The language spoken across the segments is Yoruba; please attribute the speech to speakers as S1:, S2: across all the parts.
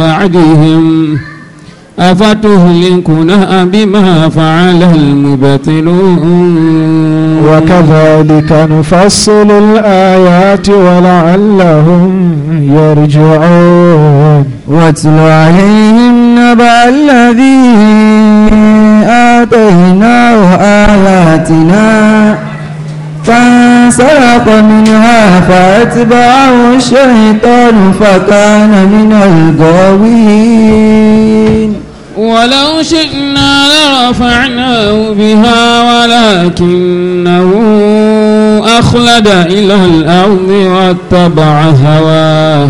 S1: بعدهم أفتهلكنا بما فعل
S2: المبطلون وكذلك نفصل الآيات ولعلهم يرجعون واتل عليهم نبأ الذي آتيناه آياتنا فانظر فانسلق منها فأتبعه الشيطان فكان من
S1: الغاوين ولو شئنا لرفعناه بها ولكنه أخلد إلى الأرض واتبع هواه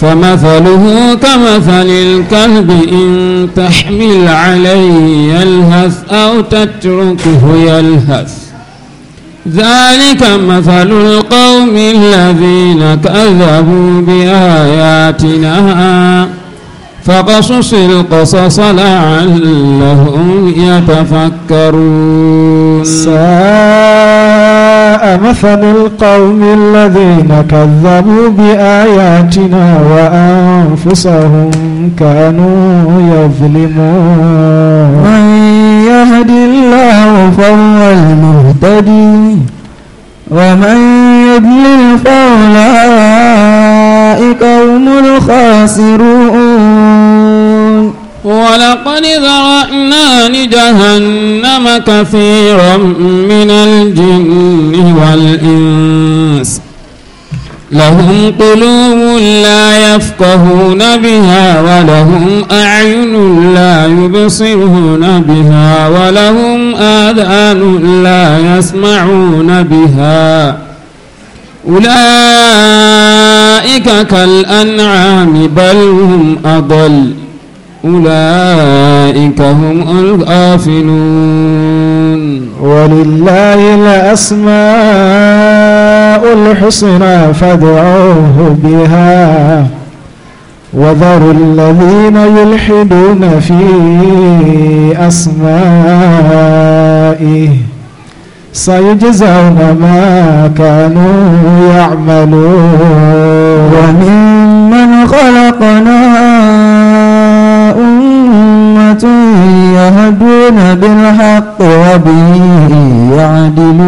S1: فمثله كمثل الكلب إن تحمل عليه يلهث أو تتركه يلهث ذلك مثل القوم الذين كذبوا بآياتنا فقصص القصص لعلهم
S2: يتفكرون ساء مثل القوم الذين كذبوا بآياتنا وأنفسهم كانوا يظلمون من يهد الله فهو المهتدي ومن يضلل فأولئك هم الخاسرون ولقد
S1: ذرأنا لجهنم كثيرا من الجن والإنس لهم قلوب لا يفقهون بها ولهم أعين لا يبصرون بها ولهم آذان لا يسمعون بها أولئك كالأنعام بل هم أضل أولئك هم
S2: الغافلون ولله الأسماء له الحسنى فادعوه بها وذروا الذين يلحدون في أسمائه سيجزون ما كانوا يعملون وممن خلقنا أمة يهدون بالحق وبه يعدلون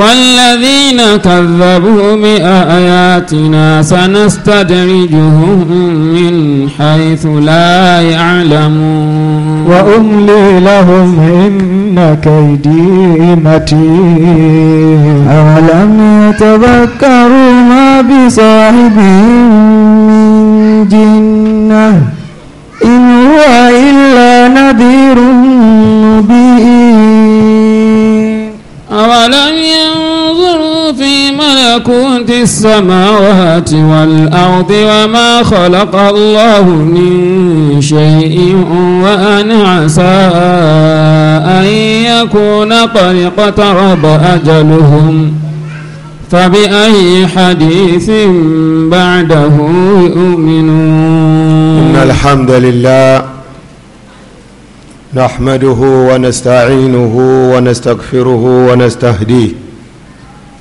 S2: والذين
S1: كذبوا بآياتنا سنستدرجهم من حيث لا يعلمون
S2: وأملي لهم إن كيدي متين أولم يتذكروا ما بصاحبهم من جنة إن هو إلا نذير مبين أولم
S1: في ملكوت السماوات والأرض وما خلق الله من شيء وأن عسى أن يكون قد اقترب أجلهم فبأي حديث بعده يؤمنون إن الحمد
S3: لله
S1: نحمده
S3: ونستعينه ونستغفره ونستهديه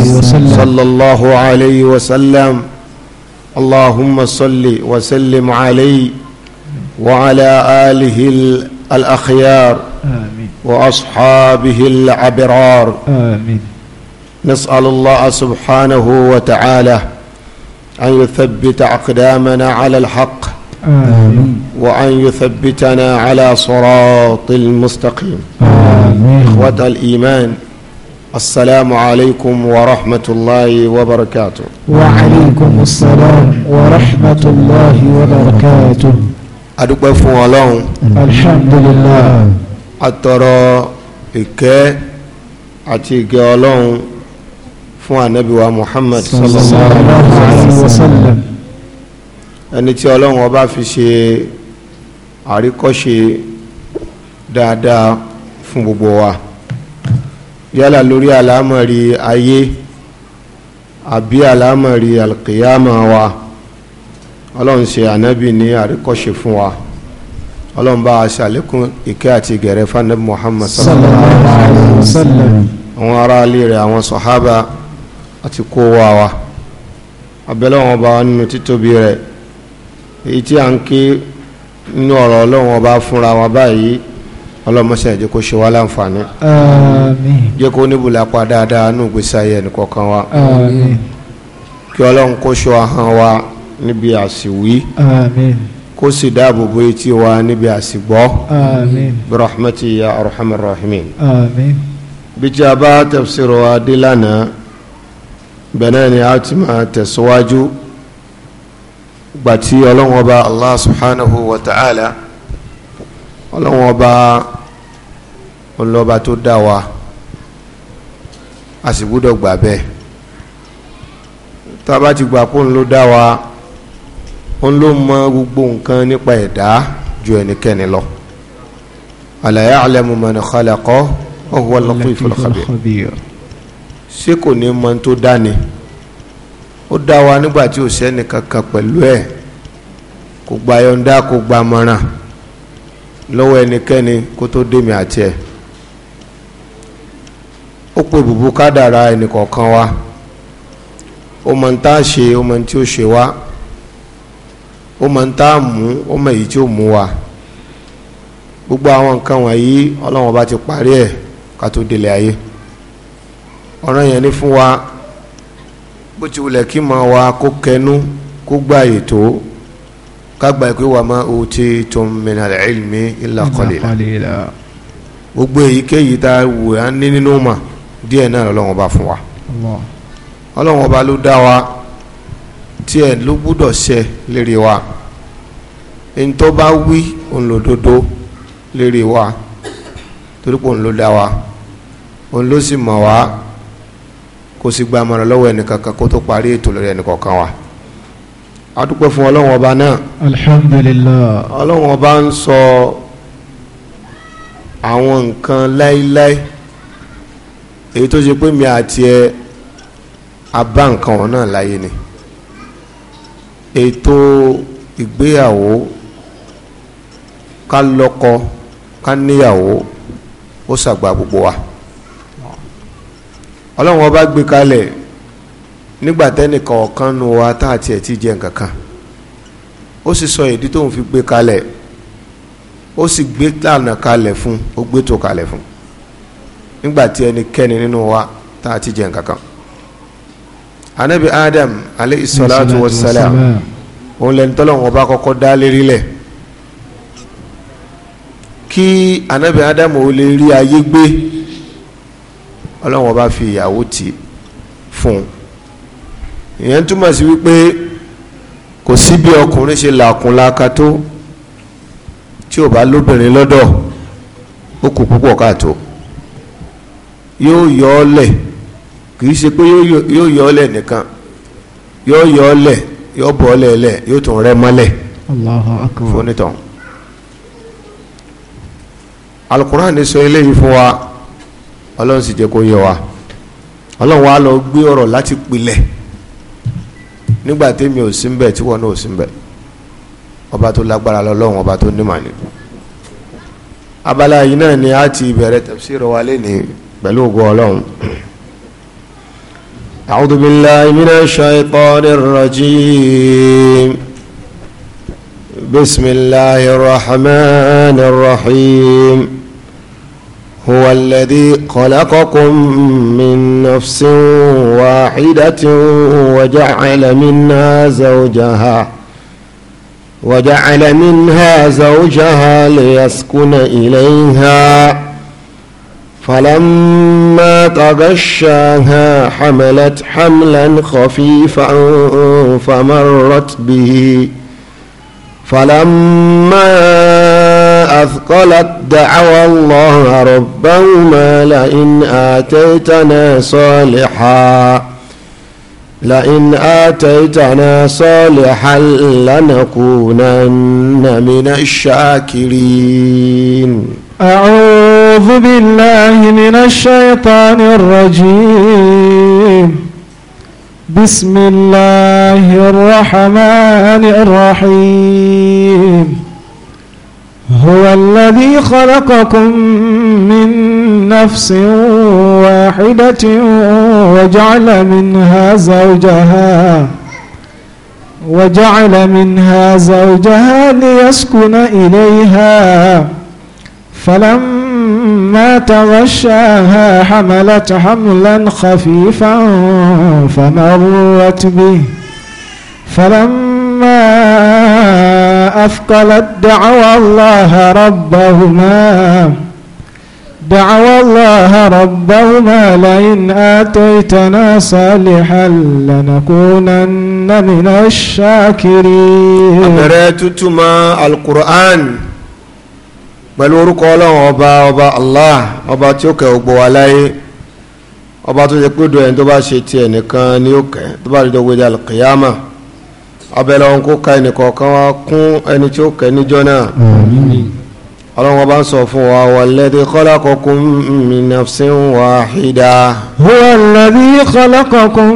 S3: عليه وسلم صلى الله عليه وسلم اللهم صل وسلم عليه وعلى آله الأخيار آمين وأصحابه العبرار آمين نسأل الله سبحانه وتعالى أن يثبت أقدامنا على الحق
S2: آمين
S3: وأن يثبتنا على صراط المستقيم آمين إخوة الإيمان السلام عليكم ورحمة الله وبركاته
S2: وعليكم السلام ورحمة الله وبركاته
S3: adúpẹ́ fún ọlọ́run alhamdulillah atọrọ ìkẹ́ àti ìkẹ́ ọlọ́run fún anabiwa muhammad sallallahu alayhi wa sallam ẹni tí ọlọ́run ọba fi ṣe àríkọ́ṣe dáadáa fún gbogbo wa yálà lórí àlámọ̀rí ayé àbí àlámọ̀rí alkiyama wa ọlọ́run ṣe ànábì ní àríkọ́ṣe fún wa ọlọ́run bá a ṣàlékún ìkẹ́ àti gẹ̀rẹ́ fanabi muhammad sallallahu
S2: alayhi wa sallam
S3: àwọn ará ilé rẹ̀ àwọn sọ̀hábà àti kó wa wa abẹ́lẹ́ wọn bá nínú títóbi rẹ̀ èyí tí a ń ké nínú ọ̀rọ̀ ọlọ́run ọba fúnra wa báyìí ọlọ́mọṣẹ́ jẹ́ kó ṣe wá láǹfààní àmín jẹ́ kó níbùlà pa dáadáa nù gbèsè ayé ẹnìkọ̀ọ̀kan wa àmín kí ọlọ́run kó ṣọ́ ahọ́n wa níbi àsìwí àmín kó sì dáàbò bo etí wa níbi àsìgbọ́ àmín bi rahmati ya arhamar bí tí a bá tafsir wa dé ni a ti máa tẹ̀síwájú gbàtí ọlọ́run allah subhanahu wa ta'ala ọlọ́run ọlọ́ba tó dá wa a sì gbúdọ̀ gbà bẹ́ẹ̀ tá a bá ti gbà pé òun ló dá wa òun ló mọ gbogbo nǹkan nípa ẹ̀dá ju ẹnikẹ́ni lọ ala ya'lamu man khalaqa wa huwa al-latiful ṣé kò ní mọ tó dá ni ó dá wa nígbà tí ò sẹ́ni kankan pẹ̀lú ẹ̀ kò gba yọ̀ǹda kò gba mọ̀ràn lọ́wọ́ ẹnikẹ́ni kó tó dé àti ẹ̀ ó pè bùbù kádàrá ẹnìkọ̀ọ̀kan wa ó mọ̀ ń tá a ṣe ó mọ̀ ń tí ó ṣe wá ó mọ̀ ń tá a mú ó mọ̀ èyí tí ó mú wa gbogbo àwọn nǹkan wọ̀nyí ọlọ́run bá ti parí ẹ̀ ká tó délé ayé ọ̀ràn yẹn ní fún wa bó ti wulẹ̀ kí mọ̀ wa kó kẹnu kó gbà ètò ká gbà pé wà má o ti tó minal ilmi illa qalila gbogbo èyíkéyìí tá a wù á ní nínú mà díẹ̀ náà lọ́lọ́wọ́n bá fún wa ọlọ́wọ́n bá ló dá wa tiẹ̀ ló gbúdọ̀ ṣe lérí wa ẹni tó bá wí òun lérí wa torí pé òun dá wa òun ló sì mọ̀ wá kó sì gba àmọ̀ràn lọ́wọ́ ẹnìkankan kó tó parí ètò lórí ẹnìkankan wa a fún ọlọ́wọ́n ọba náà ọlọ́wọ́n ọba ń sọ àwọn nǹkan láíláí èyí tó ṣe pé mi àti ẹ abá nǹkan wọn náà láyé ni ètò ìgbéyàwó ká lọ́kọ ká níyàwó ó ṣàgbà gbogbo wa ọlọ́run ọba gbé kalẹ̀ nígbà tẹ́nìkan ọ̀kan nu wa tá àti ẹ̀ ti jẹ nǹkan kan ó sì sọ ìdí tóun fi gbé kalẹ̀ ó sì gbé lànà kalẹ̀ fún ó gbé tó kalẹ̀ fún nígbàtí ẹnikẹ́ni nínú wa tá a ti jẹ nǹkan anabi adam aleyhi salatu wa salam òun lẹni tọ́lọ́run ọba kọ́kọ́ dá lérí lẹ̀ kí anabi adam ò lè rí ayé gbé ọlọ́run ọba fi ìyàwó tì fún un ìyẹn túmọ̀ sí wípé kò sí bí ọkùnrin ṣe làkùn laka tí ò bá lóbìnrin lọ́dọ̀ ó kù púpọ̀ káàtó. yóò yọ ọ́ lẹ̀ kìí ṣe pé yóò yọ ọ́ lẹ̀ nìkan yóò yọ ọ́ lẹ̀ yóò bọ́ ọ́ lẹ̀ lẹ̀ yóò tún rẹ mọ́lẹ̀ fún nítàn alukuraan ní sọ eléyìí fún wa ọlọ́run sì jẹ́ kó wa ọlọ́run wa lọ gbé ọ̀rọ̀ láti pilẹ̀ nígbà tẹ́mi ò sí ń bẹ̀ tí ọba tó lágbára ọba tó nímọ̀ ni abala yìí ni a ti bẹ̀rẹ̀ pẹ̀lú ògùn أعوذ بالله من الشيطان الرجيم بسم الله الرحمن الرحيم هو الذي خلقكم من نفس واحدة وجعل منها زوجها وجعل منها زوجها ليسكن إليها فلما تغشاها حملت حملا خفيفا فمرت به فلما أثقلت دعوا الله ربهما لئن آتيتنا صالحا لئن آتيتنا صالحا لنكونن من
S2: الشاكرين أعوذ بالله من الشيطان الرجيم بسم الله الرحمن الرحيم هو الذي خلقكم من نفس واحدة وجعل منها زوجها وجعل منها زوجها ليسكن إليها فلما تغشاها حملت حملا خفيفا فمرت به فلما أثقلت دعوا الله ربهما دعوا الله ربهما لئن آتيتنا صالحا لنكونن من الشاكرين abẹ̀rẹ̀
S3: tutuma al-Qur'an pẹ̀lú orúkọ ọlọ́run ọba ọba allah ọba tí ó kẹ́ ògbó wa láyé ọba tó yẹ pé dùn ẹni tó bá ṣe tiẹ̀ nìkan ni ó kẹ́ tó bá rí dọ́gbẹ́dẹ́ al-qiyama abẹ́lẹ́ ọ̀hún kó ka ẹnìkọ̀ọ̀kan wá kún ẹni tí ó kẹ́ níjọ́ náà. àmín ọlọ́run ọba ń sọ fún wa walladhi khalaqakum min nafsin wahida.
S2: huwa alladhi khalaqakum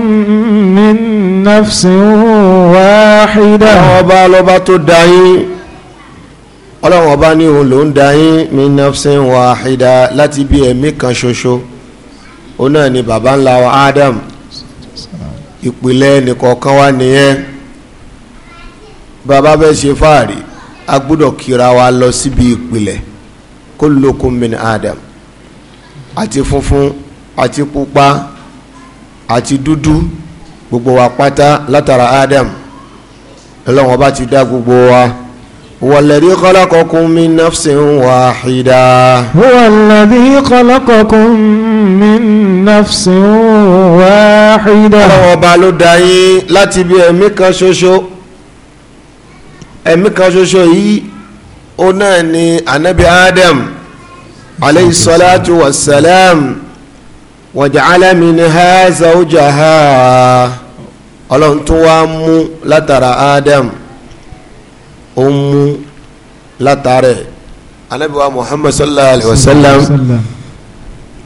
S2: min nafsin wahida. ọlọ́run ọba lọ́ba tó dá yín ọlọ́run
S3: ọba ní òun ló ń dá yín min nafsin wahida láti bí ẹ̀mí kan ṣoṣo ó náà ni baba ńlá wa Adam ìpìlẹ̀ nìkọ̀ọ̀kan wa nìyẹn baba bẹ́ẹ̀ ṣe fáàrí a gbọ́dọ̀ kíra wa lọ síbi ìpìlẹ̀ kullukum min adam àti funfun àti pupa àti dúdú gbogbo wa pátá látara adam ọlọ́wọ́n bá ti dá gbogbo wa. والذي خلقكم من نفس واحدة
S2: هو الذي خلقكم من نفس واحدة ọlọ́wọ́ ọba ló dá yín
S3: láti bí ẹ̀mí kan ṣoṣo ẹ̀mí kan ṣoṣo yìí ó náà ni anabi adam alayhi salatu wa salam waja'ala minha zawjaha ọlọ́run tó wá mú látara adam ó mú látara ẹ̀ anabi wa muhammad sallallahu alayhi wa sallam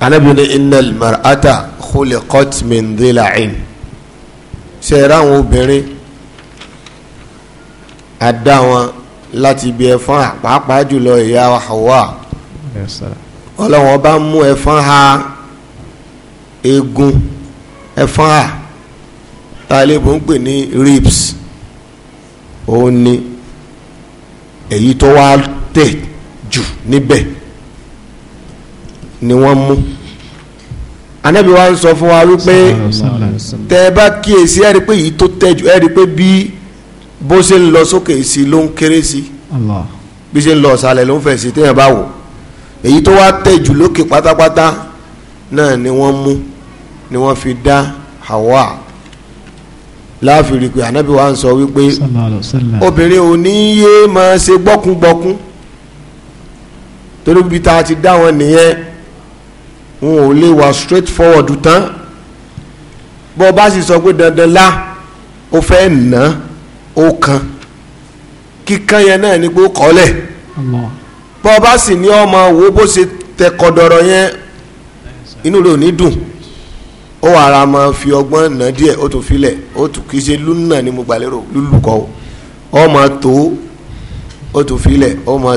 S3: anabi ni innal mar'ata khuliqat min dhila'in ṣe é ráwọn obìnrin a dá wọn láti ibi ẹ̀fọn àpáàpáà jùlọ ìyá wa Hawa ọlọ́wọ́n bá mú ẹ̀fọn ha eegun ẹ̀fọn ha tálẹ́bù ń pè ní ribs òun ni èyí tó wá tẹ̀ jù níbẹ̀ ni wọ́n mú anábì wa ń sọ fún wa wípé tẹ́ ẹ bá kíyèsí ẹ pé èyí tó tẹ̀ jù ẹ pé bíi bó ṣe ń lọ sókè sí ló ń kéré sí bí ṣe ń lọ ọ̀sàlẹ̀ ló ń fẹ̀ sí téèyàn bá wò èyí tó wá tẹ̀ jù lókè pátápátá náà ni wọ́n mú ni wọ́n fi dá Hawa láàfin rí pé ànábì wa ń sọ wípé obìnrin ò ní yé máa ṣe gbọ́kúngbọ́kún torí bí ta ti dá wọn nìyẹn wọn ò lè wà straight forward tán bọ́ ọ bá sì sọ pé dandan lá ó fẹ́ nà ó kan kíkan yẹn náà ni pé ó kọ́lẹ̀ bọ́ bá sì ní ọmọ wo bó ṣe tẹkọdọrọ yẹn inú rẹ̀ ò ní dùn ó wà ara máa fi ọgbọ́n nà díẹ̀ ó tún filẹ̀ ó tún kì í ṣe lúnà ni mo gbà lérò lúlùkọ́ ó máa tó ó tún filẹ̀ ó ọmọ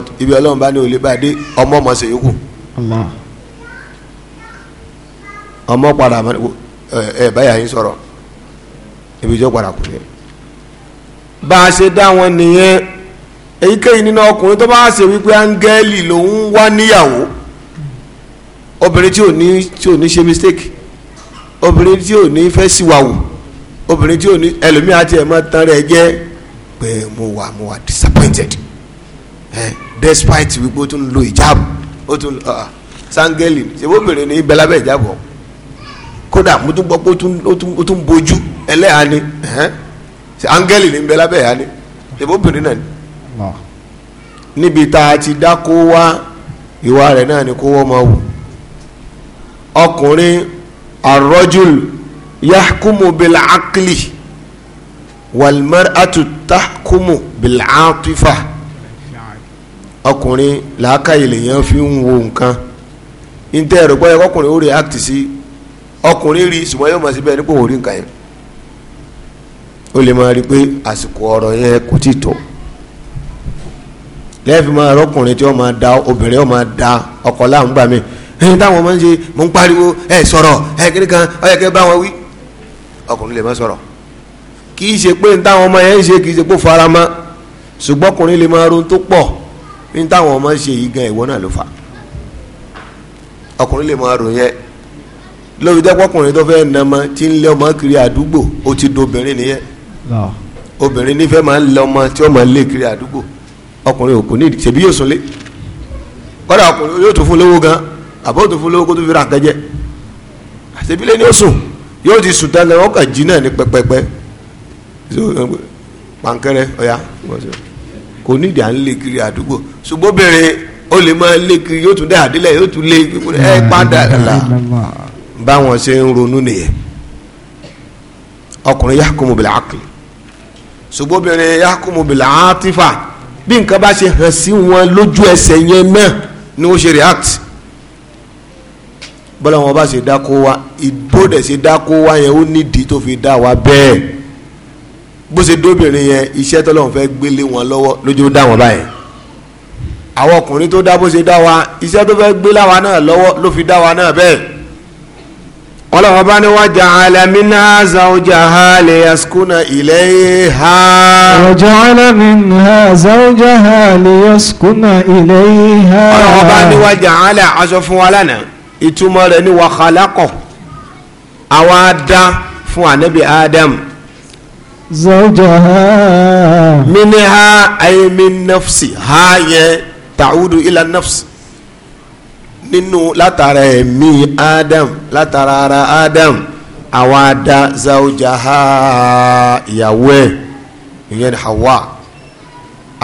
S3: bá a ṣe dá wọn nìyẹn èyíkéyìí nínú ọkùnrin tó bá ṣe wípé áńgẹ́lì lòún wá níyàwó obìnrin tí ò ní tí ò ní ṣe mistake obìnrin tí ò ní fẹ́ síwáwò obìnrin tí ò ní ẹlòmíì àti ẹ̀ máa tán rẹ̀ jẹ́ pé mo wà mo wà disappointed eh, despite wípé ó tún lo ìjáàbù ó tún lo sangeli ṣèwọ́ obìnrin ní ibẹ̀ lábẹ́ ìjáàbù kódà mo tún gbọ́ pé ó tún bojú ẹlẹ́hàá ni áńgẹ́lì ní bẹ́ẹ̀ lábẹ́ ìyá ni ìbóbìnrin náà ni níbi tá a ti dá kó wá ìwà rẹ̀ náà ni kó wọ́n máa wù ọkùnrin arrojul yahkumu bil akli walmar'atu tahkumu bil atifa ọkùnrin làákàyè lèèyàn fi ń wo nǹkan ní tẹ́ ẹ̀rọ gbọ́dọ̀ ọkùnrin ó react sí ọkùnrin rí ṣùgbọ́n yóò mọ̀ síbẹ̀ nípò orí nǹkan yẹn ó lè máa rí i pé àsìkò ọ̀rọ̀ yẹn kò tí tó lẹ́ẹ̀fì máa rọ́kùnrin tí máa da obìnrin ó máa da ọkọ̀ láǹgbà mi ẹni táwọn máa ń ṣe mò ń pariwo ẹ sọ̀rọ̀ ẹ kiri kan ó yẹ bá wọn wí ọkùnrin lè má sọ̀rọ̀ kì í ṣe pé ní táwọn ọmọ yẹn ń ṣe kì í ṣe pé fara ṣùgbọ́n ọkùnrin lè máa ronú tó pọ̀ ní táwọn ọmọ ṣe yìí gan ìwọ náà ló fà ọkùnrin kiri àdúgbò ó ti obìnrin nífẹ̀ máa ń lọ ọmọ tí ó máa lé kiri àdúgbò ọkùnrin ò kò ní ìdíje bí yóò sọlé kọ́dà ọkùnrin yóò tún fún lówó gan àbọ̀ tún fún lówó kó tún fi ra kẹjẹ àṣebílẹ̀ ni ó sùn yóò ti sùn tán náà ọkàn jí náà ní pẹpẹpẹ pankẹrẹ ọ̀ya kò ní ìdí à ń lé kiri àdúgbò ṣùgbọ́n obìnrin ó lè máa lé kiri yóò tún dé àdílẹ̀ yóò tún lé ẹ padà là báwọn ṣe ń ronú nìyẹn ọkùnrin yà kó mo bẹ̀rẹ̀ àkìlì ṣùgbọ́n obìnrin yakumu bìlà átífà bí nǹkan bá ṣe hàn sí wọn lójú ẹsẹ̀ yẹn náà ni wọ́n ṣe react bọ́lá wọn bá ṣe dáko wa ìbódẹ̀ ṣe dáko wa yẹn ó nídìí tó fi dá wa bẹ́ẹ̀ bó ṣe dóbìnrin yẹn iṣẹ́ tọ́lọ́run fẹ́ gbélé wọn lọ́wọ́ lójú dá wọn báyẹn àwọn ọkùnrin tó dá bó ṣe dá wa iṣẹ́ tó fẹ́ gbé láwa náà lọ́wọ́ ló fi dá wa náà bẹ́ẹ̀ ọlọ́wọ́ bá ní waja'ala minha zawjaha liyaskuna ilayha.
S2: waja'ala minha zawjaha liyaskuna ilayha. ọlọ́wọ́
S3: bá ní waja'ala aṣọ fún wa lánàá ìtumọ̀ rẹ̀ ní wa khalaqa àwa dá fún ànábì Adam.
S2: zawjaha.
S3: minha ay min nafsi ha yẹ ta'udu ila nafsi nínú látara ẹ̀mí adam látara ara adam àwa ada zawjaha ìyàwó ẹ̀ ìyẹn hawa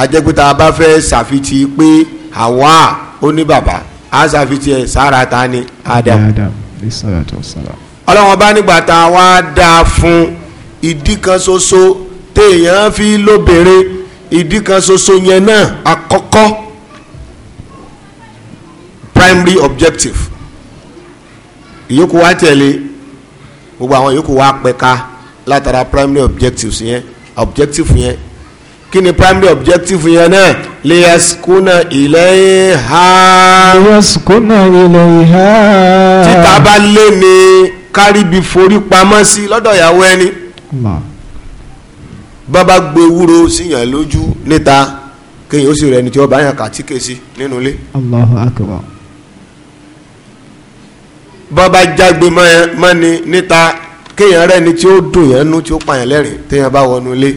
S3: ajẹ́pẹ́ta bá fẹ́ ṣàfitì pé hawa ó ní bàbá a ṣàfitì ẹ̀ sára ta ni adam ọlọ́wọ́n bá nígbà tá a wá dá fún ìdí kan ṣoṣo téèyàn fi lóbèrè ìdí kan ṣoṣo yẹn náà àkọ́kọ́ primary objective ìyókù wa tẹ̀lé gbogbo àwọn ìyókù wa pẹ̀ka látara primary objectives yẹn objective yẹn kí ni primary objective yẹn náà liyaskuna ilayha. liyaskuna ilayha. títa bá lé ní káríbi forí pamọ́ sí lọ́dọ̀ ìyàwó ẹni. bàbá gbé wúro síyàn lójú níta kéèyàn ó sì rẹ̀ ẹni tí wọ́n bá yàn kàtíkè sí nínú ilé.
S2: Allahu akbar.
S3: bọ́ba jágbe mọ́ni níta kéèyàn rẹ̀ ni tí ó dùn yẹn nú tí ó pààyàn lẹ́rìn téèyàn bá wọnú ilé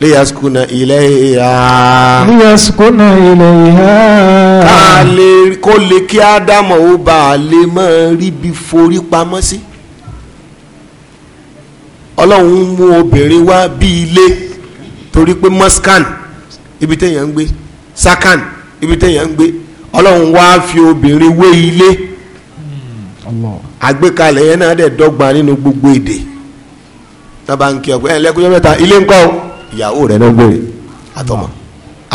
S3: léyàsukuna ilẹ̀ ìhà.
S2: léyàsukuna ilẹ̀ ìhà.
S3: ká lè kó lè kí ádámọ̀ ó bá a lè máa ríbi forí pamọ́ sí. ọlọ́run mú obìnrin wá bí ilé torí pé moskan ibi téèyàn ń gbé sakan ibi téèyàn ń gbé ọlọ́run wá fi obìnrin wé ilé. àgbékalẹ̀ yẹn náà dẹ̀ dọ́gba nínú gbogbo èdè tábà ń kí ọgbẹ́ mẹ́ta ilé ńkọ́ o ìyàwó rẹ̀ náà gbére àtọmọ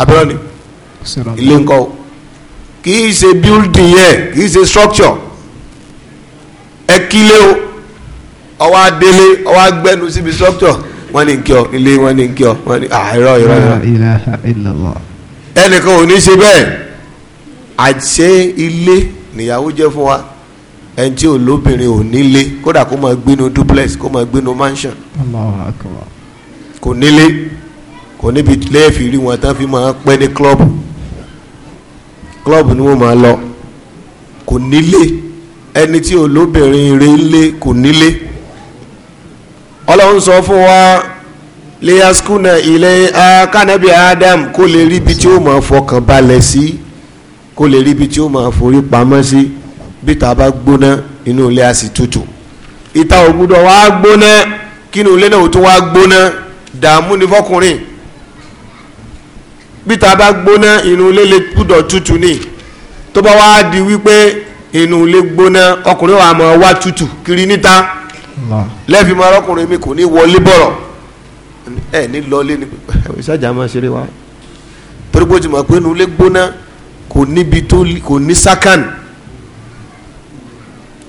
S3: abẹ́rẹ́ ilé ńkọ́ o kì í ṣe building yẹn kì í ṣe structure ilé wọ́n ní wọ́n ní ẹnìkan ò ní ṣe bẹ́ẹ̀ àṣẹ ilé ẹni tí ò lóbìnrin ò nílé kódà kó máa gbénu duplex kó máa gbénu mansion kò nílé kò níbi lẹ́ẹ̀fì rí wọn tán fi máa pẹ́ ní club club ni wọ́n máa lọ kò nílé ẹni tí ò lóbìnrin rẹ̀ lé kò nílé ọlọ́run sọ fún wa leyaskuna ilẹ̀ kanabi adam kó lè ríbi tí ó máa fọkàn balẹ̀ sí kó lè ríbi tí ó máa forí pamọ́ sí. Si bí ta bá gbóná inú ilé á sì tutù ìta ò gbúdọ̀ wá gbóná kí inú ilé náà ò tún wá gbóná dààmú ni fọkùnrin bí ta bá gbóná inú ilé lè gbúdọ̀ tutù ni tó bá wá di wípé inú ilé gbóná ọkùnrin wa máa wá tutù kiri níta lẹ́ẹ̀fì máa rọ́kùnrin mi kò ní wọlé bọ̀rọ̀ ẹ ní lọlé ní ìṣàjà máa ṣeré wa torí bó ti mọ̀ pé inú ilé gbóná kò níbi tó kò ní sákàn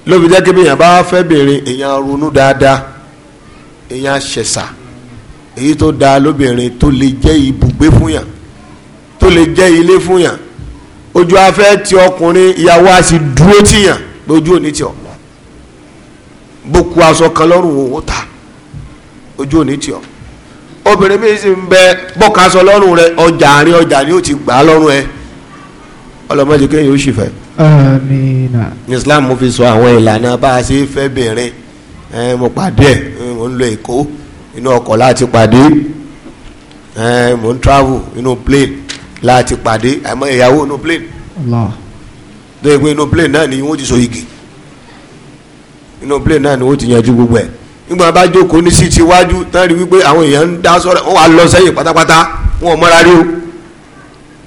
S3: ló fi jẹ́ kí bíyàn bá fẹ́ béèrè èèyàn ronú dáadáa èèyàn ṣẹ̀ṣà èyí tó da lóbìnrin tó lè jẹ́ ibùgbé fún yàn tó lè jẹ́ ilé fún yàn ojú afẹ́ ti ọkùnrin ìyàwó a dúró yàn lójú òní ku aṣọ kan lọ́rùn ta ojú òní obìnrin mi sì ń bẹ aṣọ lọ́rùn rẹ ọjà àárín ọjà ọlọmọdé kéèyàn ó sì fẹ́.
S2: amiina.
S3: islam fi sọ àwọn ìlànà bá a ṣe fẹ́ bẹ̀rẹ̀ ẹ mo pàdé ẹ mo ń lọ èkó inú ọkọ̀ láti pàdé ẹ mo ń travel inú plane láti pàdé àmọ́ ìyàwó inú plane. tó pé inú plane náà ni wọ́n ti so igi inú plane náà ni wọ́n ti yanjú gbogbo ẹ̀ nígbà bá jókòó ní sí ti tán rí wípé àwọn èèyàn ń dá sọ́rọ̀ wọ́n wà lọ sẹ́yìn pátápátá wọn ò mọ́ra rí o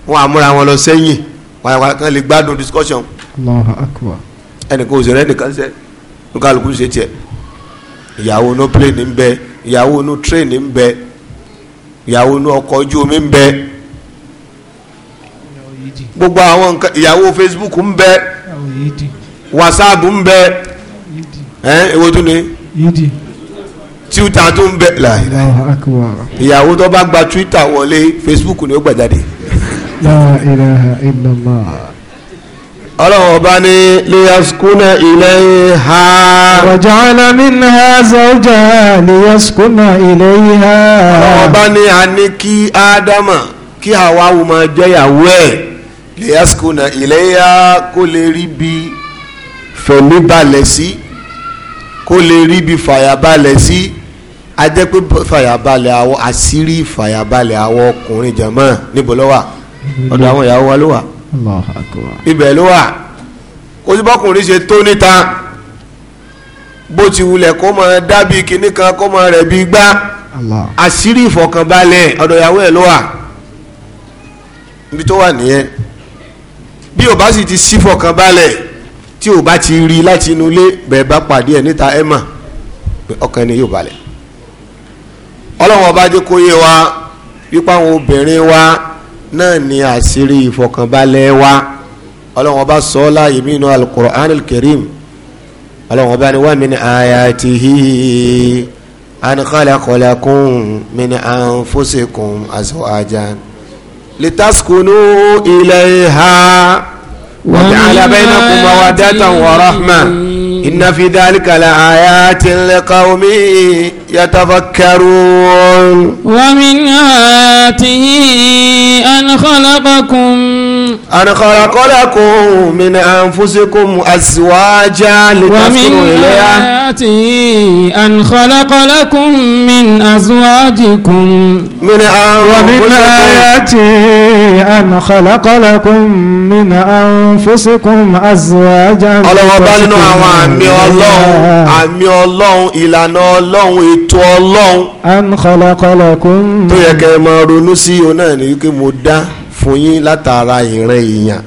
S3: wọn à múra wọn lọ sẹ́yìn wàyàwà kan lè gbádùn discussion.
S2: Allahu akbar.
S3: ẹnìkan ò sẹ̀rẹ̀ ẹnìkan sẹ̀ kálukú ṣe tiẹ̀ ìyàwó inú plane ń bẹ ìyàwó inú train ń bẹ ìyàwó inú ọkọ̀ ojú omi ń bẹ gbogbo àwọn nǹkan ìyàwó Facebook ń bẹ WhatsApp ń bẹ ẹ ewo tún ni Twitter tún ń bẹ ìyàwó tó bá gba Twitter wọlé Facebook ni ó gbà
S2: La ilaha illallah. ọlọ́run ọba ní liyaskuna ilayha. waja'ala minha zawjaha liyaskuna ilayha. ọlọ́run
S3: ọba ní a ní kí ádámà kí àwa wò máa jẹ́yàwó ẹ̀ liyaskuna ilayha kó lè rí bí fẹ̀mí balẹ̀ sí kó lè rí bí fàyàbalẹ̀ sí a jẹ́ pé fàyàbalẹ̀ àwọn àṣírí fàyàbalẹ̀ àwọn ọkùnrin jẹ̀mọ́ níbo ló ọ̀dọ̀ àwọn ìyàwó wa ló wà ibẹ̀ ló wà kó sì bọ́kùnrin ṣe tó níta bó ti wulẹ̀ kó máa dábì kinní kan kó máa rẹ̀ bí gbá àṣírí ìfọ̀kànbalẹ̀ ọ̀dọ̀ ìyàwó ẹ̀ ló wà ibi tó wà nìyẹn bí o bá sì ti sí ìfọ̀kànbalẹ̀ tí o bá ti rí láti inú ilé bẹ́ẹ̀ bá pàdé ẹ̀ níta ẹ̀ mà ọkàn ni yóò balẹ̀ ọlọ́run ọba jẹ́ kó yé wa wípé àwọn obìnrin wa náà ni àṣírí ìfọkànbalẹ̀ wa ọlọ́run ọba sọ ọ́ láàyè mí inú alukur'an alkarim ọlọ́run ọba ni wà mí ní ayatihi an khalaqa lakum min anfusikum azwajan litaskunu ilayha wa ja'ala baynakum mawaddatan wa rahma. إن في ذلك
S1: لآيات لقوم يتفكرون ومن آياته أن خلقكم أن
S3: خلق لكم من أنفسكم أزواجا لتسكنوا إليها
S1: آياته أن خلق لكم من أزواجكم
S2: من ومن آياته أن خلق لكم من أنفسكم أزواجا ọlọ́wọ́ bá nínú àwọn àmì ọlọ́run àmì ọlọ́run ìlànà ọlọ́run ètò ọlọ́run. أن خلق لكم.
S3: tó yẹ kẹ́ ẹ máa ronú sí òun náà ní wípé mo dá fún yín látara ìran èèyàn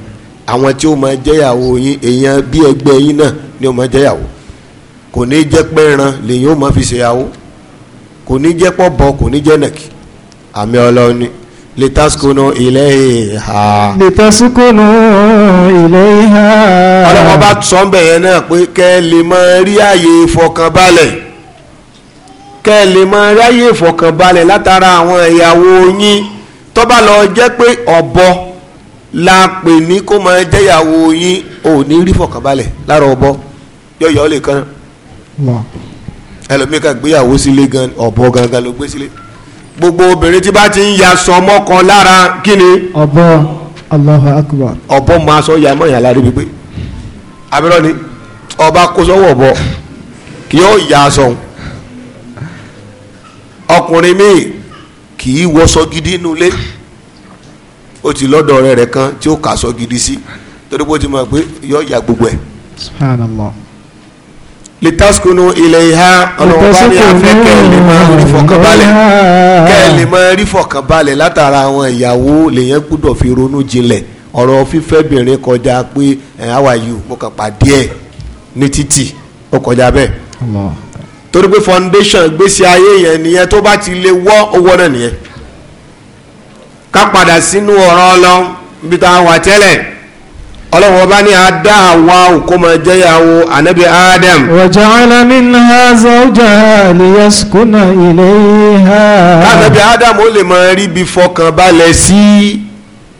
S3: àwọn tí ó máa jẹ́yàwó yín èèyàn bí ẹgbẹ́ yín náà ni ó máa jẹ́yàwó kò ní jẹ́ pé ran lèyìn ó máa fi ṣèyàwó kò ní jẹ́ pọ̀ bọ̀ kò ní jẹ́ nàkì àmì ọlọ́run ni litaskunu ilayha.
S2: litaskunu ilayha. ọlọ́wọ́
S3: bá sọ́ńbẹ̀ yẹn náà pé kẹ́ ẹ lè máa rí àyè ìfọkànbalẹ̀ kẹ́ ẹ lè máa rí àyè ìfọkànbalẹ̀ látara àwọn ìyàwó yín tọ́ba lọ jẹ́ pé ọ̀bọ la pè ní kó máa jẹ́yàwó yín ò ní rí fọ̀kànbalẹ̀ lára ọ̀bọ yọ̀yọ̀ lè kan ẹlòmíì kan gbéyàwó sílé gan ọ̀bọ gangan ló gbé sílé gbogbo obìnrin tí bá ti ń ya sọmọ kan lára kí ni.
S2: ọ̀bọ Allahu Akbar.
S3: ọ̀bọ máa sọ yàmọ̀ yàrá rí wípé abirọ ni ọba kó sọ́wọ́ ọ̀bọ kí yóò yà sọ̀hún ọkùnrin míì kì í wọṣọ gidi inú ilé ó ti lọ́dọ̀ ọ̀rẹ́ rẹ̀ kan tí ó kà sọ gidi sí torí bó ti mọ̀ pé yọ ya gbogbo ẹ̀.
S2: subhanallah.
S3: litaskunu ilayha ọlọ́wọ́ bá ní afẹ́ lè máa rí fọkànbalẹ̀ kẹ́ ẹ lè máa rí fọkànbalẹ̀ látara àwọn ìyàwó lèyẹn gbúdọ̀ fi ronú jinlẹ̀ ọ̀rọ̀ fífẹ́bìnrin kọjá pé ẹ̀ how are mo kàn pàdé ẹ̀ ní títì ó kọjá bẹ́ẹ̀ torí pé foundation gbèsè ayé yẹn nìyẹn tó bá ti lè wọ́ owó náà nìyẹn ká padà sínú ọ̀rọ̀ ọlọ́run ibi tá a wà tẹ́lẹ̀ ọlọ́run ọba ní adá àwa òkómọ jẹ́yàwó ànábì adam.
S2: waja'ala minha zawjaha liyaskuna ilayha. ànábì
S3: adam ó lè máa rí ibi fọkàn balẹ̀ sí i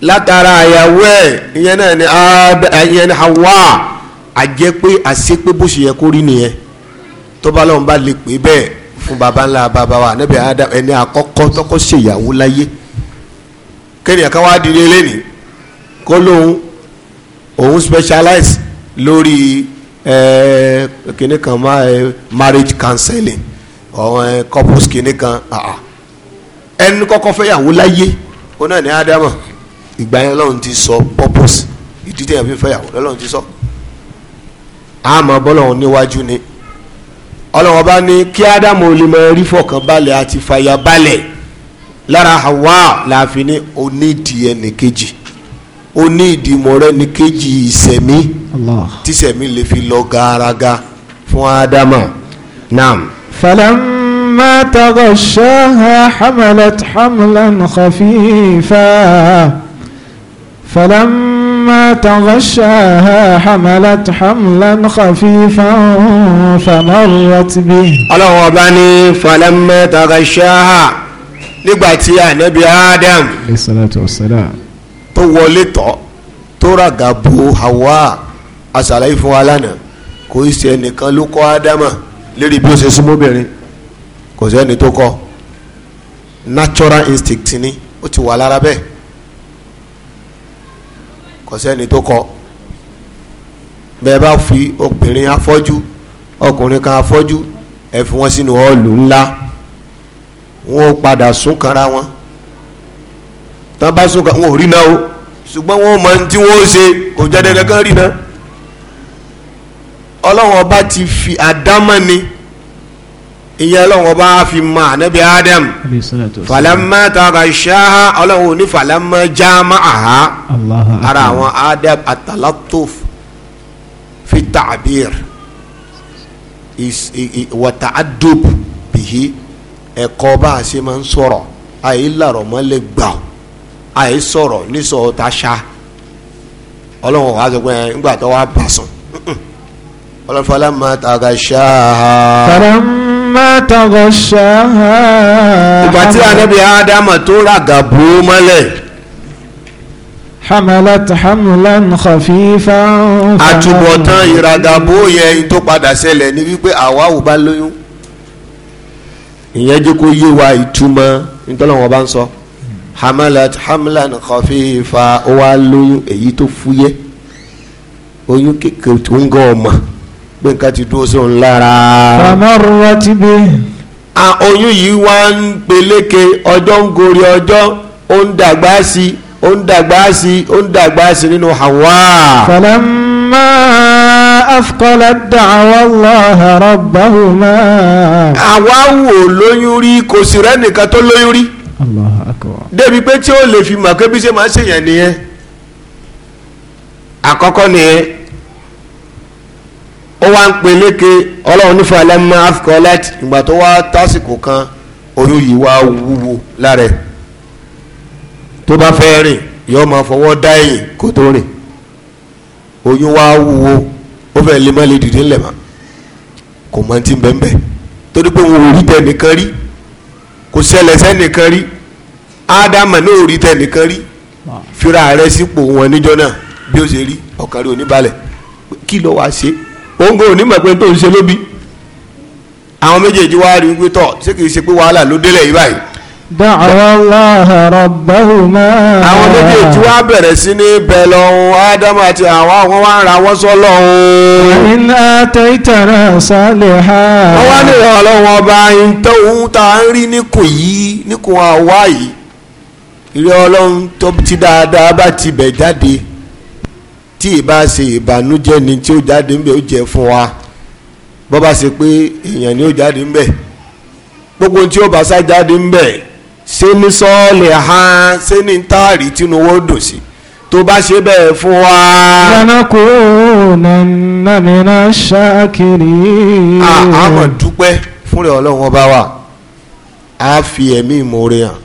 S3: látara àyàwó ẹ̀ ìyẹn náà ni Hawa àjẹpé àṣepé bó ṣe yẹ kó rí nìyẹn tó bá lọ́n bá lè pè bẹ́ẹ̀ fún baba ńlá baba adam ẹni àkọ́kọ́ tọ́kọ́ ṣèyàwó láyé kéèyàn ká wá dìde lẹ́nìí kó lóun òun specialize lórí ẹ̀ẹ́ kìnnì kan marriage counseling ọ̀hún couples kìnnì kan ẹni kọ́kọ́ fẹ́yàwó láyé ó náà ní ádámà ìgbà yẹn lọ́run ti sọ purpose ìdí tẹ̀yàn fi fẹ́yàwó lọ́run ti sọ àmọ́ bọ́lọ́run níwájú ni ọlọ́wọ́n bá ní kí ádámù ò lè mọ rí fọkànbalẹ̀ àti fàyàbalẹ̀ lára Hawa láàfin ní onídìí ẹnìkejì onídìímọ̀ rẹ̀ ní kejì ìsẹ̀mí tísẹ̀mí lè fi lọ gàràgà fún ádámù naam.
S2: falamma taghashaha hamalat hamlan khafifa falamma. فلما تغشاها حملت حملا خفيفا فمرت به
S3: ọlọ́run ọba ní فلما تغشاها nígbà tí ànábi adam tó wọlé tọ́ tó ràgà bo hawa asàlàyé fún wa lánàá kò í ṣe ẹnìkan ló kọ́ ádámà lérí bí ó ṣe súnmọ́bìnrin kò sí ẹni tó kọ́ natural instinct ni ó ti wà lára bẹ́ẹ̀ kò sẹ́ni tó kọ bẹ́ẹ̀ bá fi obìnrin afọ́jú ọkùnrin kan afọ́jú ẹ fi wọ́n sínú ọ̀ọ́lù ńlá wọn ò padà sún kanra wọn tán bá sún kan wọn ò rí náà o ṣùgbọ́n wọn mọ tí wọn ò ṣe kò jáde kankan rí náà ọlọ́wọ́n bá ti fi àdámọ́ ni ìyẹn ọlọ́run ọba fi mọ ànábì adam
S2: falama
S3: tagashaha ọlọ́run ò ní falama jama'aha ara àwọn adam atalatuf fi ta'bir wata adub bihi ẹ̀kọ́ bá a ṣe máa ń sọ̀rọ̀ àyè làrọ̀ mọ́lẹ̀ gbà àyè sọ̀rọ̀ nísọ̀ ta ṣá ọlọ́run ọba sọ pé ńgbà tó wà bàṣọ ọlọ́run falama tagashaha
S2: ma taghashaha. ìgbà tí anábì
S3: ádámà tó ràgà bò mọ́lẹ̀.
S2: hamalat hamlan khafifan. àtúbọ̀tán
S3: ìràgàbò yẹn tó padà ṣẹlẹ̀ ní wípé àwa ò bá lóyún. ìyẹn jẹ́ kó yé wa ìtumọ̀ ntọ́lọ́wọ́n bá ń sọ. hamalat hamlan khafifa ó wá lóyún èyí tó fúyẹ́ oyún kékeré tó ń gọ́ ọmọ pé nǹkan ti dúró sóun lára.
S2: fàmọ́rọ́ ti bí.
S3: a oyún yìí wá ń peléke ọjọ́ ń gorí ọjọ́ ó ń dàgbà sí ó ń dàgbà sí ó ń dàgbà sí nínú
S2: Hawa. falamma afqala da'wa Allah rabbahuma. àwa wò lóyún rí kò sí rẹ́nìkan tó lóyún rí.
S3: débi pé tí ó lè fi mọ̀ ṣe máa ṣèyàn nìyẹn àkọ́kọ́ nìyẹn ó wá ń peléke ọlọ́run nífọ̀ alẹ́mọ́ afikolet ìgbà tó wá tásìkò kan oyún yìí wá wúwo lára ẹ̀ tó bá fẹ́ rìn yóò máa fọwọ́ dá ẹ̀yìn kó tó rìn oyún wá wúwo ó fẹ́ lè má lè dìde ńlẹ̀ mọ́ kò mọ ti bẹ́ẹ̀ torí pé wọn ò rí tẹ nìkan rí kò ṣẹlẹ̀ sẹ́nìkan rí ádámà náà ò rí tẹ nìkan rí fira rẹ sípò wọn níjọ náà bí ó ṣe rí ọkàn rẹ kí ló wá ṣe òǹgò onímọ̀ pé tó ń ṣe lóbi àwọn méjèèjì wá rí wípé tọ̀ ṣé kìí ṣe pé wàhálà ló délẹ̀ yìí báyìí.
S2: da'awa Allaha rabbahuma. àwọn méjèèjì wá bẹ̀rẹ̀ sí ní bẹ̀ lọ́hùn ádámù àti àwọn àwọn wá ń ra wọ́n sọ lọ́hùn. in ataytana saliha. wọ́n wá nílò ọlọ́run ọba yìí tó ń ta ń rí níkùn yìí níkùn àwa
S3: yìí ìrẹ́ ọlọ́run tó ti dáadáa bá ti bẹ̀ jáde tí ìbá ṣe ìbànújẹ́ ni tí ó jáde ńbẹ ó jẹ fún wa bó bá ṣe pé èèyàn ni ó jáde ńbẹ gbogbo tí ó bá sá jáde ńbẹ ṣé ní sọ́ọ̀lì hàn ṣé ní táàrí tínú owó dùn sí tó bá ṣe bẹ́ẹ̀ fún wa.
S2: yanako nanamina ṣakiri. àmọ̀
S3: dúpẹ́ fúnra ọlọ́run ọba wa a fi ẹ̀mí ìmoore hàn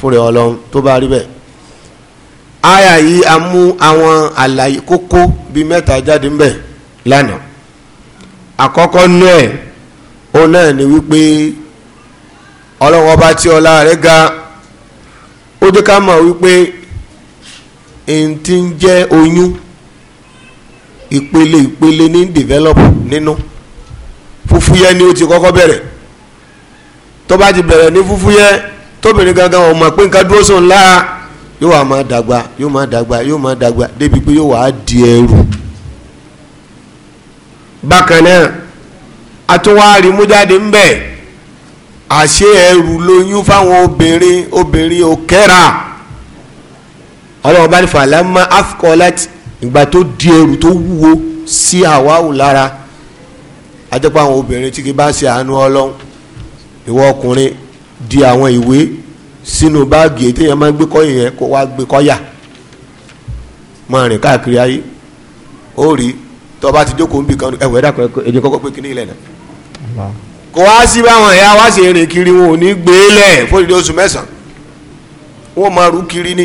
S3: fúnra ọlọ́run tó bá rí bẹ́ẹ̀ aya yìí a mú àwọn àlàyé kókó bíi mẹ́ta jáde ńbẹ̀ lánàá àkọ́kọ́ nú ẹ̀ òun náà ni wípé ọlọ́wọ́ bá tí ọlá rẹ̀ ga ó dé ká mọ̀ wípé èyí tí ń jẹ́ oyún ìpele ìpele ní develop nínú fúfúyẹ́ ni ó ti kọ́kọ́ bẹ̀rẹ̀ tó bá ti bẹ̀rẹ̀ ní fúfúyẹ́ tóbìnrin gangan ọmọ pé nǹkan dúró sóun láà yóò wá máa dàgbà yóò máa dàgbà yóò máa dàgbà débi pé yóò wá di ẹrù. bákan náà àtúwárí mújáde ń bẹ̀ àṣé ẹrù lóyún fáwọn obìnrin obìnrin ò kẹ́ra ọlọ́run bá ní fàlámà afcolet ìgbà tó di ẹrù tó wúwo sí àwáwù lára àjẹpọ̀ àwọn obìnrin tí kì bá ṣe àánú ọlọ́run ìwọ ọkùnrin di àwọn ìwé sínú báàgì èyí téèyàn máa ń gbé kọ́yà yẹn kó wá gbé kọ́yà máa rìn káàkiri ayé ó rí tó bá ti jókòó níbi kan ẹ̀wẹ̀ dàpọ̀ ẹ̀jẹ̀ kọ́kọ́ pé kíní ilẹ̀
S2: náà
S3: kò wá sí báwọn ẹ̀yà wá sí rìn kiri wọn ò ní gbé e lẹ̀ fódìdí oṣù mẹ́sàn-án wọ́n máa rú kiri ni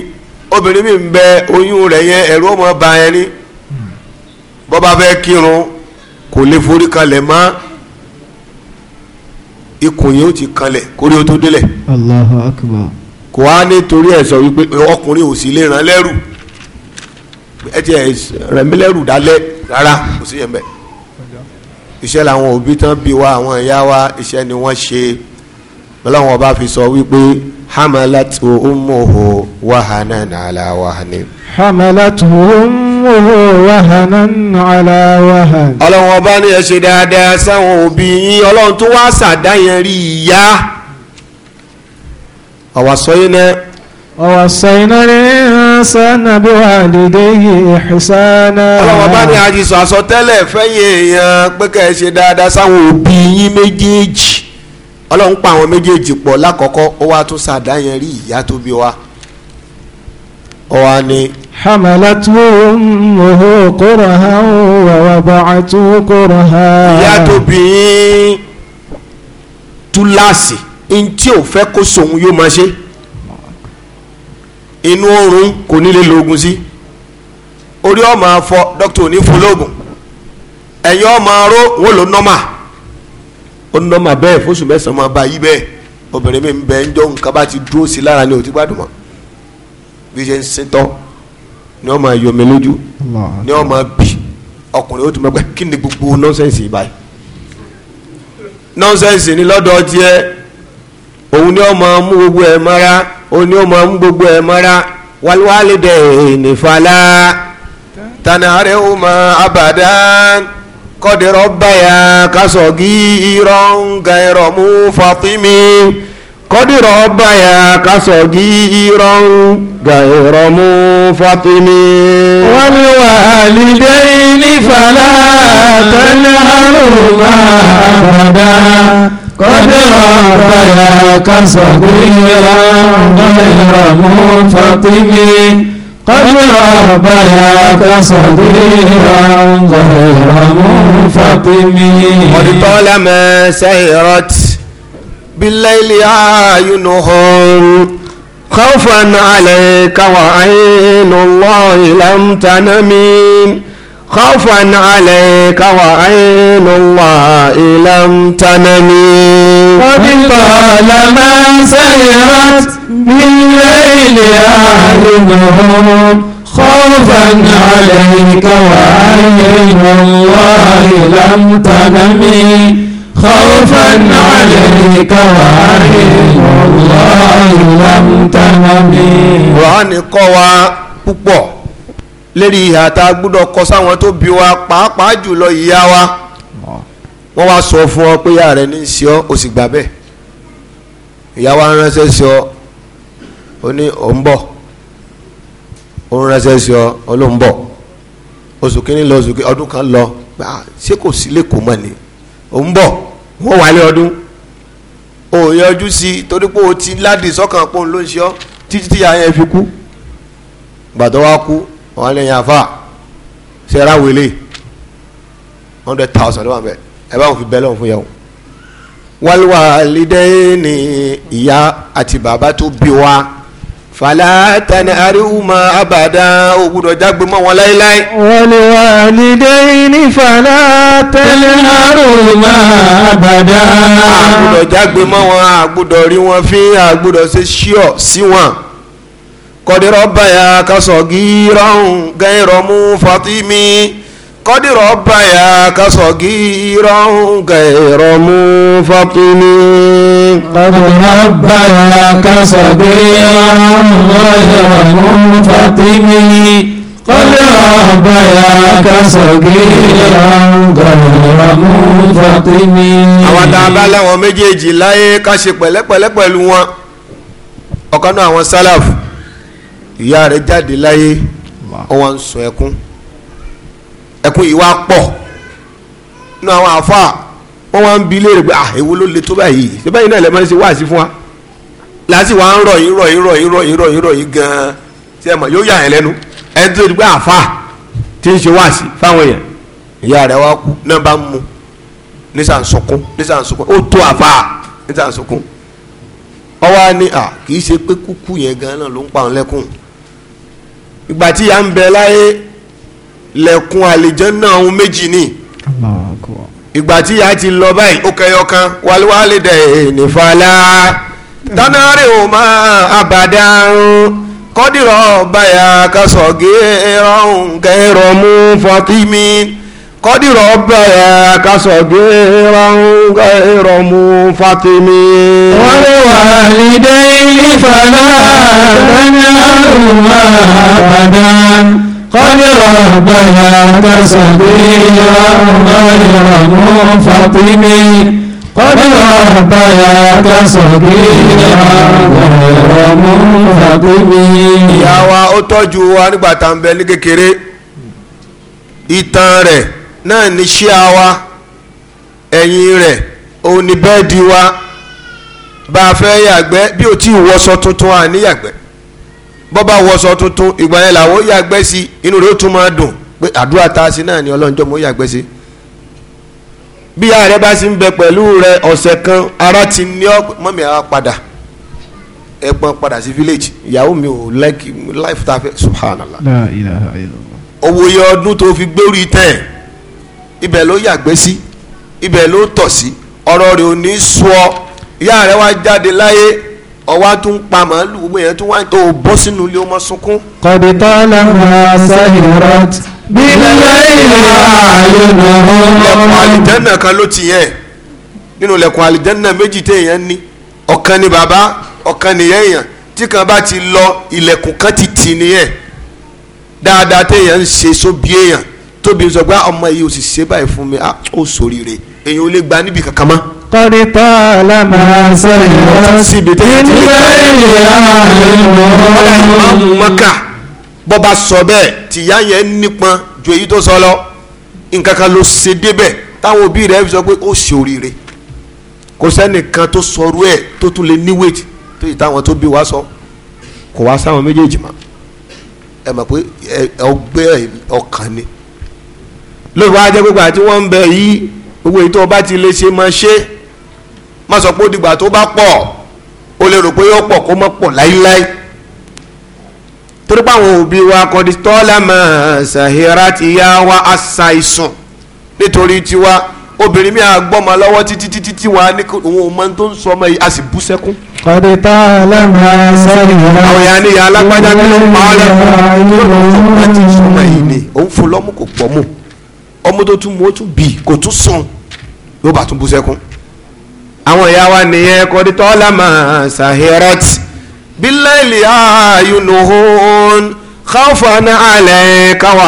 S3: obìnrin mi ń bẹ oyún rẹ̀ yẹn ẹ̀rú ọmọ ba ẹni bọ́ bá fẹ́ kírun kò lè forí kalẹ̀ mọ́ ikùn yẹn ó ti kanlẹ̀ kórí ó tó délẹ̀.
S2: Allahu Akbar.
S3: kò á nítorí ẹ̀ sọ wípé ọkùnrin ò sì lè ràn lẹ́rù ẹ ti ẹ̀ rẹ̀ mí lẹ́rù dálẹ́ rárá kò sí yẹn bẹ́ẹ̀. iṣẹ́ làwọn òbí tán bí wa àwọn ìyá wa iṣẹ́ ni wọ́n ṣe lọ́wọ́n ọba fi sọ wípé hamalat umuhu وهنا على وهن
S2: حملتهم ọlọ́run ọba
S3: ní ẹ ṣe dáadáa sáwọn òbí yín ọlọ́run tó wá sàdá yẹn rí ìyá
S2: ọ̀wà sọ́yìn náà. ọ̀wà sọ́yìn náà ní sànà bí wàá lèdè yìí ìṣáná. ọlọ́run
S3: ọba ní àjíṣọ àsọtẹ́lẹ̀ fẹ́yìn èèyàn pé kẹ́ ẹ ṣe dáadáa sáwọn òbí yín méjèèjì ọlọ́run pa àwọn méjèèjì pọ̀ lákọ̀ọ́kọ́ ó wá tún sàdá yẹn rí ìyá tó bí wa ọwá ní. hamalatu muhu
S2: kuraha wa wabacatu kuraha. ìyá
S3: tó bí i túláàsì ntí ò fẹ́ kó sòun yóò máa ṣe inú oorun kò ní lè lòògùn sí orí ọmọ afọ dókítà òní ẹ̀yin ọmọ aró wọn ló nọ́mà ó nọ́mà bẹ́ẹ̀ fóṣù mẹ́sàn-án máa bá yí bẹ́ẹ̀ obìnrin mi ń bẹ ń jọ nǹkan bá ti dúró sí lára ni ò ti gbádùn mọ́ bí ṣe ń sentọ́ ni wọ́n máa yọmi lójú ni wọ́n máa bì ọkùnrin ó ti máa gbà kí ni gbogbo nọ́nsẹ̀nsì báyìí nọ́nsẹ̀nsì ni lọ́dọ̀ tiẹ̀ òun ni wọ́n mú gbogbo ẹ̀ mọ́ra òun ni wọ́n máa mú gbogbo ẹ̀ mọ́ra wàlúwàlédè nìfàlà tànàrẹ́ ó máa abàdá kọ́dẹ̀rọ̀ báyà kásọ̀gí irọ́ ń ga fatimi kọ́dẹ̀rọ̀ báyà kásọ̀gí
S2: irọ́ غير منفطم والوالدين فلا تنهرهما
S1: أبدا قد ربياك صغيرا غير منفطم قد ربياك صغيرا غير منفطم ولطالما
S3: سيرت بالليل أعينهم خوفا عليك وعين الله لم تنمين
S2: خوفا عليك وعين الله لم تنمي وبطالما سيرت من ليل أهلهم خوفا عليك
S1: وعين الله لم تنمي خوفا عليك وعليم والله لم
S3: تنمي Kùránì kọ́ wa púpọ̀ lérí ìhà tá a gbúdọ̀ kọ sáwọn tó bí wa pàápàá jùlọ ìyá wa wọ́n wá sọ fún ọ pé ìyá rẹ̀ ní í ṣe ọ́ o sì gbà bẹ́ẹ̀ ìyá wa ránṣẹ́ sí ọ ó ní ò ń bọ̀ ó ránṣẹ́ sí ọ ó ló ń bọ̀ oṣù kínní lọ oṣù kínní ọdún kan lọ ṣé kò sí lẹ́kọ̀ọ́ mọ́ ni òun bọ̀ wọ́n wà ọdún o yọjú sí torí pé o ti ládì sọ́kàn pọ́n ló ń ṣe ọ́ títí tí àyàn fi kú gbàtọ́ wa kú wọn lè yàn àfa sẹ́ra wele hundred thousand ló wà bẹ́ẹ̀ ẹ bá wọn fi bẹ́ẹ̀ lọ́wọ́ fún yẹn o wàlúwà lídẹ́ẹ́ni ìyá àti bàbá tó bí wa fàlà tani àríwùmá àbàdà ògbúdọ̀ jágbe mọ́ wọn láéláé. wọ́n wà nídé ní fàlà tẹ̀lé àríwùmá àbàdà. àgbúdọ̀ jágbe mọ́ wọn àgbúdọ̀ rí wọn fín àgbúdọ̀ ṣe ṣíọ̀ sí wọn. kọ́dírọ́ báyà kásọ̀ gírọ̀ gẹ́rọ̀ mú fatimi kọ́dìrọ̀ báyà kásọ̀gì ìrọ̀hún kẹrọ
S2: mú fọ́túnú. kọ́dìrọ̀ báyà kásọ̀gì ìrọ̀hún kẹrọ mú fọ́túnú. kọ́dìrọ̀
S1: báyà kásọ̀gì ìrọ̀hún kẹrọ mú fọ́túnú.
S3: àwọn tá a bá láwọn méjèèjì láyé ká ṣe pẹ̀lẹ́pẹ̀lẹ́ pẹ̀lú wọn ọ̀kan náà àwọn sálàfù ìyá rẹ̀ jáde láyé ó wá ń sun ẹkún ẹkún yìí wá pọ̀ nínú àwọn àfa wọn wá ń bi léèrè pé ah èwo ló le tó báyìí ṣé báyìí náà lè máa ń ṣe wáàsí fún wa láti wàá ń rọ̀ yìí rọ̀ yìí rọ̀ yìí rọ̀ yìí rọ̀ yìí rọ̀ yìí gan-an tí ẹ mọ̀ yóò yà yẹn lẹ́nu ẹ tó ti pé àfa ti ń ṣe wáàsí fáwọn èèyàn ìyá rẹ̀ wá kú náà bá ń mu nísànsókún nísànsókún ó tó àfa nísànsókún ọwọ́ ni à kì í ṣe pé kúkú yẹn gan náà ló ń pa òun lẹ́kùn ìgbà tí ìyá ń bẹ láyé lẹ̀kùn àlìjànnà ohun méjì ni ìgbà tí ya ti lọ báyìí ó kẹyọ kan wàlúwàlì dẹ̀ nífàlà tánárì ò máa àbàdà kọ́dìrọ̀ báyà kásọ̀gé ẹ̀rọ̀hún kẹrọ mú fọtímì kọ́dìrọ̀ báyà kásọ̀gé ẹ̀rọ̀hún
S1: kẹrọ mú fọtímì. wàlúwàlì dẹ̀ nífàlà
S2: tánárì ò máa àbàdà. قدر ربنا كسبيل غير منفطم قدر ربنا كسبيل غير منفطم
S3: ìyá wa ó tọ́jú wa nígbà tá à ń bẹ ní kékeré ìtàn rẹ̀ náà ní ṣíà wa ẹ̀yìn rẹ̀ òun ní bẹ́ẹ̀dì wa bá a fẹ́ yàgbẹ́ bí o ti wọṣọ tuntun àníyàgbẹ́ bọ́bá wọṣọ tuntun ìgbà yẹn làwọn ó yàgbẹ́ sí inú rẹ̀ ó tún máa dùn pé àdúrà tá a sí náà ni ọlọ́njọ́ mo yàgbẹ́ sí. bí ààrẹ bá sì ń bẹ pẹ̀lú rẹ ọ̀sẹ̀ kan ara ti ní ọ mọ́mí àwa padà ẹ pọn padà sí village ìyàwó mi ò like life ta fẹ́ subhanallah. owó yẹ ọdún tó fi gbórí tẹ̀ ibẹ̀ ló yàgbẹ́ sí ibẹ̀ ló tọ̀ sí ọ̀rọ̀ rẹ̀ ò ní sọ ìyá rẹ wá jáde láyé ọwọ́ tún pa màálù gbogbo yẹn tún wá tó o bọ́ sínú ilé ọmọ sunkún.
S2: kọ̀dé tọ́lá máa sọ ìrọ́t
S3: bí lẹ́yìn ààyè náà. lẹ́kùn àlìjẹ́nà kan ló ti yẹn nínú lẹ́kùn àlìjẹ́nà méjì téèyàn ní ọ̀kan ni bàbá ọ̀kan nìyẹn èèyàn tí kan bá ti lọ ilẹ̀kùn kan ti tì nìyẹn dáadáa téèyàn ń ṣe sóbi èèyàn tóbi sọ pé ah, ọmọ yìí ò sì ṣe báyìí fún mi ah, ó ṣoríire èèyàn ò lè gba níbi kankan mọ́
S2: قد طالما سيرت من غير
S3: أهل مكة sọ bẹ́ẹ̀ tìyá yẹn nípọn ju èyí tó sọ lọ nǹkan kan sọ tó sọrú ẹ̀ tó tún lè ní wéètì tó yìí táwọn sọ kò wá sáwọn méjèèjì mọ́ ẹ mọ̀ pé ọgbẹ́ ọkàn ni lóòótọ́ ajẹ́ pé gbà wọ́n ń bẹ yìí gbogbo èyí tó ti lè ṣe máa ṣe é. má sọ pé ó dìgbà tó bá pọ̀ ó lè rò pé yóò pọ̀ kó mọ́ pọ̀ láíláí torí pé òbí wa kọ́ni tọ́lá máa ṣàhírà ti yá wa aṣàìsàn nítorí tiwa obìnrin mi àgbọ́mọ lọ́wọ́ títí títí tí wàá ní òun ọmọ tó ń sọmọ yìí a sì bú sẹ́kún.
S2: kọ́ni tọ́lá máa ṣàhírà.
S3: àwọn ìyá níyà alágbájá ní ọmọ ọlẹ́kùn tó lọ́wọ́ láti sọmọ yìí ni òun fún lọ́mú kò pọ̀ mọ́ ọmọ tó tún mú àwọn ìyá wa nìyẹn kọ́dí tọ́lá máa sahirat bíláìlì ayúlùhún káfọ́nà alẹ́ káwá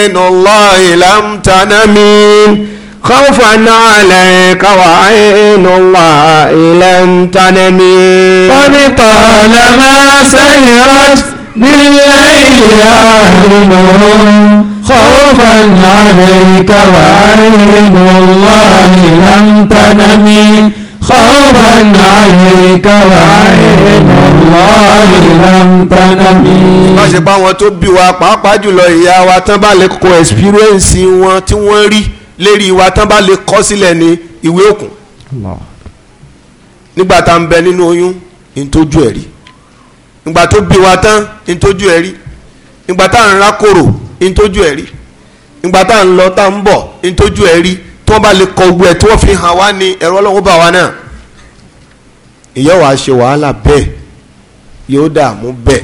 S3: ẹnu
S1: lọ́ọ̀ ìlàmtánami káfọ́nà alẹ́ káwá
S2: ẹnu lọ́ọ̀ ìlàmtánami. kọ́dí tọ́lá máa sahirat bíláìlì ayúlùhún.
S1: خوفا عليك وعين الله ذلك وعين الله
S3: لم تنمي má ṣe bá wọn tó bí wa pàápàá jùlọ ìyá wa tán bá lè kó ẹ̀sìpírẹ́ǹsì wọn tí wọ́n rí lérí wa tán bá lè kọ́ sílẹ̀ ní ìwé òkun nígbà tá ń bẹ nínú oyún ní tójú ẹ̀ rí nígbà tó bí wa tán ní tójú rí nígbà tá à rákòrò ní tójú rí nígbà tá à lọ tá à ń bọ̀ ní rí tí wọ́n bá lè kọ gbogbo ẹ̀ tí wọ́n fi hàn wá ní ẹ̀rọ ọlọ́wọ́ bá wa náà èyàn wàá ṣe wàhálà bẹ́ẹ̀ yóò dààmú bẹ́ẹ̀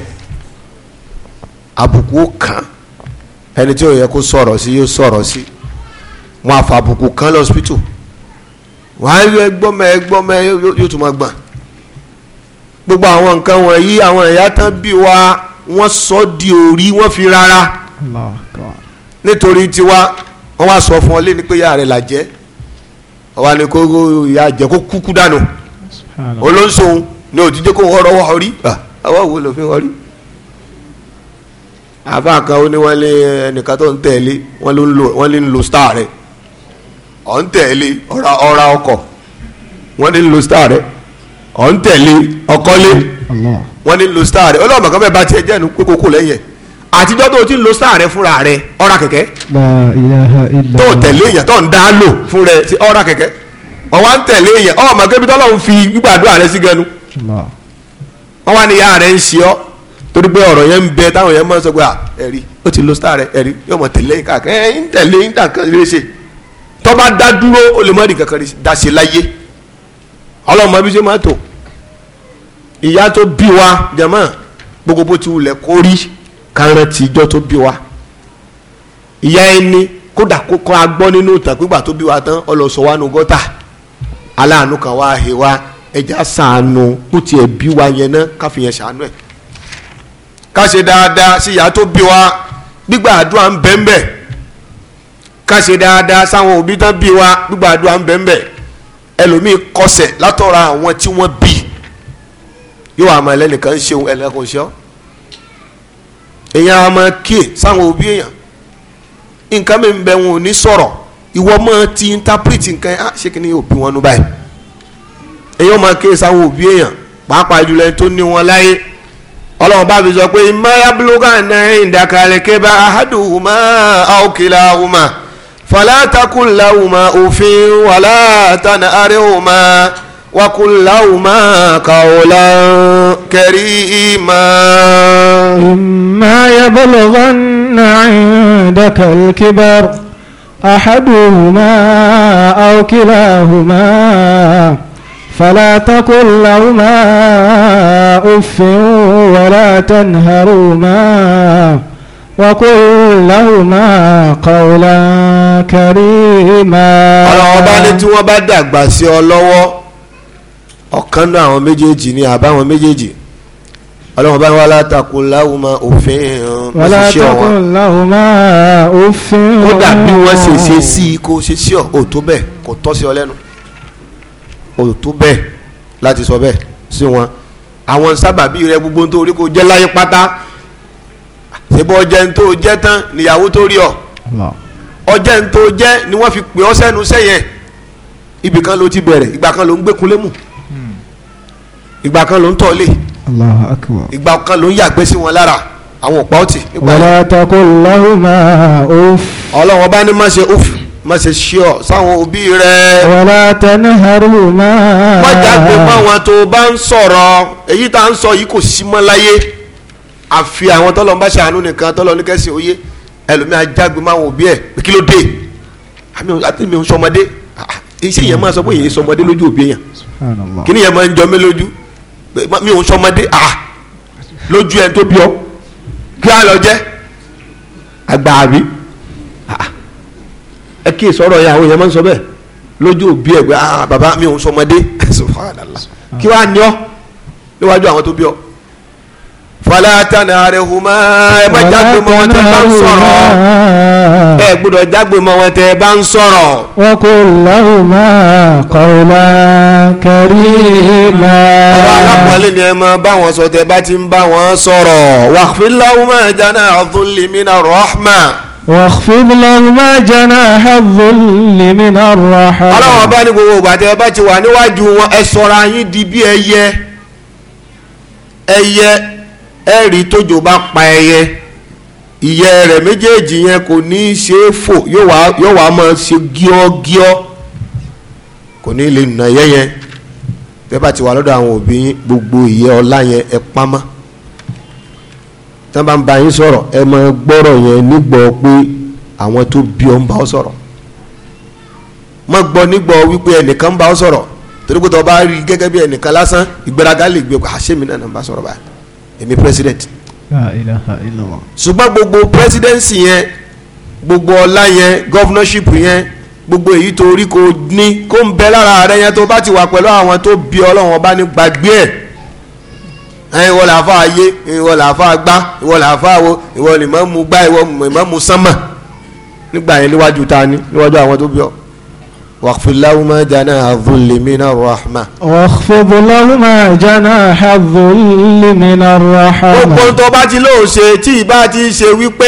S3: àbùkù kàn ẹni tí ò yẹ kó sọ̀rọ̀ sí yóò sọ̀rọ̀ sí wọn àfàbùkù kan lọ́sípítù wàá yọ ẹgbọ́mọ ẹgbọ́mọ yóò tún máa gbọ̀n gbogbo àwọn nǹkan wọ̀nyí àwọn ìyá tán bí wa wọ́n sọ di òrí wọ́n fi rárá nítorí tiwa wọ́n wá sọ fún ọ lé ní pé yára rẹ̀ là ọ̀wá ni kó yára kó kúkú dànù olóńsòun ní òtítọ́ kó wọ́ọ́rọ́ wá orí ah, àwọn wo ló fi wọ́n rí àfa kan ó ní wọ́n lé ẹnìkan tó ń tẹ̀lé wọ́n lé ń lo star rẹ̀ ọ̀ ń tẹ̀lé ọ̀ra ọkọ̀ wọ́n lé ń lo star rẹ̀ ọ̀ ń tẹ̀lé ọkọ́lé wọ́n lé ń lo star rẹ̀ ọlọ́mọ kan bẹ́ẹ̀ bá tiẹ̀ jẹ́nu pé kókó lẹ́yìn ẹ̀ àtijọ́ tó ti ń lo star rẹ̀ fúnra rẹ̀ ọ̀ra kẹ̀kẹ́ tó tẹ̀lé èèyàn tó ń dá lò fúnra rẹ̀ ọ̀ra kẹ̀kẹ́ ọwọ́ ń tẹ̀lé yẹn ọ mọ̀ kébi tọ́lọ́ ń fi gbàdúrà rẹ sí gẹnu wọ́n wá ní ìyá rẹ̀ ń ṣe ọ́ torí pé ọ̀rọ̀ yẹn ń bẹ táwọn yẹn máa ń sọ pé ẹ̀rí ó ti lo star rẹ ẹ̀rí yóò mọ̀ tẹ̀lé káàkiri ẹ̀ ń tẹ̀lé ń dàkan lè ṣe tó bá dá dúró ó lè mọ̀ ní kankan dá ṣe láyé ọlọ́run bí ṣe máa tò ìyá tó bí wa jẹ̀mọ́ gbogbo bó ti wulẹ̀ kó rí kárán ti ìjọ tó bí wa ìyá ẹni kódà kó kọ́ agbọ́ nínú ìtàn pípa tó bí wa tán ọlọ́sọ̀wánu gọ́tà aláàánú kan wá he wá ẹja sànù kó tiẹ̀ bí wa yẹn ná káfíyàn sànù ẹ̀ ká ṣe dáadáa sí ìyá tó bí wa gbígbà àdúrà ń bẹ́ẹ̀ bẹ́ẹ̀ ká ṣe dáadáa sáwọn òbí tán bí wa gbígbà àdúrà ń bẹ́ẹ̀ bẹ́ẹ̀ ẹlòmíì kọsẹ̀ látọ̀ra àwọn tí wọ́n bí yóò àmọ́ ẹlẹ́nìkan ń ṣeun ẹlẹ́nìkan ṣe èèyàn àmọ́ kíè sáwọn òbí èèyàn nǹkan mi ń bẹ wọn ò ní sọ̀rọ̀ ìwọ máa ti interpret nǹkan ah ṣé kí ni òbí wọn nú báyìí èyí ó máa ké sáwọn òbí èèyàn pàápàá jùlọ ẹni tó ní wọn láyé ọlọ́run bá fi sọ pé ìmáyábúlógà náà ìdàkàlẹ̀ kébà àhádùhùmá àókèláhùmá fàlátàkùláhùmá òfin wàlá tànàárẹ̀hùmá wàkùláhùmá kàólà kẹrìmá.
S2: ìmáyábúlógà náà ìdàkàlẹ̀ kébà. أحدهما أو كلاهما فلا تقل لهما أف ولا تنهرهما وقل لهما قولا كريما ọ̀rọ̀ ọba
S3: ní tí wọ́n bá dàgbà sí ọ lọ́wọ́ ọ̀kan náà àwọn méjèèjì ni àbáwọn méjèèjì ọlọ́run bá ní wàhálà takò láwùmá òfin wàhálà takò láwùmá òfin ó dàbí wọ́n ṣe ṣe sí i kó ṣe sí ọ ò tó bẹ́ẹ̀ kò tọ́ sí ọ lẹ́nu ò tó bẹ́ẹ̀ láti sọ bẹ́ẹ̀ sí wọn àwọn sábàbí rẹ gbogbo tó rí kó jẹ́ láyé pátá ṣèbọ̀ ọjẹ́ ń tó jẹ́ tán níyàwó tó rí ọ ọjẹ́ ń tó jẹ́ ni wọ́n fi pè ọ́ sẹ́nu sẹ́yẹn ibì kan ló ti bẹ̀rẹ̀ ìgbà kan ló ń gbé kunlé mù hmm. ìgbà kan ló ń tọ̀ lé.
S2: Allahu akbar.
S3: ìgbà kan ló ń yàgbẹ́ sí wọn lára àwọn òpá ọtí.
S2: wàlá takò lahuma uff.
S3: ọlọ́wọ́n bá ní má ṣe uff má ṣe ṣíọ sáwọn òbí rẹ. wàlá tanharuma. má jágbe fáwọn tó bá ń sọ̀rọ̀ èyí tá à ń sọ yìí kò sí mọ́ láyé àfi àwọn tọ́lọ̀ ń bá ṣàánú nìkan tọ́lọ̀ ní kẹ́sì òye ẹlòmíà jágbe máwọn òbí ẹ̀ pé kí ló dé àti mi sọmọdé ah, ah, iṣẹ́ yẹn máa sọ pé èyí sọmọdé lójú òbí yẹn kí ni yẹn máa ń jọ mí lójú mi ò sọmọdé à lójú ẹ tó bí ọ kí á lọ jẹ àgbà àbí ẹ kí sọ̀rọ̀ yà àwọn yẹn máa ń sọ bẹ́ẹ̀ lójú òbí ẹ̀ pé bàbá mi ò sọmọdé subhanallah kí wàá ní ọ níwájú àwọn tó bí ọ falatana arehuma ẹ bá jágbe mọ́ wọn tẹ́ bá ń sọ̀rọ̀ ẹ gbọ́dọ̀ jágbe mọ́ wọn tẹ́ bá ń sọ̀rọ̀.
S2: wa kullahuma qawla karima. ọba alápọ̀lẹ́ ni ẹ máa bá wọn
S3: sọ tẹ́ bá ti ń bá wọn sọ̀rọ̀ wakhfid lahuma janaha dhulli mina rahma.
S2: واخفض لهما جناح الذل من الرحمة. ọlọ́wọ́n
S3: bá ní gbogbo ìgbà tẹ́ bá ti wà níwájú wọn ẹ sọ̀rọ̀ ayín di bí ẹyẹ ẹyẹ ẹ̀rí tójò bá pa ẹyẹ ìyẹ́ rẹ̀ méjèèjì yẹn kò ní í ṣe é fò yóò wá máa ṣe gíọ́gíọ́ kò ní lè nà ẹyẹ yẹn bẹ́ẹ̀ bá ti wà lọ́dọ̀ àwọn òbí yín gbogbo ìyẹ́ ọlá yẹn ẹ pamọ́ tí wọ́n bá ń ba yín sọ̀rọ̀ ẹ máa gbọ́rọ̀ yẹn nígbọ́ pé àwọn tó bí ọ ń bá ọ sọ̀rọ̀ má gbọ́ nígbọ́ wípé ẹnìkan ń bá ọ sọ̀rọ̀ torí pé tó bá rí gẹ́gẹ́ bí ẹnìkan lásán ìgbéraga lè gbé àṣẹ mi náà ń bá sọ̀rọ̀ báyìí èmi president. ṣùgbọ́n gbogbo presidency yẹn gbogbo ọlá yẹn governorship yẹn gbogbo èyí tó rí kò ní kó ń bẹ lára rẹ yẹn tó bá ti wà pẹ̀lú àwọn tó bí ọlọ́run ọba ní gbàgbé ẹ̀ ẹ̀yin wọ́n làá fà ayé ẹ̀yin wọ́n làá fà gbá ìwọ́n làá fà wo ìwọ́n lè mọ́ mu gbá ìwọ́n lè mọ́ mu sánmà nígbà yẹn níwájú ta ni níwájú àwọn tó bí ọ واخفض لهما جناح الذل من الرحمة
S2: واخفض لهما جناح الذل من الرحمة
S3: gbogbo tó bá ti lóò ṣe tí ìbá ti ṣe wípé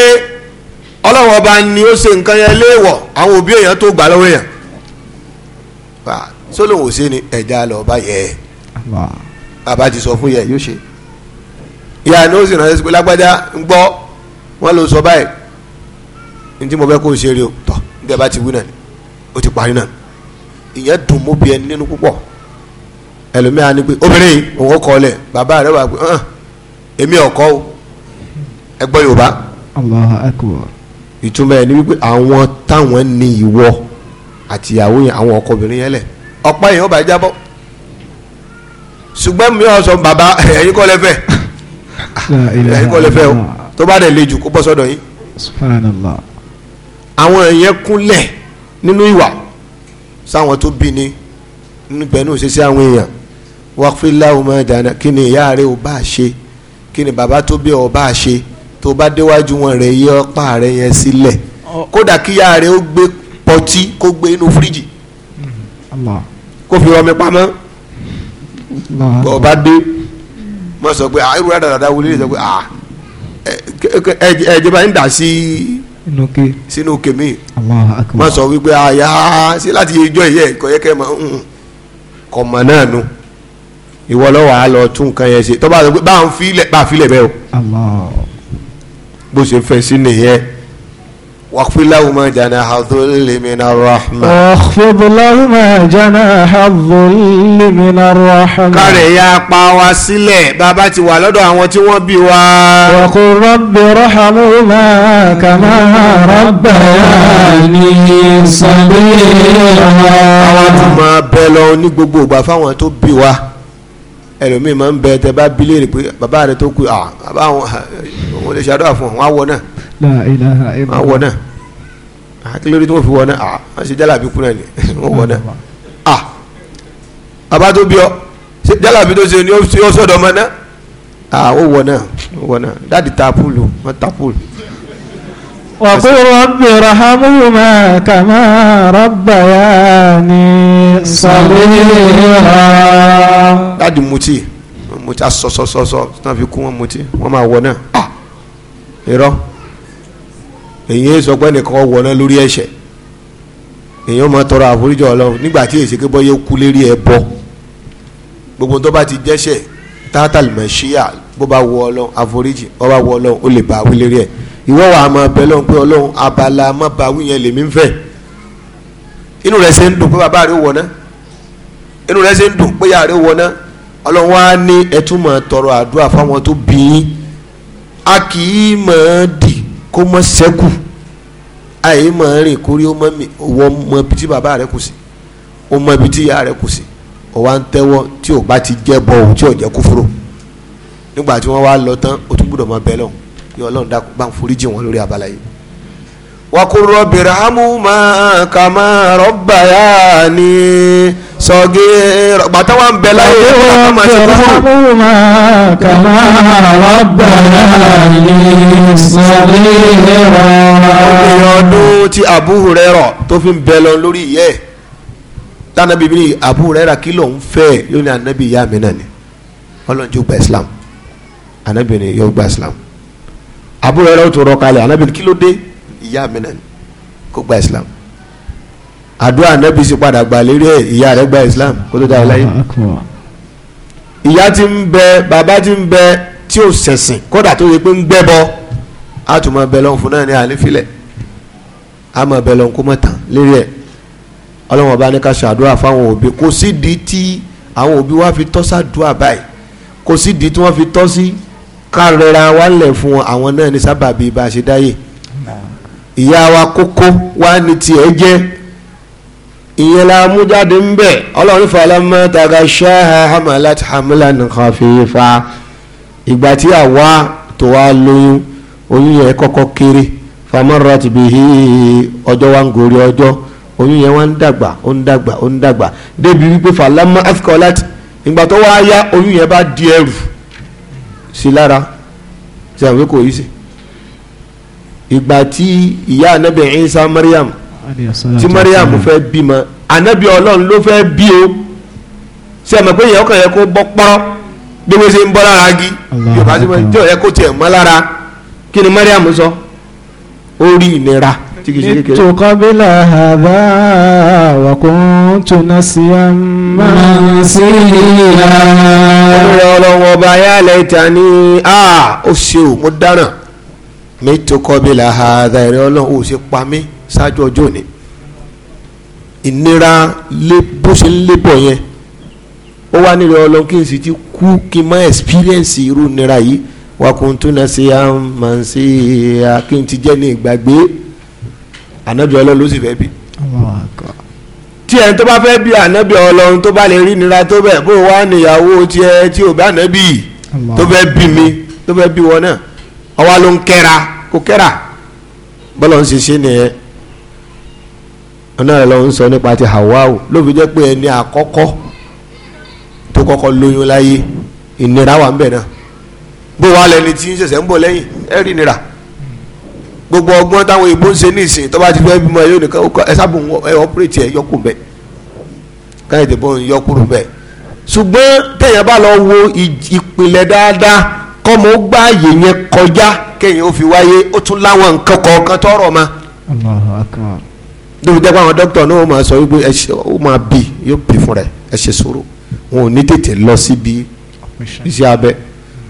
S3: ọlọ́wọ́ ọba ni ó ṣe nǹkan yẹn léèwọ̀ àwọn òbí èèyàn tó gbà lọ́wọ́ èèyàn sólòwò ṣe ni ẹ̀dá lọ́ọ̀bá yẹ ẹ́ bàbá ti sọ fún yẹ yóò ṣe ìyá ni ó sì ránṣẹ́ pé lágbájá ń gbọ́ wọ́n lọ sọ báyìí ní tí mo fẹ́ kó o ṣe rí o tọ́ ní tẹ́ bá ti wí náà ni ti parí náà ìyẹn dùn mú bí ẹni nínú púpọ̀ ẹlòmíà ni pé obìnrin òun kọ́ lẹ̀ bàbá rẹ̀ wà pé èmi ọ̀kọ́ o ẹ gbọ́ yorùbá.
S2: Allahu akbar.
S3: ìtumọ̀ ẹ̀ ni wípé àwọn táwọn ní ìwọ àtìyàwó yẹn àwọn ọkọ obìnrin yẹn lẹ̀ ọ̀pá yẹn ó bá jábọ́ ṣùgbọ́n mi ò sọ bàbá ẹ̀yin kọ́ lẹ́fẹ̀
S2: ẹ̀yin kọ́ lẹ́fẹ̀ o
S3: tó bá dẹ̀ le jù kó bọ́ sọ́dọ̀ yín.
S2: subhanallah.
S3: àwọn yẹn kúnlẹ̀ nínú ìwà sáwọn tó bí ni nígbẹ̀nú òṣìṣẹ́ àwọn èèyàn waqfil lahuma dana kí ni ìyá rẹ ò bá ṣe kí ni bàbá tó bí ọ bá ṣe tó bá déwájú wọn rẹ yẹ ọ̀pá rẹ yẹn sílẹ̀ kódà kí ìyá rẹ ó gbé pọtí kó gbé inú fíríjì kó fi rọmi pamọ́ bọ̀ ọba dé mọ̀ sọ pé àìrú rẹ̀ wọlé ẹ jẹba ń dà sí inú ke. sínú ke mi. má sọ wípé àyà sí láti ijó ìyẹ nǹkan yẹ kẹ́ máa ń kọ̀ mọ̀ náà nu ìwọ lọ́wọ́ á lọ tún nǹkan yẹn ṣe tọ́ sọ pé bá ń filẹ̀ bá filẹ̀ bẹ́ẹ̀ o bó ṣe fẹ́ sí nìyẹn واخفض لهما جناح الذل من الرحمة
S2: واخفض لهما جناح
S3: الذل من الرحمة kárẹ̀ ya pa wá sílẹ̀ bàbá ti wà lọ́dọ̀ àwọn tí wọ́n
S2: bí wa. وقل رب ارحمهما كما ربياني صغيرا. àwọn tó máa bẹ lọ ní
S3: gbogbo ìgbà fáwọn tó bí wa ẹlòmíín máa ń bẹ tẹ bá bílẹ̀ rẹ̀ pé bàbá rẹ̀ tó kú ah, àwọn lè ṣàdúrà fún àwọn àwọ̀ náà
S2: la ilaha illa Allah. àwọn
S3: náà akílórí ah, tí wọ́n fi wọ́n náà ah wọ́n ṣe jálàbí ni wọ́n wọ́n náà ah abátó bíọ́ ṣe jálàbí tó ṣe ni ó sọ̀dọ̀ ọmọ náà ah ó wọ́n náà ó wọ́n náà dáàdi ta púùlù wọ́n ta púùlù.
S2: وقل رب ارحمهما كما ربياني صغيرا
S3: dáàdi mutí mutí asọsọsọsọ tí wọ́n fi kú wọn mutí wọ́n máa wọ ah irọ́ èyí sọ pé ẹnìkan wọná lórí ẹ̀ṣẹ̀ èyí máa tọrọ àforíjì Ọlọ́run nígbà tí èsì kébọ yóò kú lérí ẹ bọ gbogbo tó bá ti jẹ́ṣẹ̀ tátà lè mọ̀ ṣíyà bó bá wọ Ọlọ́run àforíjì bó bá wọ Ọlọ́run ó lè bá wí lérí ẹ ìwọ wàá máa bẹ lọ́hùn pé Ọlọ́run abala má ba wí yẹn lèmi ń fẹ́ inú rẹ̀ ṣe ń dùn pé bàbá rẹ̀ wọ̀ náà inú rẹ̀ ṣe ń dùn pé yàrá rẹ̀ wọ̀ náà wá ní ẹtúmọ̀ tọrọ àdúrà fáwọn tó bí a kì í mọ̀ ọ́n dì kó mọ sẹ́kù àyè máa rìn kórí ó mọ ibi tí bàbá rẹ kù sí ó mọ ibi tí ìyá rẹ kù sí ó wá ń tẹ́wọ́ tí ò bá ti jẹ́ bọ òun tí ò jẹ́ kúfúrò nígbà tí wọ́n wá lọ tán o tún gbúdọ̀ mọ bẹ́ẹ̀ lọ́hùn ní ọlọ́run dákun bá ń foríjì wọn lórí abala yìí. wàkúrọ̀ bìràmù máa kà máa rọ́bà yá ni sọ̀gí
S2: bàtà wà ń bẹ láyé ìwọ̀n àmà ṣe kúrò. kàmá rọ́bàlì sọ̀rí rọ̀. obìnrin ọdún
S3: tí Abu Hurairah tó fi ń bẹ lọ lórí ìyẹ́ ẹ̀ lánàá bíbí Abu Hurairah kí ló ń fẹ́ yóò ní ànábì ìyá mi náà ni ọlọ́run jó gba Islam ànábì ni yóò gba Islam Abu Hurairah tó rọ kalẹ̀ ànábì kí ló dé ìyá mi náà ni kó gba Islam àdúrà nẹ́bí sì padà gbà lérí ẹ̀ ìyá rẹ̀ gba Islam kó tó dára láyé ìyá ti ń bẹ bàbá ti ń bẹ tí ò ṣẹ̀sìn kódà tó yẹ pé ń gbẹ́bọ a tún máa bẹ lọ́n fún náà ní àlefilẹ̀ a máa bẹ lọ́n kó mọ̀ tán lérí ẹ̀ ọlọ́wọ́n bá ní ká ṣàdúrà fáwọn òbí kò sídìí tí àwọn òbí wa fi tọ́ sàdúrà báyìí kò sídìí tí wọ́n fi tọ́ sí ká wá lẹ̀ fún àwọn náà ní sábàbí bá ìyá wa kókó wa ní tiẹ̀ jẹ́ ìyẹn la mú jáde ń bẹ̀ ọlọ́run falamma tagashaha hamalat hamlan khafifa ìgbà tí àwa tó wá lóyún oyún yẹn kọ́kọ́ kéré famarrat bihi ọjọ́ wa ń gorí ọjọ́ oyún yẹn wá ń dàgbà ó ń dàgbà ó ń dàgbà débi wípé falamma athqalat ìgbà tó wá yá oyún yẹn bá di ẹrù sí lára ṣe kò yí sí ìgbà tí ìyá anabi Isa Maryam tí mariam fẹ́ bímọ anabi ọlọ́run ló fẹ́ bí o ṣe é mọ̀ pé ìyẹn ọkàn yẹ kó bọ́ pọ́rọ́ bí wọ́n ṣe ń bọ́ lára gi yorùbá ṣe mọ̀ tí ò yẹ kó tiẹ̀ mọ́ lára kí ni mariam sọ ó rí ìnira tí kì í ṣe kékeré. ìtòkọ́
S2: bí làhàbá wà kó tún náà sí i máa
S3: sí ṣáájú ọjọ́ òní ìnira bó ṣe ń lébọ̀ yẹn ó wá nílẹ̀ ọlọ́run kí n sì ti kú kí n má experience irú ìnira yìí wà kó n tún náà ṣe à ń mà ń ṣe à kí n ti jẹ́ ní ìgbàgbé ànábì ọlọ́run ló sì fẹ́ bí. tí ẹni tó bá fẹ́ bí ànábì ọlọ́run tó bá lè rí ìnira tó bẹ̀ bó wá níyàwó tiẹ̀ tí ò bá ànábì tó fẹ́ bí mi tó fẹ́ bí wọn náà ọwá ló ń kẹ́ra kó kẹ́ra bọ́lá ń ṣe ṣe nìyẹn náà lọ ń sọ nípa ti Hawau ló fi jẹ́ pé ẹni àkọ́kọ́ tó kọ́kọ́ lóyún láyé ìnira wà ń bẹ̀ náà bó wàá lẹni tí ń ṣẹ̀ṣẹ̀ ń bọ̀ lẹ́yìn ẹ̀ rí ìnira gbogbo ọgbọ́n táwọn ìbò ń ṣe ní ìsìn tó bá ti fẹ́ bímọ yóò nìkan ẹ sábà ẹ ọpúrẹ́tì ẹ yọkù bẹ́ẹ̀ káyọ̀ ìdìbò ń yọkùrù bẹ́ẹ̀ ṣùgbọ́n téèyàn bá lọ wo ìpìlẹ̀ dáadáa kọ́mọ ó yẹn kọjá kéèyàn ó fi wáyé ó tún láwọn nǹkan kọ̀ọ̀kan tọrọ ma. Allahu Akbar dókítà jẹ́ pé àwọn dókítà náà ó máa sọ wípé ẹ ṣe ó máa bì yóò bì fún rẹ ẹ ṣe sùúrù wọn ò ní tètè lọ síbi iṣẹ́ abẹ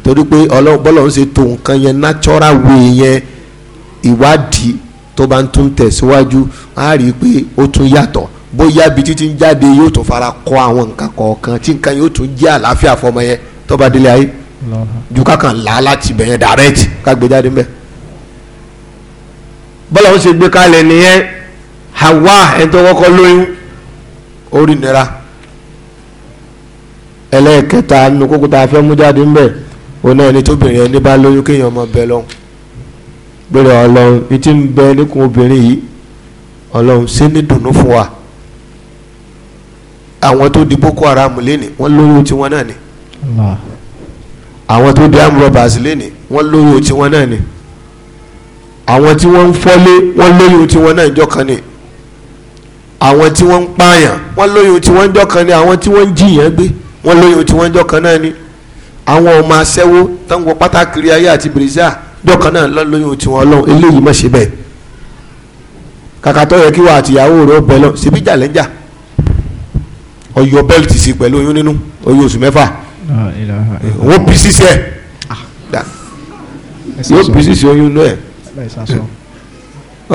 S3: torí pé bọ́lá ń ṣe tó nǹkan yẹn natural way yẹn ìwádìí tó bá ń tún tẹ̀síwájú á rí i pé ó tún yàtọ̀ bóyá bí títí ń jáde yóò tún fara kọ àwọn nǹkan kọ̀ọ̀kan tí nǹkan yóò tún jẹ́ àlàáfíà fọmọ yẹn tó bá délé ayé ju kákan là á láti bẹ̀yẹn direct ká ń bẹ̀. bọ́lá ń ṣe gbé kalẹ̀ nìyẹn Hawa ẹni tó kọ́kọ́ lóyún orí nira ẹlẹ́ẹ̀kẹta nu kókó tá a fẹ́ mú jáde ńbẹ̀ òun náà ni tóbìnrin ẹni bá lóyún kéèyàn ọmọ bẹ lọ́hùn gbèrè ọlọ́run ní ń bẹ níkùn obìnrin yìí ọlọ́run ṣe ní dùnú fún wa àwọn tó di Boko Haram lẹ́nì wọ́n lóyún tiwọn náà ni àwọn tó di amrobas lẹ́nì wọ́n lóyún tiwọn náà ni àwọn tí wọ́n ń fọ́lé wọ́n lóyún tiwọn náà ìjọ kan ni àwọn tí wọ́n ń pààyàn wọ́n lóyún tí wọ́n ń jọ́kan ní àwọn tí wọ́n ń jiyàn gbé wọ́n lóyún tí wọ́n ń jọ́kan náà ní àwọn ọmọ aṣẹ́wó táwọn pátákìrì ayé àti bìrìsà jọ́kan náà lọ́ lóyún tí wọ́n lọ́hùn eléyìí má ṣe bẹ́ẹ̀ kàkà tó yẹ kí wọ́n àtìyàwó rẹ̀ ọbẹ̀ lọ síbí jà lẹ́jà ọyọ bẹ́ẹ̀lì sí pẹ̀lú oyún nínú oyún oṣù mẹ́fà
S2: wọ́n bí sísẹ́
S3: yóò bí sísẹ́ oyún náà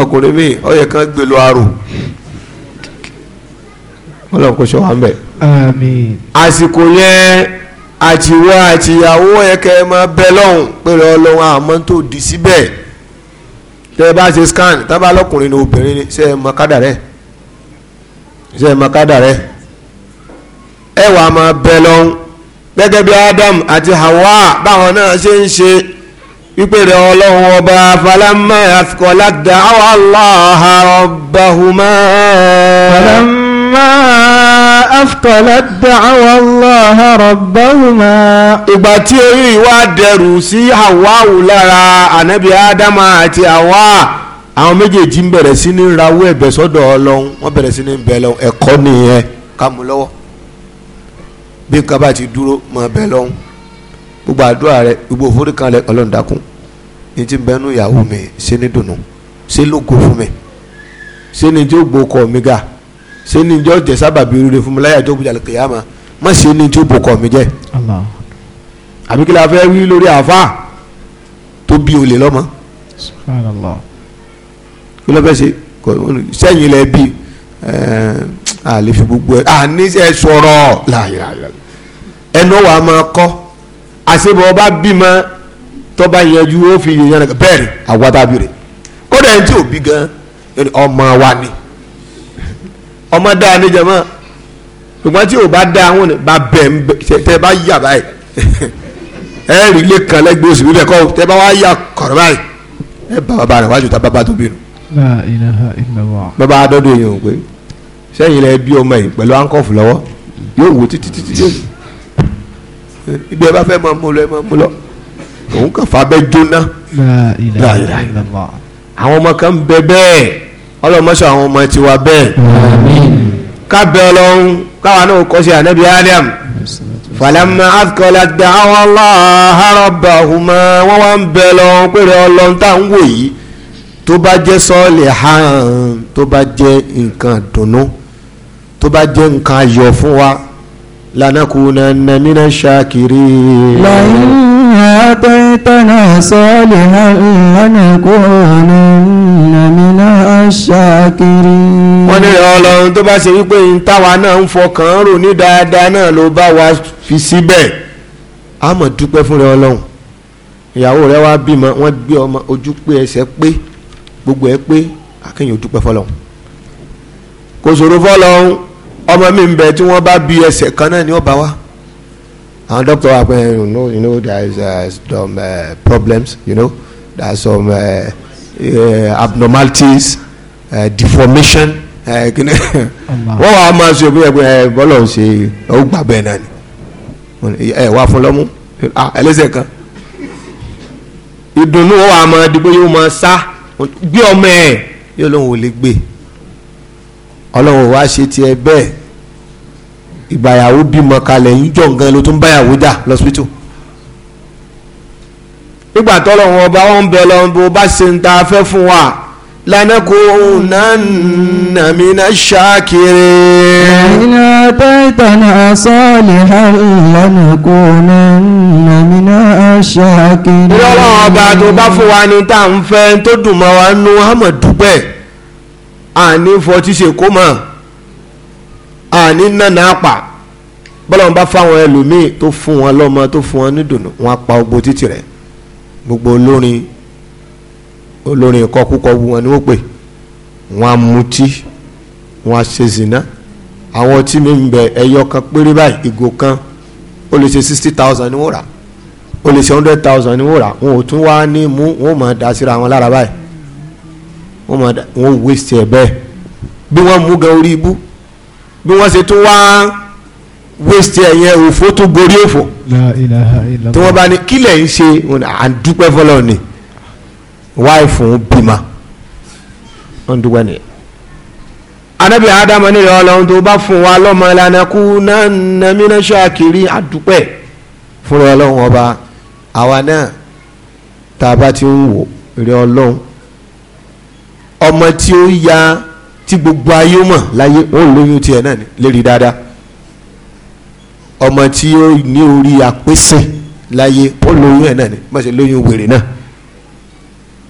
S3: ọkùnrin mi ọyẹ kan gbèlò àrùn ọlọ́run kò ṣọ́ wa ń bẹ̀. àmín. àsìkò yẹn àtiwọ́ àtìyàwó yẹn kẹ́ ẹ máa bẹ lọ́hùn pé ọlọ́run àmọ́ tó di síbẹ̀ tẹ́ ẹ bá ṣe scan tábà lọ́kùnrin ni obìnrin ni ṣe é mọ rẹ̀ ṣe é mọ kádà rẹ̀ ẹ wàá máa bẹ lọ́hùn gẹ́gẹ́ bí Adam àti Hawa báwọn náà ṣe ń ṣe wípé rẹ̀ ọlọ́run ọba falamma afqalat da'awa Allaha
S2: rabbahuma. falamma. ما أفطلت دعوى الله ربهما ìgbà tí orí wa dẹrù sí
S3: Hawa lára ànábì Ádámà àti Hawa àwọn méjèèjì ń bẹ̀rẹ̀ sí ní ẹ̀bẹ̀ sọ́dọ̀ Ọlọ́run wọ́n bẹ̀rẹ̀ sí ní bẹ̀ lọ́wọ́ ẹ̀kọ́ nìyẹn lọ́wọ́ bí nǹkan bá ti dúró lọ́wọ́ gbogbo àdúrà rẹ gbogbo kan Ọlọ́run ní ti ìyàwó mi ṣe ṣé ní ìjọ jẹ sábàbí rere fún mi láyé àjọ òkúta kìyàmà má ṣe ní tí ó bò kọ mi jẹ. àbí kí la fẹ́ wí lórí àáfà tó bí olè lọ́mọ. kí ló fẹ́ ṣe sẹ́yìn lẹ bí àlè fi gbogbo ẹ àní ẹ sọ̀rọ̀ ẹnu wa máa kọ́ àṣebọ̀ ọba bímọ tọ́ba yẹjú ó fi yẹn yẹn bẹ́ẹ̀ ni àwọn tábìrì kódà ẹni tí ò bí gan ọmọ wa ni ọmọ dáa ní jẹmọ́ ṣùgbọ́n tí ò bá dáa wọn ni bá bẹ̀ ń bẹ̀ tẹ́ bá yà báyìí ẹ rí ilé kan lẹ́gbẹ̀ẹ́ oṣù bíbẹ̀ kọ́ tẹ́ bá wá yà kọ̀rọ̀ báyìí ẹ bá bàbá rẹ̀ wájú ta bàbá tó bínú. bàbá adọ́dọ̀ èèyàn ò pé sẹ́yìn lẹ bí ọmọ yìí pẹ̀lú ankọ́fù lọ́wọ́ yóò wò títí títí ibi ẹ bá fẹ́ máa mú lọ ẹ máa mú lọ òun kàn fà bẹ́ jóná. àwọn ọmọ kan bẹ bẹ́ẹ̀ ọlọ́mọṣọ àwọn ọmọ tiwa bẹ́ẹ̀ kábẹ́ ọlọ́run káwa náà kọ́ sí ànábì adam falama afikola da àwọn aláharọba ọhúnmá wọn wá ń bẹ lọ́run pé rẹ ọlọ́run tá à ń wò yìí tó bá jẹ́ sọ́ọ̀lì hàn tó bá jẹ́ nǹkan dùnú tó bá jẹ́ nǹkan ayọ̀ fún wa lànà nàmínà ṣàkiri. lọ́yìn. آتيتنا
S2: صالحا لنكونن من الشاكرين. wọ́n ní
S3: ọlọ́run tó bá ṣe wípé ń táwa náà ń
S2: fọkàn rò ní dáadáa
S3: náà ló bá wa fi síbẹ̀ a máa dúpẹ́ fún rẹ ọlọ́run ìyàwó rẹ wá bímọ wọ́n gbé ọmọ ojú pé ẹsẹ̀ pé gbogbo ẹ pé akéèyàn dúpẹ́ fọlọ́run kò ṣòro fọlọ́run ọmọ mi ń bẹ tí wọ́n bá bí ẹsẹ̀ kan náà ni ó bá wa. And doctor, you know, you know, there is uh, some uh, problems. You know, there are some uh, uh abnormalities, uh, deformation. Uh, wọ́n wàá máa ṣe bí ẹgbẹ́ bọ́lọ̀ ń ṣe ó gbà bẹ́ẹ̀ náà ni ẹ wá fún lọ́mú ẹlẹ́sẹ̀ kan ìdùnnú wọn wàá máa di pé yóò máa sá gbé ọmọ ẹ yóò lóun ò lè gbé ọlọ́run wàá ṣe tiẹ̀ bẹ́ẹ̀ ìgbàyàwó bímọ kalẹ̀ ń jọ nǹkan ló tún báyàwó jà lọ́sítò nígbà tọ́lọ̀ wọn bá wọn bẹ lọ bó bá ṣe ń ta fẹ́ fún wa lánàá kó
S2: nànà mí náà ṣàkiri. ìlà tẹ́tàná sọ́ọ̀lì lánàá kó nànà mí náà ṣàkiri. ìrọ̀lọ́ ọba tó bá fún wa ní tá à ń fẹ́ tó dùn mọ́ wa nú hàmọ̀ dúpẹ́
S3: àní fọtí ṣe kó mọ̀. àní nànà àpà bọ́lá wọn bá fáwọn ẹlòmíì tó fún wọn lọ́mọ tó fún wọn nídùnnú wọn pa ogbó títì rẹ gbogbo olórin olórin ìkọkúkọ wọn ni wọ́n pè wọn á wọn á àwọn tí mi ń bẹ ẹyọ kan péré kan ó lè ṣe sixty thousand rà ó lè ṣe hundred thousand rà wọn ò tún wá ní mú wọn ò síra bí wọ́n ṣe tún wá waste ẹ̀yẹ òfò tó borí òfò tí wọ́n bá ní kílẹ̀ ń ṣe àdúpẹ́ fọlọ́ ni wáì fún bímọ wọ́n dúpẹ́ nìyẹn. anábì ádámù nílẹ̀ ọlọ́run tó bá fún wa lọ́mọ ìlànà kú náà nàmínà ṣáàkiri àdúpẹ́ fúnra ọlọ́run ọba àwa náà tá a bá ti ń wò rí ọlọ́run ọmọ tí ó ya tí gbogbo ayé mọ̀ láyé wọ́n lóyún tiẹ̀ náà lérí dáadáa ọmọ tí ó ní orí apẹ́sẹ̀ láyé ó lóyún ẹ̀ náà ni mo ṣe lóyún wèrè náà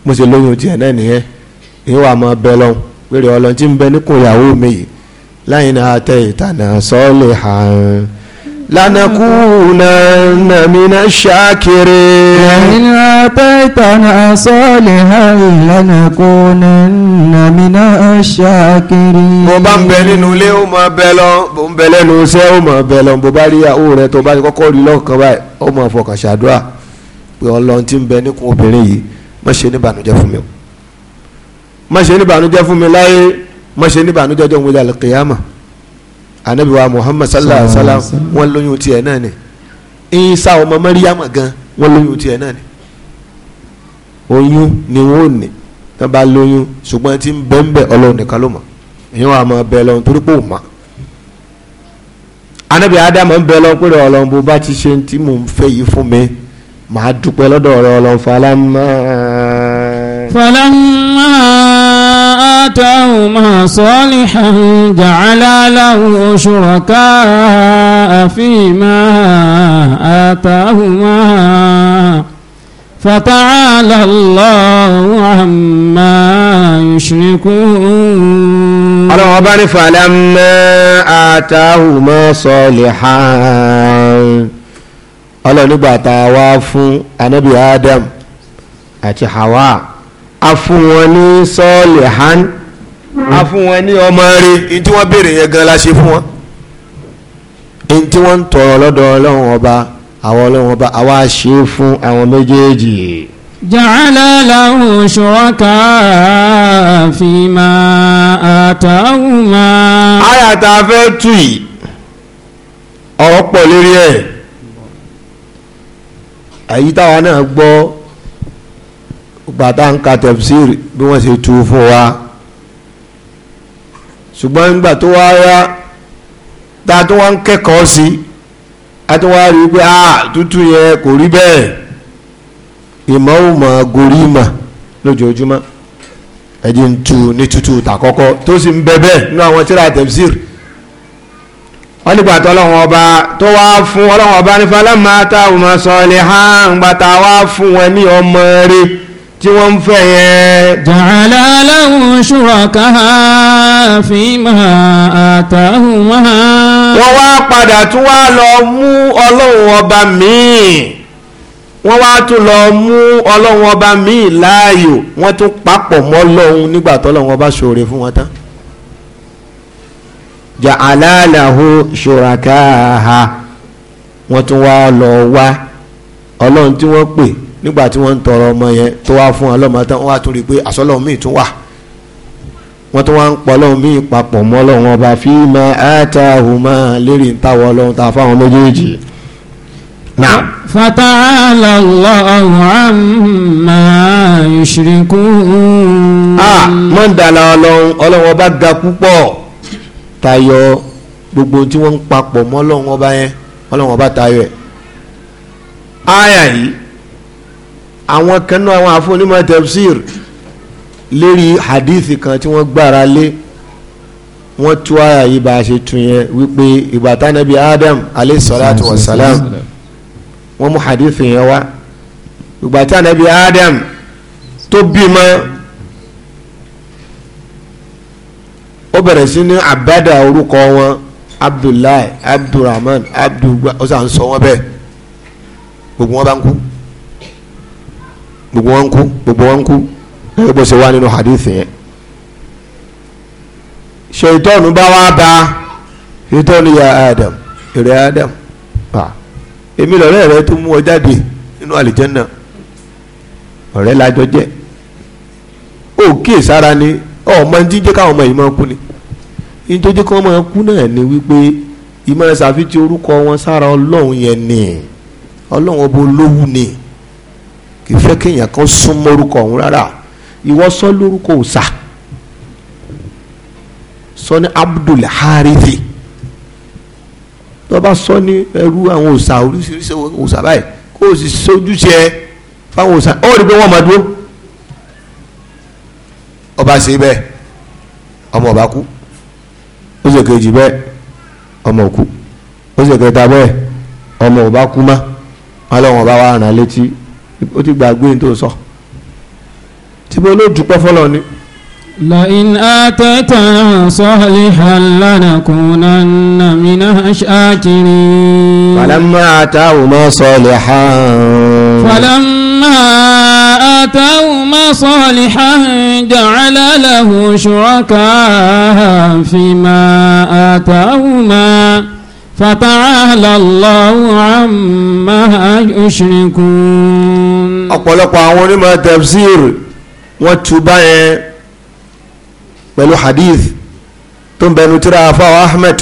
S3: mo ṣe lóyún tiẹ̀ náà nìyẹn ìyẹn wà máa bẹ lọ́hùn wèrè ọlọ́run tí ń bẹ níkùn ìyàwó mi yìí láyìn náà tẹ ìtànà sọ́ọ́lì hàn án.
S2: لنكونن من الشاكرين لئن آتيتنا صالحا لنكونن من الشاكرين bó bá ń bẹ nínú
S3: ilé ó máa bẹ lọ bó ń bẹ lẹ́nu iṣẹ́ ó máa bẹ lọ bó bá rí ìyàwó rẹ tó bá ti kọ́kọ́ rí lọ́kàn báyìí ó máa fọkàn ṣàdúrà pé ọlọ́run ti ń bẹ níkùn obìnrin yìí má ṣe níbànújẹ́ fún mi má ṣe níbànújẹ́ fún mi láyé má ṣe níbànújẹ́ jọ́ ń wọlé àlùkìyàmà anabi wa muhammad sallallahu alaihi wa sallam wọ́n lóyún tiẹ̀ náà ni isa ọmọ mariama gan wọ́n lóyún tiẹ̀ náà ni oyún ni wọ́n ò ní tó bá lóyún ṣùgbọ́n tí ń bẹ́ ń bẹ́ ọlọ́run nìkan ló mọ̀ èyí wọn a máa bẹ lọ́run torí pé ò mọ̀ anabi adam ń bẹ lọ́run pé ọlọ́run bó bá ti ṣe tí mò ń fẹ́ yìí fún mi màá dúpẹ́ lọ́dọ̀ ọ̀rọ̀ ọlọ́run
S1: falamma. آتاهما صالحا جعلا له شركاء فيما آتاهما فتعالى الله عما يشركون ọlọ́wọ́ bá ní فلما آتاهما صالحا
S3: ọlọ́nígbà tá a wá fún anábì Adam àti Hawa a fún wọn ní ọmọ rẹ̀ ní tí wọ́n béèrè yẹn gan la ṣe fún wọn. ní tí wọ́n ń tọrọ lọ́dọ̀ ọlọ́run ọba àwọn ọlọ́run ọba àwa ṣe fún àwọn méjèèjì.
S1: ja'ala lahu shuraka fima atahuma. àyà tá a fẹ́ tù yìí
S3: ọ̀rọ̀ pọ̀ lórí ẹ̀ èyí táwa náà gbọ́ gbàtà ń ka tafsir bí wọ́n ṣe tu fún wa ṣùgbọ́n nígbà tó wá rá ta tó wá ń kẹ́kọ̀ọ́ sí a tó wá rí i pé ah tútù yẹn kò rí bẹ́ẹ̀ ìmọ̀ ò mọ̀ gorí mọ̀ lójoojúmọ́ ẹ̀dí ń tu ní tútù tàkọ́kọ́ tó sì ń bẹ bẹ́ẹ̀ nínú àwọn tíra tẹ̀síìr wọ́n nígbà tó ọlọ́run ọba
S1: tó wá fún ọlọ́run ọba nífa lẹ́mọ̀ tá a ò hàn gbàtà wá fún wọn ní ọmọ rẹ̀ tí wọ́n ń fẹ́ yẹn. ja'ala lahum shurakaha fima ataahuma. wọ́n wá padà tún wá lọ mú ọlọ́run ọba míì wọ́n wá tún lọ mú
S3: ọlọ́run ọba míì láàyò wọ́n tún papọ̀ mọ́ ọlọ́run nígbà tọ́lọ́run ọba ṣoore fún wọn tán. ja'ala lahum shurakaha wọ́n tún wá lọ wá ọlọ́run tí wọ́n pè nígbà tí wọ́n ń tọrọ ọmọ yẹn tó wá fún ọlọ́mọ tán wọ́n wá torí pé àsọlọ́ọ̀ míì tún wà wọ́n tún wá ń pọ̀ ọlọ́run míì papọ̀ mọ́ ọlọ́run ọba fi ma ata ahùnmá lérí ń ọlọ́run ta fáwọn
S1: méjèèjì. fata'ala Allahu amma yushrikun. a ah, mọ̀ndàlá ọlọ́run ọlọ́run
S3: ọba ga púpọ̀ tayọ gbogbo tí wọ́n ń papọ̀ mọ́ ọlọ́run ọba yẹn ọlọ́run ọba tayọ ẹ̀. aya yìí àwọn kan náà àwọn àfọnímọ̀ tafsir lérí hadith kan tí wọ́n gbára lé wọ́n tú àyà yìí bá a ṣe tún yẹn wípé ìgbà tánábì adam alayhi salatu wa salam wọ́n mú hadith yẹn wá ìgbà tánábì adam tó bímọ ó bẹ̀rẹ̀ sí ní abada orúkọ wọn abdullahi abdulrahman abdulgba ó sàn sọ wọn bẹ́ẹ̀ gbogbo wọn bá ń kú gbogbo wọn kú gbogbo wọn kú ẹ bó ṣe wá nínú hadith yẹn ṣètọ́nù bá wá bá ṣètọ́nù ya adam èrè adam pa èmi lọ́rẹ́ rẹ tó mú ọ jáde nínú àlìjẹ́nà ọ̀rẹ́ lájọ jẹ́ ó kíyè sára ni ọmọ ní jíjẹ́ káwọn ọmọ yìí máa kú ni ní tó jẹ́ kí wọ́n máa kú náà ni wípé ìmọ̀ ṣàfihàn orúkọ wọn sára ọlọ́run yẹn ni ọlọ́run ọba olówó ni kì í fẹ́ kéèyàn kan sún mórúkọ ọ̀hún rárá ìwọ sọ lórúkọ òòṣà sọ ní Abdul Harithi tó bá sọ ní ẹrú àwọn òòṣà oríṣiríṣi òòṣà báyìí kó o sì sojúṣe ẹ fáwọn òòṣà ó rí i pé wọ́n máa dúró ọba ṣe bẹ́ẹ̀ ọmọ ọba kú ó sì kejì bẹ́ẹ̀ ọmọ òkú ó kẹta bẹ́ẹ̀ ọmọ ọba kú má ọlọ́run ọba wa ràn án létí ó ti gbàgbé ní tó
S1: sọ tí bó ló dúpẹ́ fọlọ́ ni. لئن آتيتنا صالحا لنكونن من الشاكرين
S3: فلما آتاهما صالحا فلما
S1: آتاهما صالحا جعل له شركاء فيما آتاهما فتعالى الله عما يشركون ọ̀pọ̀lọpọ̀ àwọn onímọ̀ tafsir wọ́n tú báyẹn pẹ̀lú
S3: hadith tó ń bẹnu tíra afáwa ahmed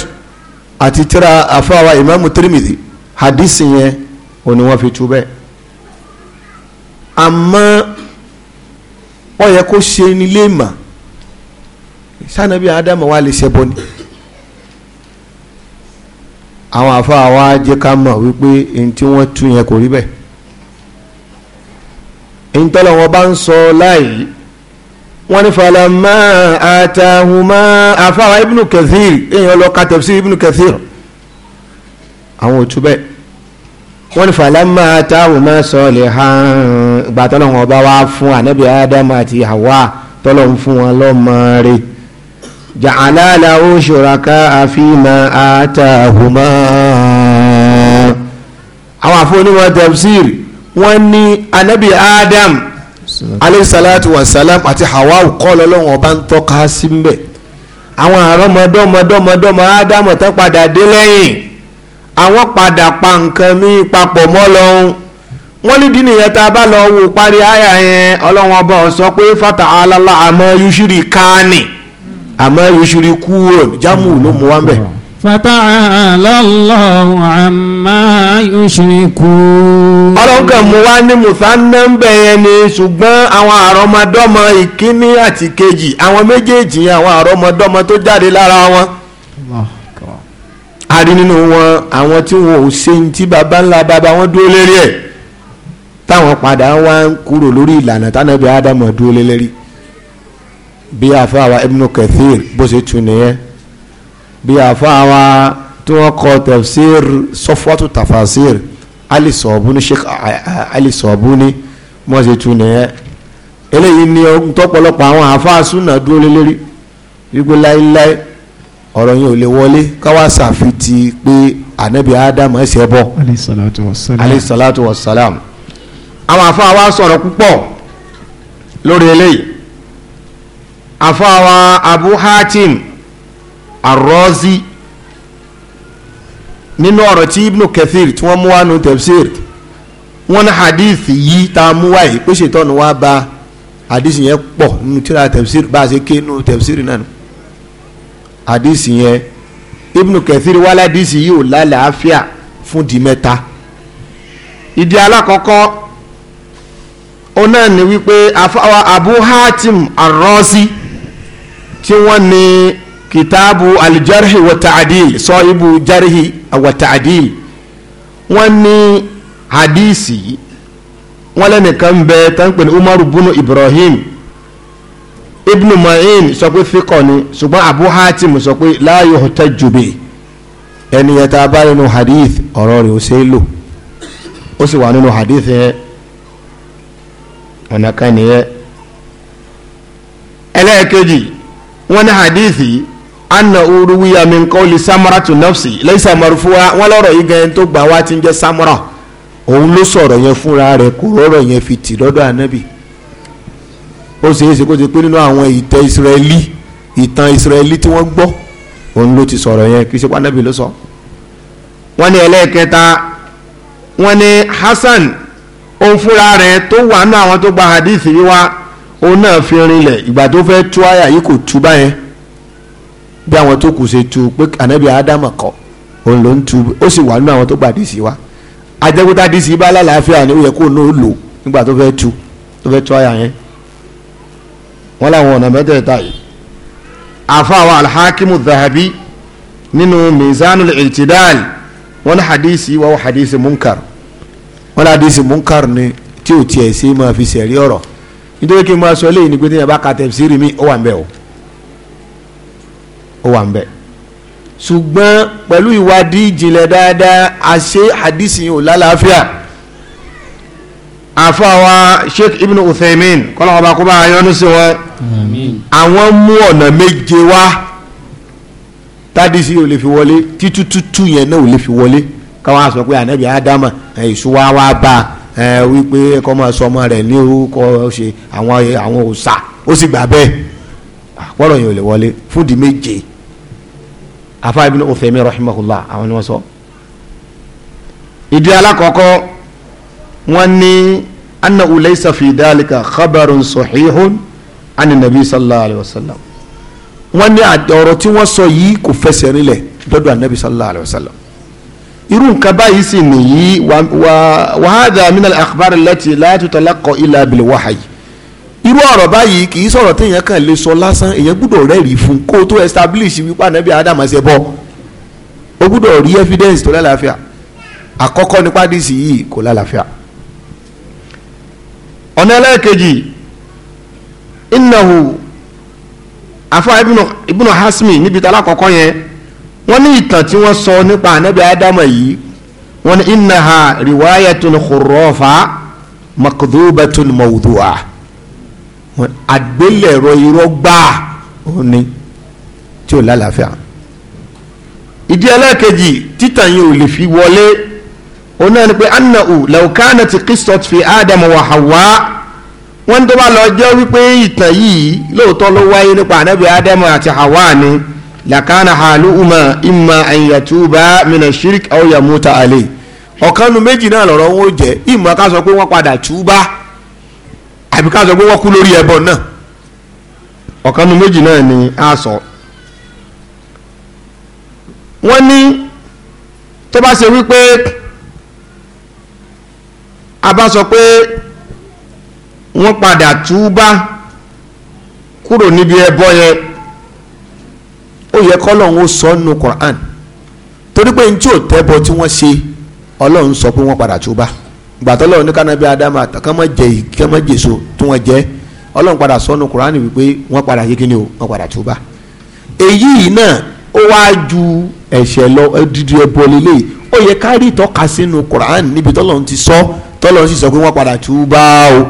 S3: àti tíra afáwa Imam tirimidi hadith yẹn òní wọ́n fi tú bẹ́ẹ̀ àmọ́ ó yẹ kó ṣe nílé mà sanabi adamu wa lè ṣẹbọ ni àwọn afáwa jẹ́ ká mọ̀ wípé ẹni wọ́n tú yẹn kò rí bẹ́ẹ̀ ìtọ́lọ̀ wọn bá ń sọ láàyè wọ́n ní falama àtàhùnmá àfáwà ibnu kathir èèyàn lọ ka tafsir ibnu kathir àwọn òtún bẹ́ẹ̀ wọ́n ní falama àtàhùnmá salihan ìgbà tọ́lọ̀ wọn bá wá fún ànábì ádámù àti hawa tọ́lọ̀ ń fún wọn lọ́mọ rẹ̀ ja'ala lahu shuraka fima àwọn àfọwọ́nìwọ̀n tafsir wọ́n ní anabi adam aleyhisalatu wasalam àti hawa kọ́ lọ́lọ́wọ́n ọba ń tọ́ka sí ń bẹ̀ àwọn àrọ́mọdọ́mọdọ́mọdọ́mọ adam tó padà dé lẹ́yìn àwọn padà pa nǹkan mí papọ̀ mọ́ lọ́hún wọ́n ní dínì yẹn tá a bá lọ wò parí àyà yẹn ọlọ́wọ́n ọba sọ pé fata alala àmọ́ yushiri kánì àmọ́ yushiri kúrò jámù ló mú wá ń bẹ̀
S1: fata'ala Allahu amma yushrikun. ọlọ́kàn mú wá ní mùsànnà ń bẹ̀ yẹn
S3: ni ṣùgbọ́n àwọn àrọ́mọdọ́mọ ìkíní àti kejì àwọn méjèèjì àwọn àrọ́mọdọ́mọ tó jáde lára wọn. a rí nínú wọn àwọn tí wọn ò ṣe ní tí baba ńlá baba wọn dúró lérí ẹ̀ táwọn padà wá kúrò lórí ìlànà tánàbí ádámọ̀ dúró lérí bí àfáà wa Ibn Kathir bó ṣe tún nìyẹn bí afọ awa tí wọ́n kọ tafsir sọ́fọ́tù tafasir ali sheikh ali mọ̀sẹ̀tù nìyẹn eléyìí ni ohun tọpọlọpọ àwọn àfa súnà dúró lé lérí wípé láéláé ọ̀rọ̀ yẹn ò lè wọlé káwá sàfitì pé anabi adam ẹsẹ̀ bọ̀ alayhi wa àwọn sọ̀rọ̀ púpọ̀ lórí eléyìí abu hatim. arọ́zi nínú ọ̀rọ̀ tí ibnu kathir tí wọ́n mú wá nu tafsir wọ́n ní hadith yìí tá a mú wá yìí pé ṣètọ́nù wá ba hadith yẹn pọ̀ nínú tíra tafsir bá a ṣe ké nínú tafsir náà nù hadith yẹn ibnu kathir wá hadith yìí ò lálàáfíà fún di mẹ́ta ìdí alákọ̀ọ́kọ́ ó náà ní wípé abu hatim tí wọ́n ní kìtàbù alìjárìhì wàtàdìl sọ ibu járìhì wàtàdìl wọ́n ní hadisi wọ́n lẹ́nìkan bẹ tánpẹ̀ ní umaru bunu ibrahim ibn ma'in sọ pé fíkọ ni ṣùgbọ́n abu hatim sọ pé la yuhtaju bi ẹnìyẹn tá a bá nínú hadith ọ̀rọ̀ rẹ̀ ó ṣe é lò ó sì hadith yẹn ọ̀nà kan nìyẹn ẹlẹ́ẹ̀kejì wọ́n ní hadithi anna uruwiya min qawli samara tu nafsi laysa wa wọn lọ́rọ̀ yìí gan tó gbà wá ti ń jẹ́ samara òun ló sọ̀rọ̀ yẹn fúnra rẹ̀ kò rọ̀rọ̀ yẹn fi tì lọ́dọ̀ ànábì ó ṣe é ṣe kó ti pé nínú àwọn ìtàn ìsirẹ́lì ìtàn ìsirẹ́lì tí wọ́n gbọ́ òun ló ti sọ̀rọ̀ yẹn kì í ṣe pé ànábì ló sọ. wọ́n ní ẹlẹ́ẹ̀kẹta wọ́n ní Hasan òun fúnra rẹ̀ tó wà nínú àwọn tó gba hadith yìí wá òun náà fi rinlẹ̀ ìgbà tó fẹ́ tú àyà yìí kò tú báyẹn bí àwọn tó kù ṣe tu pé ànábì ádámà kọ òun ló ń tu ó sì wà nínú àwọn tó gba àdìsí wa àjẹkúta àdìsí bá lálàáfíà ni ó yẹ kó náà lò nígbà tó fẹ́ tu tó fẹ́ tu àyà yẹn wọ́n láwọn ọ̀nà mẹ́tẹ̀ẹ̀ta yìí àfàwọn alhakimu zahabi nínú mizanul itidal wọ́n ní hadisi wọ́n hadisi munkar wọ́n ní hadisi munkar ni tí ò tiẹ̀ sí máa fi sẹ̀rí ọ̀rọ̀ nítorí kí n máa sọ eléyìí ni pé tí yẹn bá ka tẹ̀síìrì mi ó wà ń bẹ̀ o ó wà ń bẹ̀ ṣùgbọ́n pẹ̀lú ìwádìí ìjìnlẹ̀ dáadáa àṣé hadith yìí ò lálàáfíà àfọwà Sheikh Ibn Uthaymin kọ́lá ọba kó bá yọ́nú sí wọn àwọn mú ọ̀nà méje wá tádìsí ò lè fi wọlé títútútù yẹn náà ò lè fi wọlé káwọn àṣọ pé ànábì ádámà èṣù wá wá bá wípé ẹ̀kọ́ máa sọ ọmọ rẹ̀ ní orúkọ ṣe àwọn àwọn òòṣà ó sì gbà bẹ́ẹ̀ àpọ̀lọ̀ yẹn ò lè wọlé fúdi méje afa ibn Uthaymin rahimahullah àwọn ni wọ́n sọ. ìdí alákọ̀ọ́kọ́ wọ́n ní annahu laysa fi dhalika khabarun sahihun ani nabi sallallahu alayhi wa sallam wọ́n ní àdọ̀rọ̀ tí wọ́n sọ yìí kò fẹsẹ̀ rinlẹ̀ lọ́dọ̀ anabi sallallahu alayhi wa sallam irú nǹkan báyìí sì nìyí wa wa hadha min al-akhbar allati la tutalaqa illa irú ọ̀rọ̀ báyìí kì í sọ̀rọ̀ téèyàn kàn lè sọ lásán èèyàn gbúdọ̀ rẹ́rìí fún kó o tó establish wípé ànábì adam ṣe bọ́ o gbúdọ̀ rí evidence tó lálàáfíà àkọ́kọ́ nípa díìsì yìí kò lálàáfíà. ọ̀nà ẹlẹ́ẹ̀kejì innahu afa ibnu ibnu hasmi níbi tá alákọ̀ọ́kọ́ yẹn wọ́n ní ìtàn tí wọ́n sọ nípa ànábì adam yìí wọ́n ní innaha riwayatun khurrafa makdubatun mawdu'a àgbélẹ̀rọ irọ́ gbáà òun ni tí ò lálàáfíà ìdí ẹlẹ́ẹ̀kejì títàn yìí ò lè fi wọlé òun náà ni pé annahu law kanat qissat fi adam wa hawa wọ́n tó bá lọ jẹ́ wípé ìtàn yìí lóòótọ́ ló wáyé nípa ànábì ádámù àti hawa ni làkánà hàlùmọ̀ imma an yatuba mina shirk aw yamuta alẹ́ ọ̀kanu méjì náà lọ́rọ̀ wọn jẹ́ ìmọ̀ ká sọ pé wọ́n padà túbá àbí ká sọ pé wọ́n kú lórí ẹbọ náà ọ̀kan nu méjì náà ni a sọ wọ́n ní tó bá ṣe wípé a bá sọ pé wọ́n padà túbá kúrò níbi ẹbọ yẹn ó yẹ kọ́lọ́hún ó sọ nù Quran torí pé n tí ò tẹ́bọ tí wọ́n ṣe ọlọ́run sọ pé wọ́n padà túbá gbàtọ́lọ́ oníkànnàbí adamu àtàkàn má jẹ ìkẹ́ má jèso tí wọ́n jẹ́ ọlọ́run padà sọ́nu kuraani wípé wọ́n padà yé kíni o wọ́n padà túbà èyí náà ó wáá ju ẹ̀ṣẹ̀ lọ dídí ẹbọ lélẹ̀ ó yẹ ká rí ìtọ́ka sínú kuraani níbi tọ́lọ́run ti sọ tọ́lọ́run sì sọ pé wọ́n padà túbà o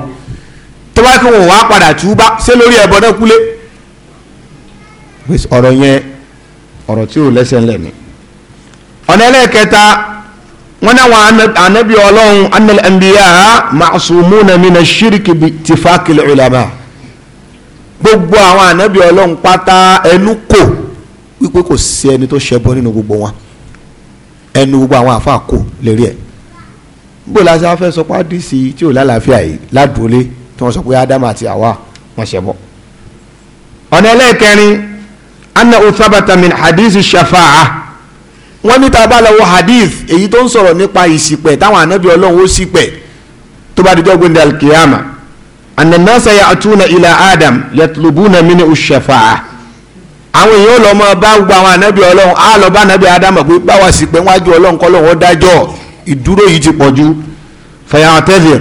S3: tó bá kí wọn wá padà túbà ṣé lórí ẹbọ náà kúlé ọ̀rọ̀ yẹn ọ̀rọ̀ tí ò lẹ́sẹ̀ ńlẹ̀ ni ọ̀nà wọ́n náwọn ànábì ọlọ́run annal anbiya ma'sumuna min ash-shirk bi ittifaq al-ulama gbogbo àwọn ànábì ọlọ́run pátá ẹnu kò wípé kò sí ẹni tó ṣẹbọ nínú gbogbo wọn ẹnu gbogbo àwọn àfa kò lérí ẹ gbogbo lásán afẹ́ sọ pé àdìsí tí ò lálàáfíà yìí ládùúlé tí wọ́n sọ pé ádámù àti àwa wọ́n ṣẹbọ. ọ̀nà ẹlẹ́ẹ̀kẹrin anna uthabata hadith shafa'a wọ́n ní tá a bá lọ wo hadith èyí tó ń sọ̀rọ̀ nípa ìṣìpẹ̀ táwọn ànábì ọlọ́run ó ṣìpẹ̀ tó bá dijọ́ gbẹ̀ndẹ̀ alkiyama ananasa ya'tuna ila adam yatlubuna minhu ash-shafa'a àwọn èèyàn lọ mọ bá gba àwọn ànábì ọlọ́run á lọ bá ànábì adam pé báwa ṣìpẹ̀ wájú ọlọ́run kọ́ lọ́run dájọ́ ìdúró yìí ti pọ̀ ju fayatazir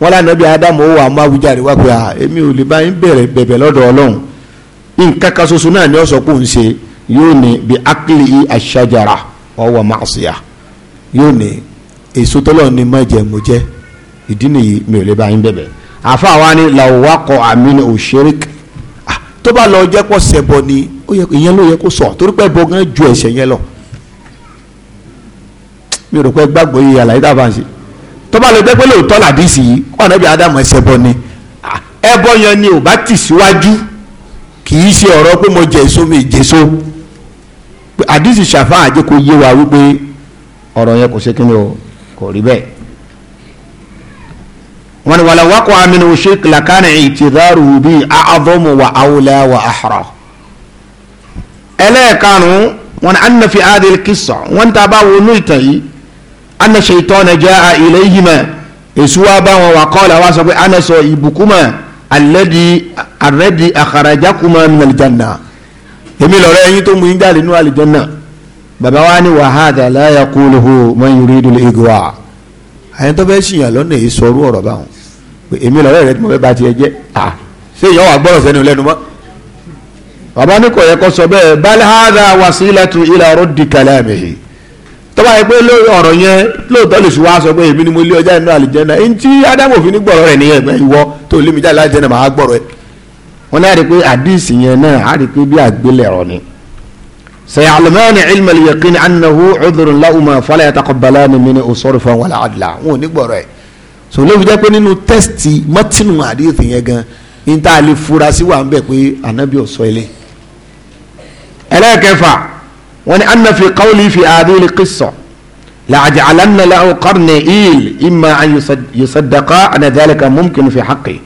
S3: wọn lànà bí adamu ó wà mú awùjáde wá pé èmi ò lè bá yín bẹ̀rẹ̀ bẹ̀bẹ̀ lọ́dọ̀ ọlọ́run nǹkan kan ṣoṣo náà ni ó sọ pé ṣe yóò ní bí akili ashajara ọwọ́ màṣíà yóò ní èso tọ́lọ̀ ní má jẹ mo jẹ ìdí nìyí mi ò lè bá yín bẹ̀bẹ̀ àfa àwa ni làwọ̀ akọ àmínú òṣèrèk tó bá lọ jẹ́ pọ̀ sẹ́bọ̀ ni ìyẹn ló yẹ kó sọ torí pé bọ́ gan ju ẹ̀ṣẹ̀ yẹn lọ mi rò pé gbàgbọ́ yìí àlàyé tá a bá ń ṣe tó bá lọ jẹ́ pé lóòótọ́ làdísì yìí wọn àbí adamu ẹ̀ṣẹ̀bọ̀ ni ẹbọ yẹn ni ò bá tì síwájú kì í ṣe ọ̀rọ̀ pé mo jẹ èso mi jẹ èso àdìsí ṣàfà àjẹ kò yé wa wípé ọ̀rọ̀ yẹn kò ṣe kí ni o kò rí bẹ́ẹ̀. wọ́n ní wàlá wákò amínú ṣe làkànnì ìtìdáàrú bí àádọ́mù wà áwùlá wà àhàrà. ẹlẹ́ẹ̀karùn-ún wọ́n ní anna kìsọ̀ wọ́n ta bá wọnú ìtàn yìí anna ṣètọ́nà jẹ́ ilé yìí mẹ́ èsù wa bá wọn wà kọ́ọ̀lá wa sọ pé anna sọ ìbùkúmọ̀ alẹ́dì àrẹ́dì àkàràjákùmọ̀ nìjànà èmi lọ̀rọ̀ ẹ̀yin tó mú yín jáde nínú àlìjọ́nà bàbá wa ní wàhádà la yaquluhu man yuridul igwa àyẹn tó fẹ́ ṣìyàn lọ́nà èyí sọrú ọ̀rọ̀ báwọn pé èmi lọ̀rọ̀ rẹ tí mo fẹ́ bá tiẹ̀ jẹ́ à ṣé ìyá wa gbọ́dọ̀ sẹ́nu lẹ́nu mọ́ bàbá ní kò yẹ kó sọ bẹ́ẹ̀ bal hadha wasilatu ila raddi kalamihi tó bá yẹ pé ọ̀rọ̀ yẹn lóòótọ́ lè ṣùwọ́ aṣọ pé èmi ni mo lé ọjà nínú àlìjẹ́nà ẹni tí ádámù òfin ní gbọ̀rọ̀ rẹ̀ nìyẹn ìwọ tó lé mi jáde láti jẹ́nà màá gbọ̀rọ̀ ẹ̀ wọn náà rí i pé àdìsí yẹn náà á rí i pé bí àgbélẹ̀rọ ni. sayalumani ilmal yaqin annahu cudurun lahuma fala yataqabbalani mini usorifan wala adla wọn ò ní gbọ́rọ̀ ẹ̀. so ló fi jẹ́ pé nínú tẹ́sítì mọ́tínù àdìsí yẹn gan ní tá a lè fura sí wa ń bẹ̀ pé ànábì ò sọ ilé. ẹlẹ́ẹ̀kẹfà wọn ni anna fi qawli fi àdìlì qissa lahu qarni il imma an yusaddaqa ana mumkin fi haqqi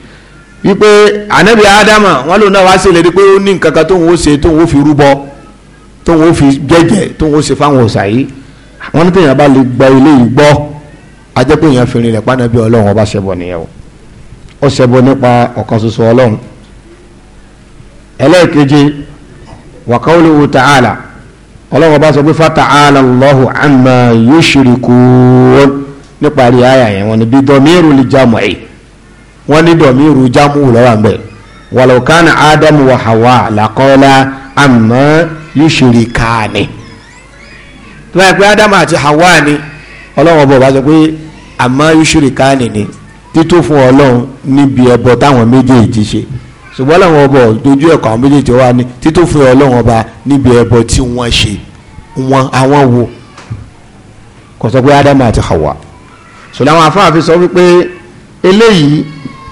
S3: wípé ànábì ádámà wọn lòun náà wá sí ìlérí pé ó ní nǹkan kan tóun ó ṣe tóun ó fi rúbọ tóun ó fi jẹjẹ tóun ó ṣe fáwọn òòṣà yìí wọn ní kéèyàn bá lè gba ilé yìí gbọ́ a jẹ́ pé èèyàn fi rin ilẹ̀ pànàbí ọlọ́run ọba ṣẹbọ nìyẹn o ó ṣẹbọ nípa ọ̀kan ṣoṣo ọlọ́run ẹlẹ́ẹ̀keje wàkàwọ́lẹ́wò tààlà ọlọ́run ọba sọ pé fata'ala Allahu amma yushrikun nípa rí àyà yẹn wọn ni bí dọ́mírù lè jámọ̀ yìí wọ́n ní dọ̀mí ru jámù lọ́wọ́ àgbẹ̀ wàlọ́kánà ádámù wà hàwà làkọ́lá àmọ́ yíṣìírí káàní. tó báyìí pé ádámù àti hàwà ni ọlọ́run ọba ọba sọ pé àmọ́ yíṣìírí káàní ni títú fún ọlọ́run níbi ẹbọ táwọn méjèèjì ṣe ṣùgbọ́n ọlọ́run ọba dojú ẹ̀kọ́ àwọn méjèèjì wà ní títú fún ọlọ́run ọba níbi ẹbọ tí wọ́n ṣe wọn àwọn wo kò sọ pé ádámù àti hàwà sọlá àwọn afáàfin sọ wípé eléyìí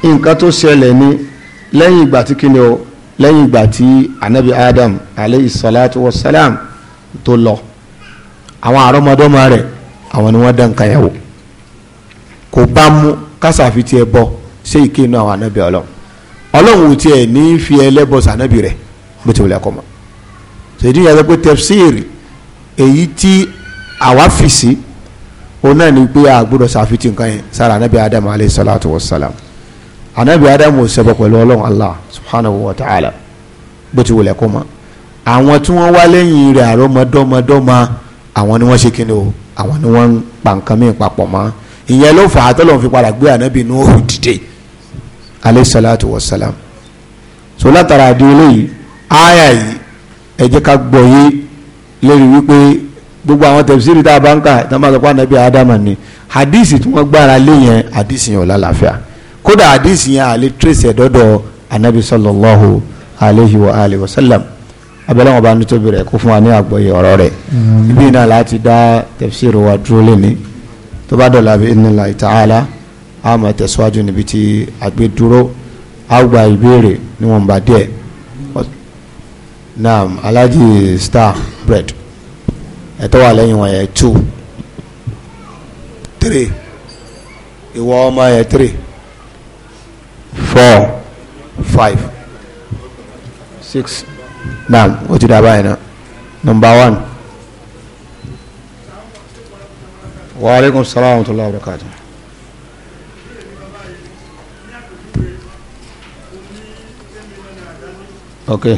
S3: nǹkan tó ṣẹlẹ̀ ni lẹ́yìn ìgbà tí kíni o lẹ́yìn ìgbà tí anabi adam aleyhi salatu wa salam tó lọ àwọn àrọ́mọdọ́mọ rẹ̀ àwọn ni wọ́n dán nǹkan yẹn wò kò bá mú kásáfi tiẹ̀ bọ́ ṣé ìké inú àwọn anabi ọlọ́run ọlọ́run ò tiẹ̀ ní fi ẹlẹ́bọ sànábì rẹ̀ bó ti wùlẹ̀ kọ́ mọ́ ṣèdí yàtọ̀ pé tẹ̀síìrì èyí tí àwa fìsí òun náà ni pé a gbọ́dọ̀ nǹkan yẹn sára anabi adam aleyhi salatu wa salam anabi adamu ṣẹbọ pẹ̀lú ọlọ́run allah subhanahu wa ta'ala bó ti wulẹ̀ kó ma àwọn tí wọ́n wá lẹ́yìn rẹ̀ àrọ́mọdọ́mọdọ́mọ àwọn ni wọ́n ṣe kíni o àwọn ni wọ́n ń pa nǹkan mí papọ̀ mọ́ ìyẹn ló fà á tọ́lọ̀ fi padà gbé anabi nuhu dìde alayhi salatu wa salam so látara àdé eléyìí áyà yìí ẹ jẹ́ ká gbọ́ yé lérí wípé gbogbo àwọn tẹ̀síìrì tá a bá ń kà tá a máa sọ pé anabi adama ni hadisi tí wọ́n gbára lé hadisi yẹn ò lálàáfíà kódà àdìsí yẹn àlè trace ẹ̀dọ́dọ̀ anabi sallallahu alayhi wa alayhi wa sallam abẹ́lẹ́ wọn bá ní tóbi rẹ̀ kó fún wa ní àgbọ̀yé ọ̀rọ̀ rẹ̀ ibi náà láti dá tafsir wa dúró lẹ́ni tó bá dọ̀la bí inna ta'ala a máa tẹ̀síwájú níbi tí àgbẹ̀ dúró a gba ìbéèrè níwọ̀nba díẹ̀ naam alhaji star bread ẹ̀tọ́ wa lẹ́yìn wọn two three ìwọ ọmọ yẹn three four five six naam ó ti dà báyìí náà number one. wa aleykum salaam wa rahmatulahi wa barakatuh. okay.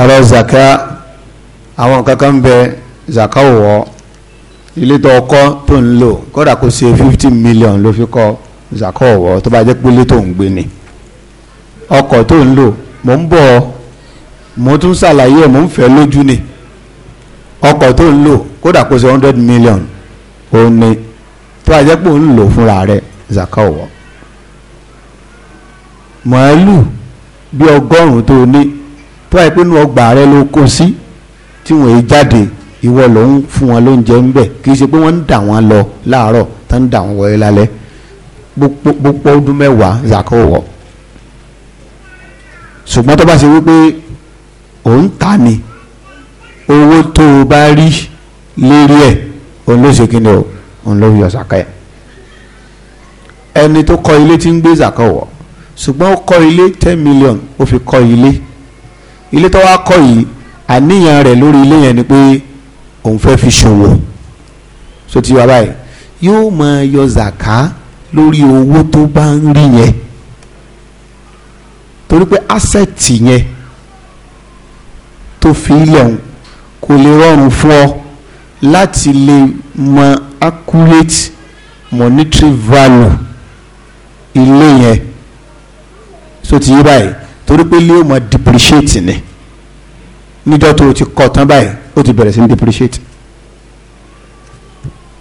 S3: ọ̀rọ̀ zaka àwọn kankan ń bẹ zaka wọ̀ ilé tó kọ́ tó ń lò kódà kó ṣe fifty million ló fi kọ́ zaka wọ̀ tó bá jẹ́ pé ilé tó ń gbé ni ọkọ̀ tó ń lò mò ń bọ̀ mo tún ṣàlàyé ẹ̀ mò ń fẹ́ lójú ni ọkọ̀ tó ń lò kódà kó ṣe hundred million ó ní tó bá jẹ́ pé ó ń lò fúnra rẹ̀ zaka wọ̀ màálù bí ọgọ́rùn-ún tó ní tó wáyé pé inú ọgbà rẹ ló kó sí tí wọ́n yé jáde ìwọ ló ń fún wọn lóúnjẹ ń bẹ̀ kì í ṣe pé wọ́n ń dà wọ́n lọ láàárọ̀ tó ń dà wọ́n wọlé lálẹ́ gbogbo ọdún mẹ́wàá zakọ wọ̀ ṣùgbọ́n tó bá ṣe wípé òun ta ni owó tó o bá rí lérí ẹ̀ òun ló ṣe kíni o òun ló yọ zakọ ẹ̀ ẹni tó kọ́ ilé tí ń gbé zakọ wọ̀ ṣùgbọ́n ó kọ́ ilé ten million ó fi kọ́ ilé ilé tó wá kọ́ yìí àníyàn rẹ̀ lórí ilé yẹn ni pé òun fẹ́ fi ṣòwò so ti wá báyìí yóò máa yọ zàká lórí owó tó bá ń rí yẹn torí pé asẹ́ẹ̀tì yẹn tó fi lẹ̀hún kò lè rọrùn fún ọ láti lè mọ accurate monetary value ilé yẹn so ti yí báyìí torí pé ilé ó máa depreciate ni níjọ́ tó o ti kọ́ tán báyìí ó ti bẹ̀rẹ̀ sí depreciate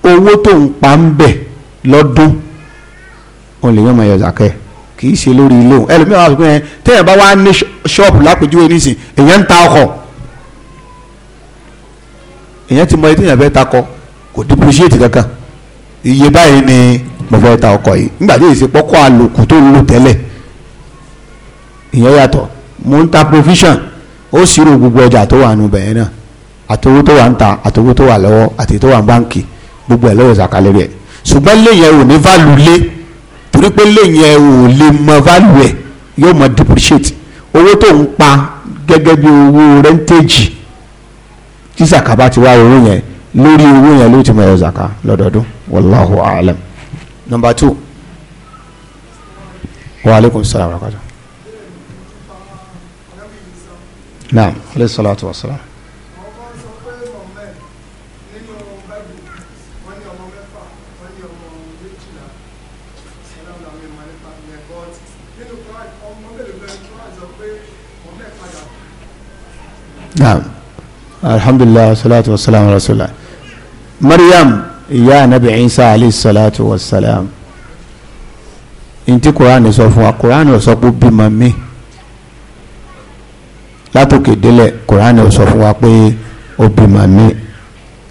S3: owó tó ń pa ń bẹ̀ lọ́dún òun lè yàn máa yọ zakẹ́ kì í ṣe lórí ilé òun ẹlòmíràn wà pé ẹ téèyàn bá wá ní ṣọ́ọ̀bù lápèjúwe nísìn èèyàn ń ta ọkọ̀ èèyàn ti mọ ẹ téèyàn fẹ́ takọ kò depreciate kankan iye báyìí ni mo fẹ́ ta ọkọ̀ yìí nígbà tí èsì pọ́kọ́ àlòkù tó ń lò tẹ́lẹ̀ ìyẹn yàtọ̀ mo ń ta provision ó ṣírò gbogbo ọjà tó wà nù bẹ̀yẹn náà àtòwó tó wà ń ta àtòwó tó wà lọ́wọ́ àti tó wà ń báǹkì gbogbo ẹ̀ lọ́wọ́ ìsàkálẹ̀ rẹ̀ ṣùgbọ́n léyìn ò ní value lé torí pé léyìn ò lè mọ value ẹ̀ yóò mọ depreciate owó tó ń pa gẹ́gẹ́ bí owó rẹ́ńtéèjì tí zaka ti wá owó yẹn lórí owó yẹn ló ti mọ ẹ̀ zaka lọ́dọọdún wallahu alam number two wa aleykum salaam wa rahmatulah. naam aleyhi salatu wa salam. naam alhamdulilah salatu wa salam rasulillah maryam ìyá anabi isa alayhi salatu wa salam nti quran sọ fún wa quran sọ pé bímọ látòkè délẹ̀ Quran ò sọ fún wa pé ó bímọ mi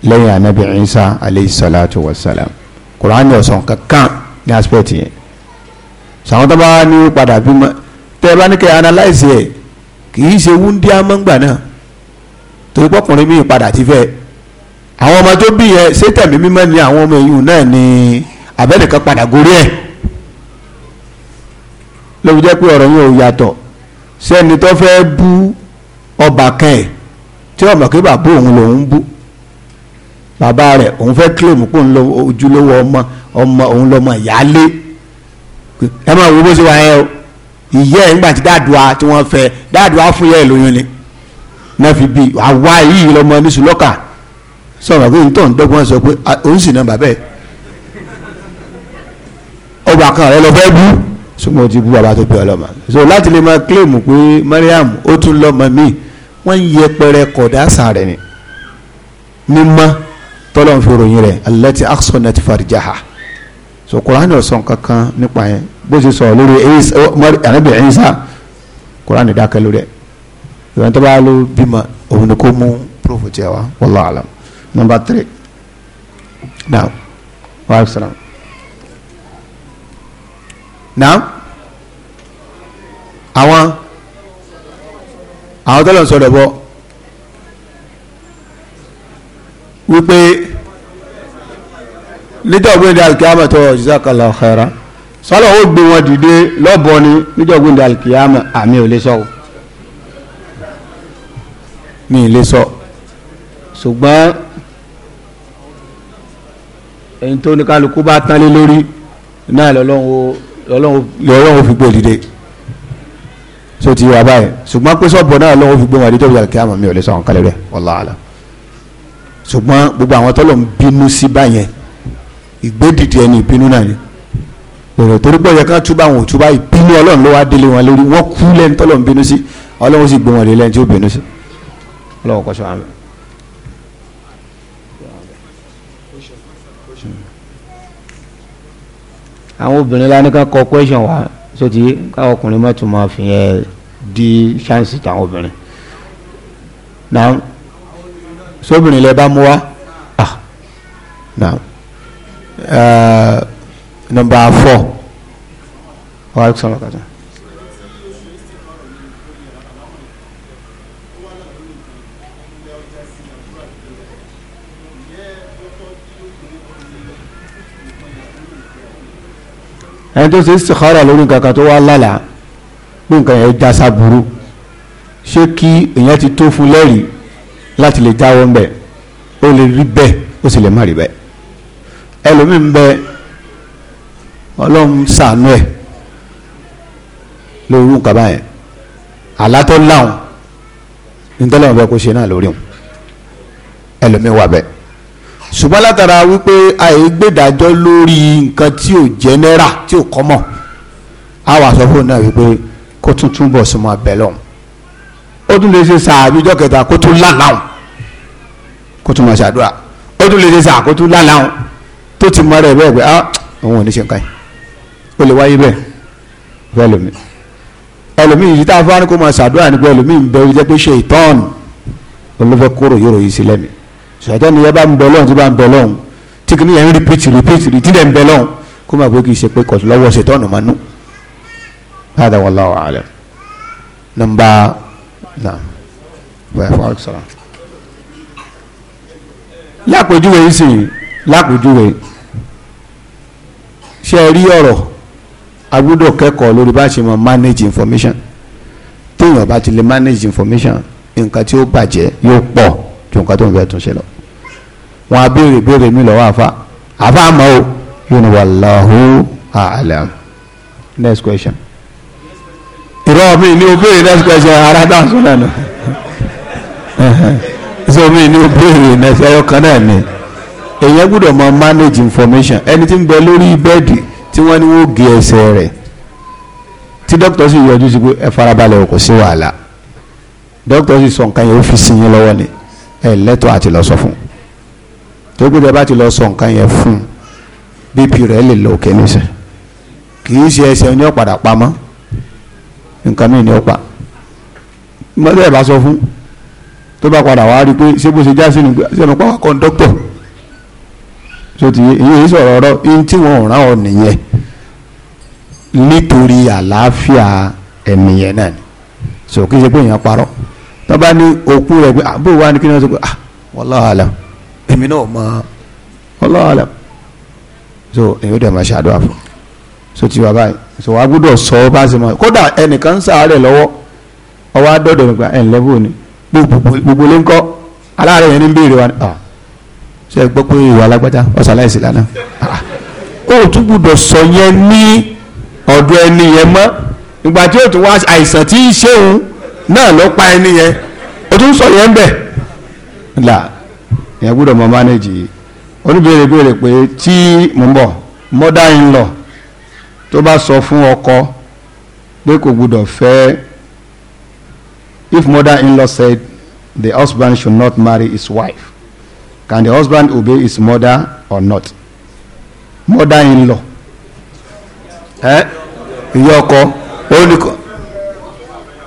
S3: lẹ́yìn anabi Isa aleyhi salatu wa salam Quran ò sọ kankan ní aspect yẹn sàwọn tó bá ní padà bímọ tẹ́ ẹ bá ní kẹ́ analyse ẹ̀ kì í ṣe wúndíá mọ́ngbà náà torí pọ́kùnrin mi padà ti fẹ́ àwọn ọmọ tó bí yẹn ṣé tẹ̀mí mímọ́ ni àwọn ọmọ èyí náà ni abẹ́nìkan padà gorí ẹ̀ lóbi jẹ́ pé ọ̀rọ̀ yẹn ò yàtọ̀ sẹ́ni tó fẹ́ bú ọba kan ẹ̀ tí ọmọ kí bàbá òun lòun bú bàbá rẹ̀ òun fẹ́ kílèmù pé òun lọ ojúlówó ọmọ ọmọ òun lọmọ ìyáálé ẹ máa wo bó ṣe wà yẹn o ìyẹ́ ẹ̀ nígbà tí dáàdùá tí wọ́n fẹ́ dáàdùá fún yẹ́ ẹ̀ lóyún ni náà fi bí àwa yìí lọmọ níṣu lọ́kà sọ̀rọ̀ pé nítorí òun dọ́gbọ́n sọ pé òun sì náà bàbá ẹ̀ ọba kan rẹ lọ fẹ́ bú ṣùgbọ́n o ti bú bàbá tó bí ọlọ́mọ so láti lè máa kílèmù pé Mariam ó tún lọ́mọ míì wọ́n ń yẹpẹrẹ kọ̀dá sàrẹ̀ ni mímọ́ tọ́lọ́n fi ròyìn rẹ̀ allati akhsanat farjaha so kuraani ọ̀sán kankan nípa yẹn bó ṣe sọ lórí ànábì Ìsá kuraani dákẹ́ lórí ẹ̀ ìwọ̀n tó bá ló bímọ òun ni kò mú púròfù tiẹ̀ wá wallahu alam nọmba tírì naam wa alaykum salaam naam àwọn àwọn tọ́lọ̀ sọ̀rọ̀ bọ́ wípé níjọ́gbìndé alikiyama tó jùsàkàlà ọ̀hẹ́ra sọ́lọ̀ ó gbé wọn dìde lọ́bọ̀ ni níjọ́gbìndé alikiyama àmì ò lè sọ o mi ì lè sọ ṣùgbọ́n ẹni tó ní kálukú bá tán lé lórí náà lọ́lọ́run ó fi gbé dìde so ti wà báyìí ṣùgbọ́n pé sọ́ọ̀bù náà lọ́wọ́ fi gbé wọn àdéjọ́ ìyàrá kíámà mi ò lè sọ àwọn kalẹ̀ rẹ̀ wallahu gbogbo àwọn tọ́lọ̀ ń bínú sí báyẹn ìgbédìdì ẹni ìbínú náà ni lọ́rọ̀ torí pé ọ̀yẹ́ kan túbà wọn ò túbà ìbínú ọlọ́run ló wá délé wọn lórí wọ́n kú lẹ́ni tọ́lọ̀ ń bínú sí ọlọ́run sì gbé wọn lé tí ó bínú sí ọlọ́run kọ́ àmì. àwọn obìnrin lánìkan kọ question wa so ti káwọn ọkùnrin mọ́tò máa fi yẹn di ṣáǹsì táwọn obìnrin náà sóbìnrin lẹ bá mú wa ah náà nọ́mbà fọ ọ àìsàn ọlọkàtà. ẹni tó ṣe istikhara lórí nǹkan kan tó wá lálàá pé nǹkan yẹn já sábúrú ṣé kí èèyàn ti tó fún lẹ́rìí láti lè jáwọ́ ń bẹ̀ ó lè rí bẹ́ẹ̀ ó sì lè má rí bẹ́ẹ̀ ẹlòmíín bẹ ọlọ́run ṣàánú ẹ̀ lórí nǹkan báyẹn àlátọ́ láwọn nítorí àwọn ọba kò ṣe náà lórí wọn ẹlòmíín wà bẹ́ẹ̀ ṣùgbọ́n látara wípé àyè gbèdájọ́ lórí nǹkan tí ò jẹ́nẹ́rà tí ò kọ́mọ̀ á wà sọ fún un náà wípé kó tún tún bọ̀ sọmọ abẹ́ lọ́hùn ó tún lè ṣe sàánú ìjọ kẹta kó tún lánàá kó tún máa ṣàdúrà ó tún lè ṣe sàánú kó tún lánàá tó ti mọ rẹ bẹ́ẹ̀ pé á ah, òun ò ní ṣe nǹkan yìí ó lè wáyé bẹ́ẹ̀ bẹ́ẹ̀ lómi ẹlòmíì yìí tá a kó máa ṣàdúrà ní pé ẹlòmíì ń bẹ jẹ́ pé ṣe ìtọ́ọ̀nù olùfẹ́ kúrò yóò ròyìn sílẹ̀ mi ṣàtẹ́ni yẹn bá ń bẹ lọ́hùn tí bá ń bẹ lọ́hùn tí kìíní yẹn ń repeat repeat tí dẹ̀ ń bẹ lọ́hùn kó má gbé kì í ṣe pé kọ̀tù lọ́wọ́ ṣe tọ́nù mánú. hada wallahu alam nọmba na bẹ́ẹ̀ fọ́ àkùsọ̀rọ̀. lápèjúwe yìí sì lápèjúwe ṣe é rí ọ̀rọ̀ agbọ́dọ̀ kẹ́kọ̀ọ́ lórí bá ṣe mọ manage information téèyàn bá ti lè manage information nǹkan tí ó bàjẹ́ yóò pọ̀ ju nǹkan tó ń fẹ́ tún ṣe lọ wọn á béèrè béèrè mi lọ́wọ́ àfa àfa àmọ́ o yóò ní wallahu a'lam next question irọ́ mi ni o béèrè next question ara dá sọ náà nù so mi ni o béèrè next ẹyọ kan náà ni èèyàn gbọ́dọ̀ máa manage information ẹni tí ń bẹ lórí bẹ́ẹ̀dì tí wọ́n ní wọ́n gé ẹsẹ̀ rẹ̀ tí dókítà sì yọjú sí pé ẹ farabalẹ̀ o sí wàhálà dókítà sì sọ nǹkan yẹn ó fi sí yín lọ́wọ́ ni ẹ lẹ́tọ̀ àti lọ sọ fún tó gbé bẹ́ẹ̀ bá ti lọ sọ nǹkan yẹn fún bp rẹ̀ lè lọ òkè níṣẹ́ kì í ṣe ẹsẹ̀ ní ọ̀padà pamọ́ nǹkan mìíràn ní ọ̀pá mọ́tò ẹ̀ bá sọ fún tó bá padà wá rí i pé ṣé bó ṣe já sínú sẹ́nu pàwọ́ kọ́ńdọ́kítọ̀ tó ti yé sọ̀rọ̀ ọ̀rọ̀ ihun tí wọ́n rán ọ nìyẹn nítorí àlàáfíà ẹ̀mìyẹn náà ni sọ kí ṣe pé èèyàn parọ́ tó bá ní òkú rẹ̀ pé àbúrò wa ni kí ni wọ́n sọ pé ah wallahu alam èmi náà mọ wallahu alam so èyí ó dẹ̀ máa ṣàdúrà fún so ti wà báyìí so wàá gbọ́dọ̀ sọ ọ́ bá ṣe mọ́ kódà ẹnìkan ń sàárẹ̀ lọ́wọ́ ọwọ́ adọ́dọ̀ nípa ẹ̀ ńlẹ́bù ni gbogbo lé ńkọ́ aláàárẹ̀ yẹn ní ń béèrè wa ni ah ṣe gbọ́ pé ìwà alágbájá ọ̀sàláìsì lánàá ah, ó tún gbọ́dọ̀ sọ yẹn ní ọ̀dọ̀ ẹni yẹn mọ́ ìgbà tí ó tún wá àìsàn tí ń ṣe òun náà ló pa ẹni yẹn o tún sọ yẹn bẹ̀ là yẹn gbọ́dọ̀ mọ mánéjì yìí oníbèrè béèrè pé tí mò ń bọ̀ mọ́dá yín lọ tó bá sọ fún ọkọ pé kò gbọ́dọ̀ fẹ́ if mother-in-law said the husband should not marry his wife can the husband obey his mother or not mother-in-law ẹ ìyá ọkọ ó ní kọ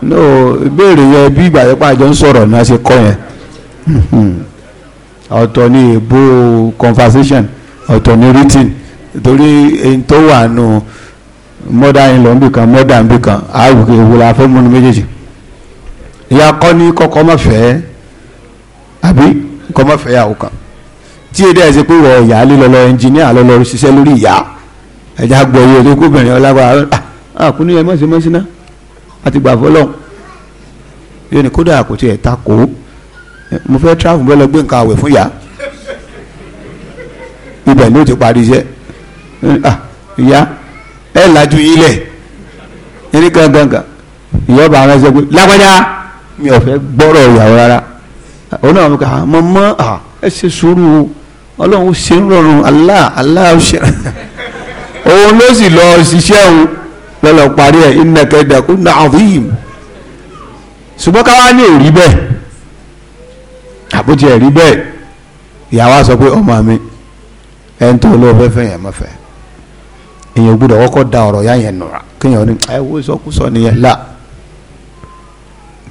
S3: no ìbéèrè yẹn bí ìgbà yẹn pàjọ ń sọ̀rọ̀ náà ṣe kọ́ yẹn hmm. ọ̀tọ̀ ni èbó conversation ọ̀tọ̀ ni written torí èyí tó wà nù mọ́dà yìí lọ ń bì kan mọ́dà ń bì kan àwòkè èwo la fẹ́ múni méjèèjì ìyá kọ́ ní kọ́kọ́ mọ̀ fẹ́ àbí kọ́ mọ̀ fẹ́ yàwó kan tí èdè ẹ̀ ṣe pé wọ ìyá lílọ́lọ́ ẹnjìníà lọ́lọ́ ṣiṣẹ́ lórí ìyá ẹ̀já gbọ́ yìí olókùnrin ọlágbára àkúnú ah, ah, ẹ̀ mọ̀ sí mọ́ sí náà àti gbà fọlọ́n yóò ní kódà kò tiẹ̀ ta kó mo fẹ́ travel bẹ́ẹ̀ lọ gbé nǹkan àwẹ̀ fún yá ibẹ̀ ló ti parí iṣẹ́ ah, ìyá ẹ̀ lajú yín lẹ̀ yín gangan ìyọ́ba àwọn ẹ̀ṣẹ́ pé lágbájá mi ò fẹ́ gbọ́rọ̀ ìyàwó rárá òun náà ká mọ mọ ẹ ṣe sùúrù ọlọ́run ṣe ń rọrùn Allah Allah ó ṣe òun ló sì lọ ṣiṣẹ́ òun lọ́lọ́ parí ẹ̀ ìnẹ̀kẹ́ ìdẹ̀kú náà fíìm ṣùgbọ́n káwá ní òrí bẹ́ẹ̀ àbújá ẹ̀rí bẹ́ẹ̀ ìyàwó sọ pé ọmọ mi ẹni tó lọ́wọ́ fẹ́ fẹ́ yẹn mọ́fẹ́ èèyàn gbọ́dọ̀ kọ́kọ́ da ọ̀rọ̀ yá yẹn nùrà kéèyàn ní ẹ wo ìsọkúsọ nìyẹn là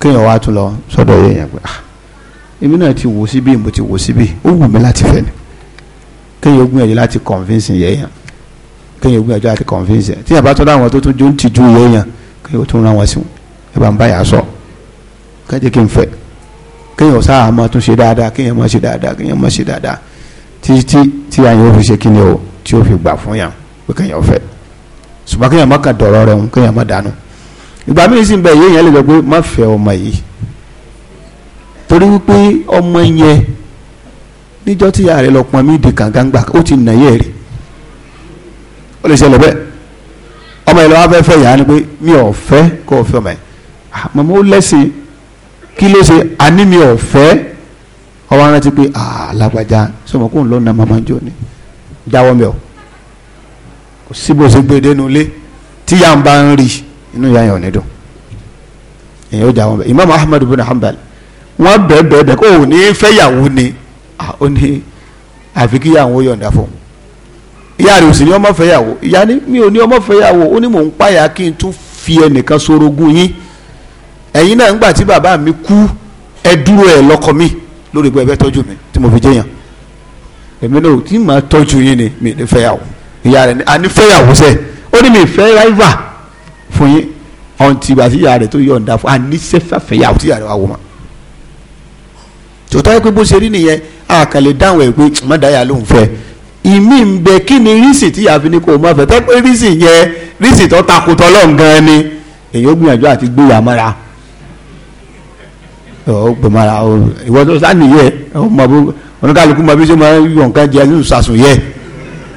S3: kéèyàn wá tún lọ sọ́dọ̀ yẹn yẹn pé ah èmi náà ti wò síbí mo ti wò síbí ó wù mí láti fẹ́ ni kéèyàn ogún ẹ̀yẹ láti convince yẹn yẹn kéèyàn gbìyànjú àti convince tí yàrá tó dáwọn tó tún jó ń tijú yẹn kéèyàn tún ràn wọn sí ẹ bá ń bá yà sọ kéèyàn kí n fẹ kéèyàn sáà máa tún ṣe dáadáa kéèyàn máa ṣe dáadáa kéèyàn máa ṣe dáadáa tí tí tí àyàn ó fi ṣe kíni o tí ó fi gbà fún yàn pé kéèyàn fẹ ṣùgbọ́n kéèyàn má kà dọ̀rọ̀ rẹ̀ ń kéèyàn má dànù ìgbà míì sì ń bẹ yéèyàn lè sọ pé má fẹ ọmọ yìí torí wípé ọmọ yẹn níjọ́ tí yàrá rẹ̀ lọ pọn mí di kàngangba ó ti nà yẹ́ rẹ̀ ó lè ṣẹlẹ̀ bẹ́ẹ̀ ọmọ ìlú wa fẹ́ fẹ́ yàrá ni pé mi ò fẹ́ kó o fẹ́ ọmọ yẹn ah, mọ̀mọ́ ó lẹ́sìn kí ló ṣe àní mi ò fẹ́ ọmọ rántí pé alágbájá ah, sọmọ kó n lọ na màmá jọ ni jáwọ́ mi ò kò sí bó ṣe gbé dénú ilé tíyà ń bá ń rí inú ìyá yẹn ò ní dùn èyàn ó jáwọ́ mi Imam Ahmad bin Hanbal wọ́n bẹ̀ẹ́ bẹ̀ẹ́ bẹ̀ẹ́ kó o ní fẹ́yàwó ni ah, ó ní àfi kíyàwó yọ̀ǹda fún un ìyá rẹ̀ ò sì ní ọmọ fẹ́yàwó ìyá ni mi ò ní ọmọ fẹ́yàwó ó ní mò ń páyà kí n tún fi ẹnìkan sorogún yín ẹ̀yin náà ńgbà tí bàbá mi kú ẹ dúró ẹ lọ́kọ mi lórí pé ẹ tọ́jú mi tí mo fi jẹ́yàn èmi náà tí màá tọ́jú yín ni mi ní fẹ́yàwó ìyá rẹ̀ ni àní fẹ́yàwó sẹ́ ó ní mi fẹ́ ráìvà fún yín ọ̀hún ti bàtí ìyá rẹ̀ tó yọ̀ǹda fún àní sẹ́fà fẹ́yàwó tí ìmí ń bẹ kí ni rísì tí ìyá fi ní kó o máa fẹ́ pé rísì yẹn rísì tó takùtọ̀ lọ́n gan ni èyí ó gbìyànjú àti gbéyà mára ọ gbẹ mára ọ ìwọ tó sáà nìyẹ ọmọ bó oníkàlùkù mọ bí ṣe máa yọ nǹkan jẹ nínú sàṣùn yẹ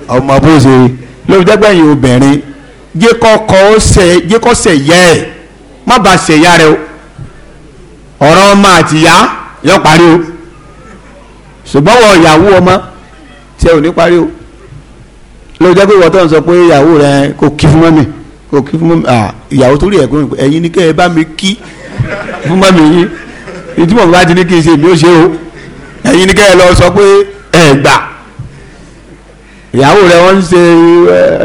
S3: ọmọ bó ṣe lórí dẹ́gbẹ̀yìn obìnrin jẹ́kọ́ kọ́ ó ṣe jẹ́kọ́ ṣe yẹ ẹ̀ má bàa ṣe ìyá rẹ o ọ̀rọ̀ ọmọ àtìyá yọ parí o ṣùgbọ́n wọ ìyàwó ọmọ tí ẹ ò ní parí o ló jẹ́ pé wọ́tọ́ ń sọ pé ìyàwó rẹ kò kí fún mọ́mì kò kí fún mọ́mì ìyàwó tó rí ẹ̀kọ́ rìn ẹ̀yin ní kẹ́ ẹ bá mi kí fún mọ́mì yín ìtumọ̀ bá ti ní kí n ṣe mi ò ṣe o ẹ̀yin ní kẹ́ ẹ lọ sọ pé ẹ̀ gbà ìyàwó rẹ wọ́n ń ṣe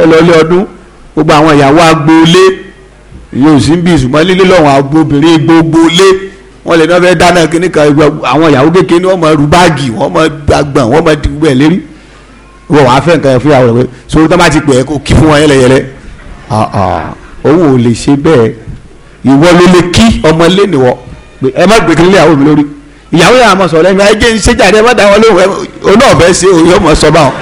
S3: ẹlọ́lé ọdún gbogbo àwọn ìyàwó agboolé yóò sì ń bí ìsùnmọ́ lílé lọ́wọ́n agbóbìnrin gbogboolé wọ́n lè ní wọ́n fẹ́ dáná kíníkan àwọn ìyàwó kékeré ni mọ rú báàgì wọ́n mọ gbàgbọ́n wọ́n mọ dìgbò lérí wọ́n wàá fẹ́ nǹkan yẹn fún ìyàwó rẹ̀ pé sori tó bá ti pè é kó kí fún wọn yẹlẹyẹlẹ òun ò lè ṣe bẹ́ẹ̀ ìwọ ló lè kí ọmọ ilé nìwọ ẹ má gbé kílílẹ̀ àwọn mi lórí ìyàwó yà máa sọ̀rọ̀ lẹ́nu ẹjẹ́ ìṣèjáde ẹ má dá wọn lóhùn ọ̀nà ọ̀bẹ ṣe òye ọmọ sọ báwọn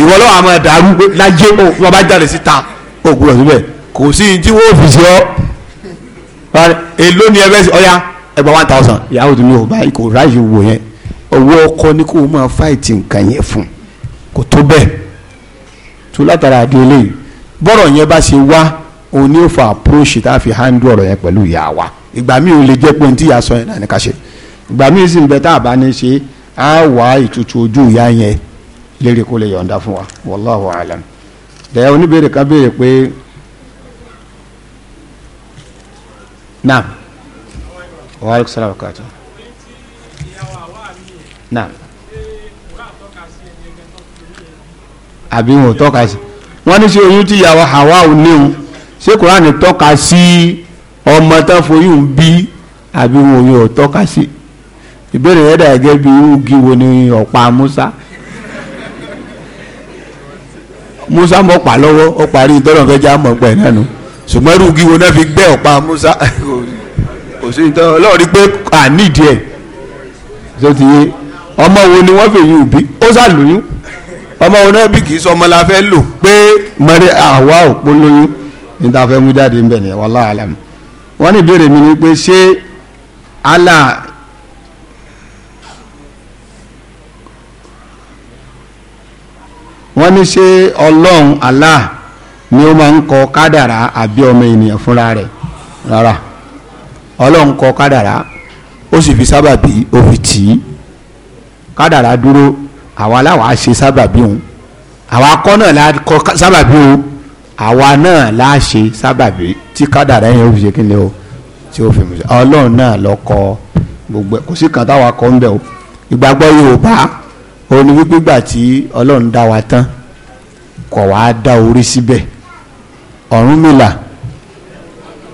S3: ìwọ lọ́wọ́ àmọ́ dàrú pé lájẹ́ ò wọ́n bá jáde síta òògùn rẹ̀ síbẹ̀ kò sí ní tí wọ́n fi ṣe ọ́ èló ni ẹ fẹ́ ṣe one thousand ìyàwó tó ní òbá kò ráyè wò yẹn owó ọkọ ni kò máa fáìtì nǹkan yẹn fún un kò tó bẹ́ẹ̀ tó látara dị eléyìí bọ́rọ̀ yẹn bá ṣe wá òun ni ó fa approach tá a fi handle ọ̀rọ̀ yẹn pẹ̀lú ìyá wa ìgbà míì lè jẹ́ pé ya ìyá sọ yẹn náà ní ká ṣe ìgbà míì sì ń bẹ tá a bá ní á wá ìtutù ojú ìyá yẹn kó lè yọ̀ǹda fún wa alam oníbèrè pé naam àbí wọn ò tọ́ka sí wọ́n ní sí oyún tí ìyàwó Hawa ò ní o ṣé kúránì tọ́ka sí ọmọ tán foyún bí àbí wọn oyún ò tọ́ka sí ìbéèrè yẹn dà gẹ́gẹ́ bí irúgi wo ni ọ̀pá Musa Musa mọ̀ pa lọ́wọ́ ó parí tọ́lọ̀ fẹ́ já mọ̀ pẹ̀ náà nù ṣùgbọ́n wo náà fi gbẹ́ ọ̀pá Musa kò sí ìtọ́ ọlọ́ọ̀rí pé àníìdí ẹ̀ ṣé ti yé ọmọ wo ni wọ́n fi yún òbí ó sàlùyún ọmọ òun kì sọ ọmọ la fẹ́ lò pé mọ́rí àwa ò ní ta fẹ́ mú jáde ń bẹ̀ ní wallahu wọ́n ní ìbéèrè mi ni pé ṣé Allah wọ́n ní ṣé ọlọ́run Allah ni ó máa ń kọ kádàrá àbí ọmọ ènìyàn fúnra rẹ̀ rárá ọlọ́run kọ kádàrá ó sì fi sábàbí àwa làwa ṣe sábàbí òun àwa kọ́ náà la kọ́ sábàbí òun àwa náà la ṣe sábàbí tí kádàrá yẹn ó fi ṣe kí ni o tí ó fi mú ṣe ọlọ́run náà lọ kọ gbogbo ẹ̀ kò sí kan táwa kọ́ ń bẹ̀ o ìgbàgbọ́ yorùbá ó ní wípé gbà tí ọlọ́run dá wa tán kò wá dá orí síbẹ̀ ọ̀rúnmìlà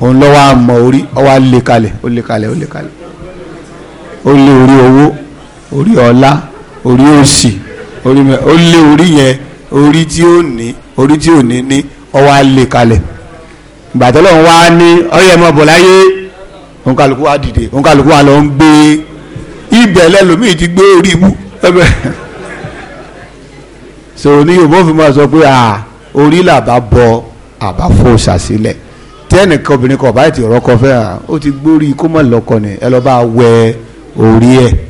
S3: òun lọ́wọ́ àmọ́ orí ọwọ́ lè kalẹ̀ ó lè kalẹ̀ ó lè kalẹ̀ ó lé orí owó orí ọlá orí òsì orí mẹ ó lé orí yẹn orí tí ó ní orí tí ò ní ní ọwọ́ á lè kalẹ̀ gbàtọ́lọ́ wa ní ọyẹ mọ́ bọ̀ láyé òǹkàlùkù wa dìde òǹkàlùkù wa lọ ń gbé ibẹ̀ lẹ́lòmíì ti gbé orí ibú ẹbẹ̀ sọ̀rọ̀ ní Yorùbá fi máa sọ pé orí làbá bọ àbá fò sàsílẹ̀ tí ẹnìkan obìnrin kan ọ̀bá ètò ọ̀rọ̀ kan ó ti gbórí kó mọ̀ lọ́kọ ni ẹ lọ́ bá wẹ orí ẹ̀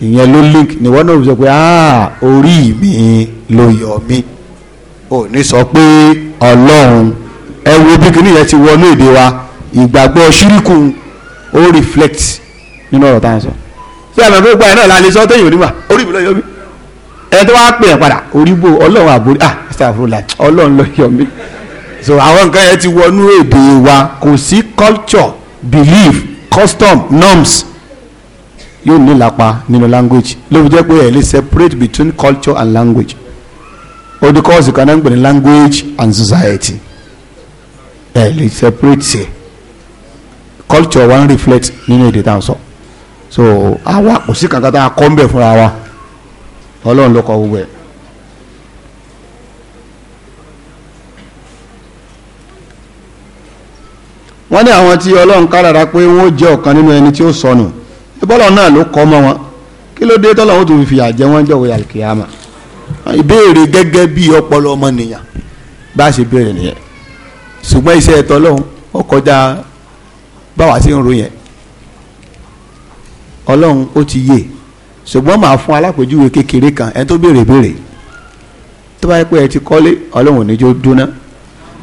S3: ìyẹn ló link níwọ náà sọ pé ah orí mi ló yọ mí ò ní sọ pé ọlọ́run ẹ wo bí kinní yẹn ti wọnú èdè wa ìgbàgbọ́ ṣíríkù ó reflect nínú ọ̀rọ̀ tá à ń sọ sí àmì àgbẹ̀gbọ́ ẹ̀ náà la lè sọ téèyàn onímọ̀ orí mi ló yọ mí ẹ tó wá pè é padà orí ọlọ́run àbórí ah astagfirullah ọlọ́run ló yọ mí so àwọn nǹkan yẹn ti wọnú èdè wa kò sí culture belief custom norms yóò ní ìlapa nínú language ló fi jẹ́ pé ẹ̀ lè separate between culture and language ó di kọ́ọ̀sì kan náà ń pè ní language and society ẹ̀ lè separate ṣe culture wa ń reflect nínú èdè tá à ń sọ so àwa kò sí kankan tá a kọ́ ń bẹ̀ fúnra wa ọlọ́run ló kọ gbogbo ẹ̀. wọ́n ní àwọn tí ọlọ́run kárara pé wọ́n jẹ́ ọ̀kan nínú ẹni tí ó sọnù. So, ìbọ́lọ̀ náà ló kọ́ mọ́ wọn kí ló dé tọ́lọ̀ wọn tó fi fìyà jẹ wọ́n jọ̀wọ́ àlùkìyàmà ìbéèrè gẹ́gẹ́ bí ọpọlọ ọmọnìyàn bá a ṣe béèrè nìyẹn ṣùgbọ́n iṣẹ́ ẹ̀tọ́ lọ́hùn ó kọjá báwa sí ń ro yẹn ọlọ́run ó ti yé ṣùgbọ́n màá fún alápèjúwe kékeré kan ẹ tó béèrè béèrè tó bá yẹ pé ẹ ti kọ́lé ọlọ́run ò ní jó dúná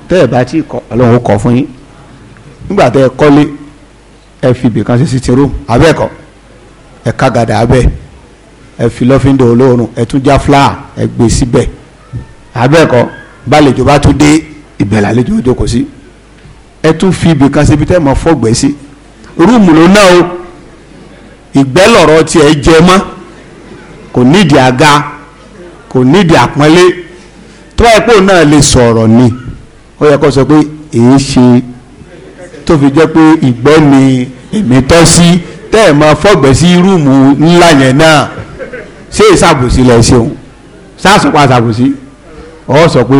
S3: tẹ́ bá tí ọlọ́run ó kọ́ fún yín nígbà tẹ́ kọ́lé ẹ fi ibìkan ṣe sí ti rúùmù abẹ́ẹ̀kọ́ ẹ ká gàdà abẹ ẹ fi lọ́fíńdò olóòórùn ẹ tún já fúláà ẹ gbé e síbẹ̀ abẹ́ẹ̀kọ́ bálejò bá tún dé ibẹ̀ làlejò ó jókòó sí ẹ tún fi ibì kan síbi tẹ́ ẹ mọ fọ́gbẹ́ sí rúùmù ló ná o ìgbẹ́ lọ̀rọ̀ tiẹ̀ jẹ mọ́ kò nídìí àga kò nídìí àpọ́nlé tó báyìí pò náà lè sọ̀rọ̀ ni ó yẹ kó sọ pé èé ṣe tó fi jẹ́ pé ìgbẹ́ ni èmi tọ́ sí tẹ́ ẹ̀ máa fọ́gbẹ́ sí rúùmù ńlá yẹn náà ṣé ìsàbòsí lẹ ṣeun sásùpá ìsàbòsí ọ sọ pé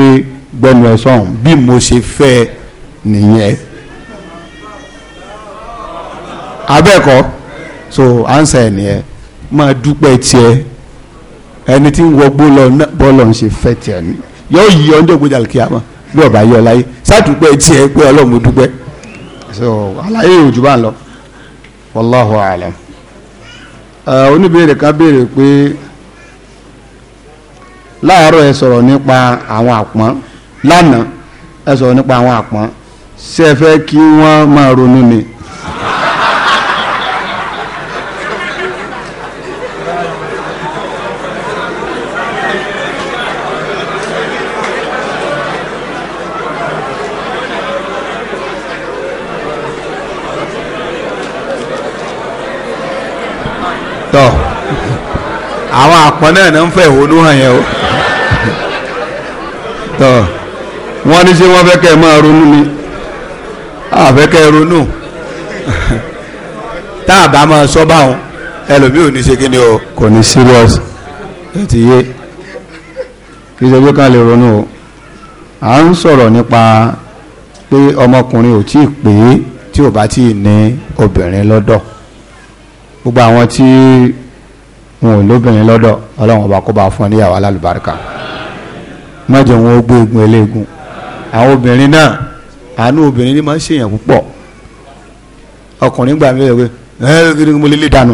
S3: gbẹnu ẹ sọhùn bí mo ṣe fẹ́ nìyẹn abẹ́ẹ̀kọ́ so ansa ẹ̀ nìyẹn máa dúpẹ́ tiẹ̀ ẹni tí ń wọgbó lọ bọ́ọ̀lù ń ṣe fẹ́ tiẹ̀ ni yóò yí ọ́ ń dẹ́gbẹ́ jà kí a mọ̀ bí ọba yọ láyé sádùúpẹ́ tiẹ̀ pé ọlọ́run mo dúpẹ́ so àlàyé òjò bá ń lọ wallahu alam oníbèrè kan béèrè pé láàárọ̀ ẹ sọ̀rọ̀ nípa àwọn àpọ́n lánàá ẹ sọ̀rọ̀ nípa àwọn àpọ́n ṣé ẹ fẹ́ kí wọ́n máa ronú ni. àwọn àpọ́n náà náà ń fẹ́ ìhónú hàn yẹn o tọ́ wọ́n ní ṣé wọ́n fẹ́ kẹ́ ẹ máa ronú ni àfẹ́ kẹ́ ẹ ronú tá a bá máa sọ báwọn ẹlòmíì ò ní ṣe kí ni o kò ní serious ẹ ti yé kí ṣe pé ká lè ronú o à ń sọ̀rọ̀ nípa pé ọmọkùnrin ò tí ì pé tí ò bá tí ì ní obìnrin lọ́dọ̀ gbogbo àwọn tí. wọn ò lóbìnrin lọ́dọ̀ ọlọ́run ọba kó bá fún ọ níyàwó alálùbáríkà wọn ó gbé eléegun àwọn obìnrin náà àánú obìnrin ni máa ń ṣèyàn púpọ̀ ọkùnrin gbà mí mo lè o kí ni lè dànù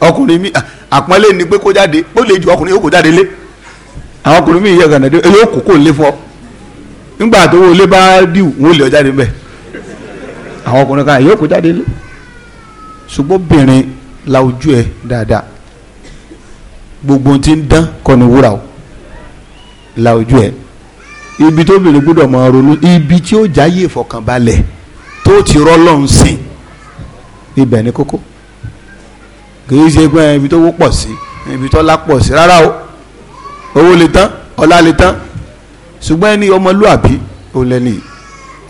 S3: ọkùnrin mi àpọ́nlé ni pé kó jáde ó lè ju ọkùnrin yóò kó jáde lé àwọn ọkùnrin mi yẹ kó kó lé fọ nígbà tó bá díù lè mbẹ àwọn ọkùnrin gbogbo ti ń dán kọ́ ni o la ojú ẹ ibi tó bèrè gbọ́dọ̀ máa ronú ibi tí ó jáyé ìfọkànbalẹ̀ tó ti rọ́lọ́run sìn ibẹ̀ ni kókó kìí ṣe pé ibi tó wó sí ibi tó lá sí rárá o owó lè tán ọlá lè tán ṣùgbọ́n ẹni ọmọlúàbí òun lẹ́ni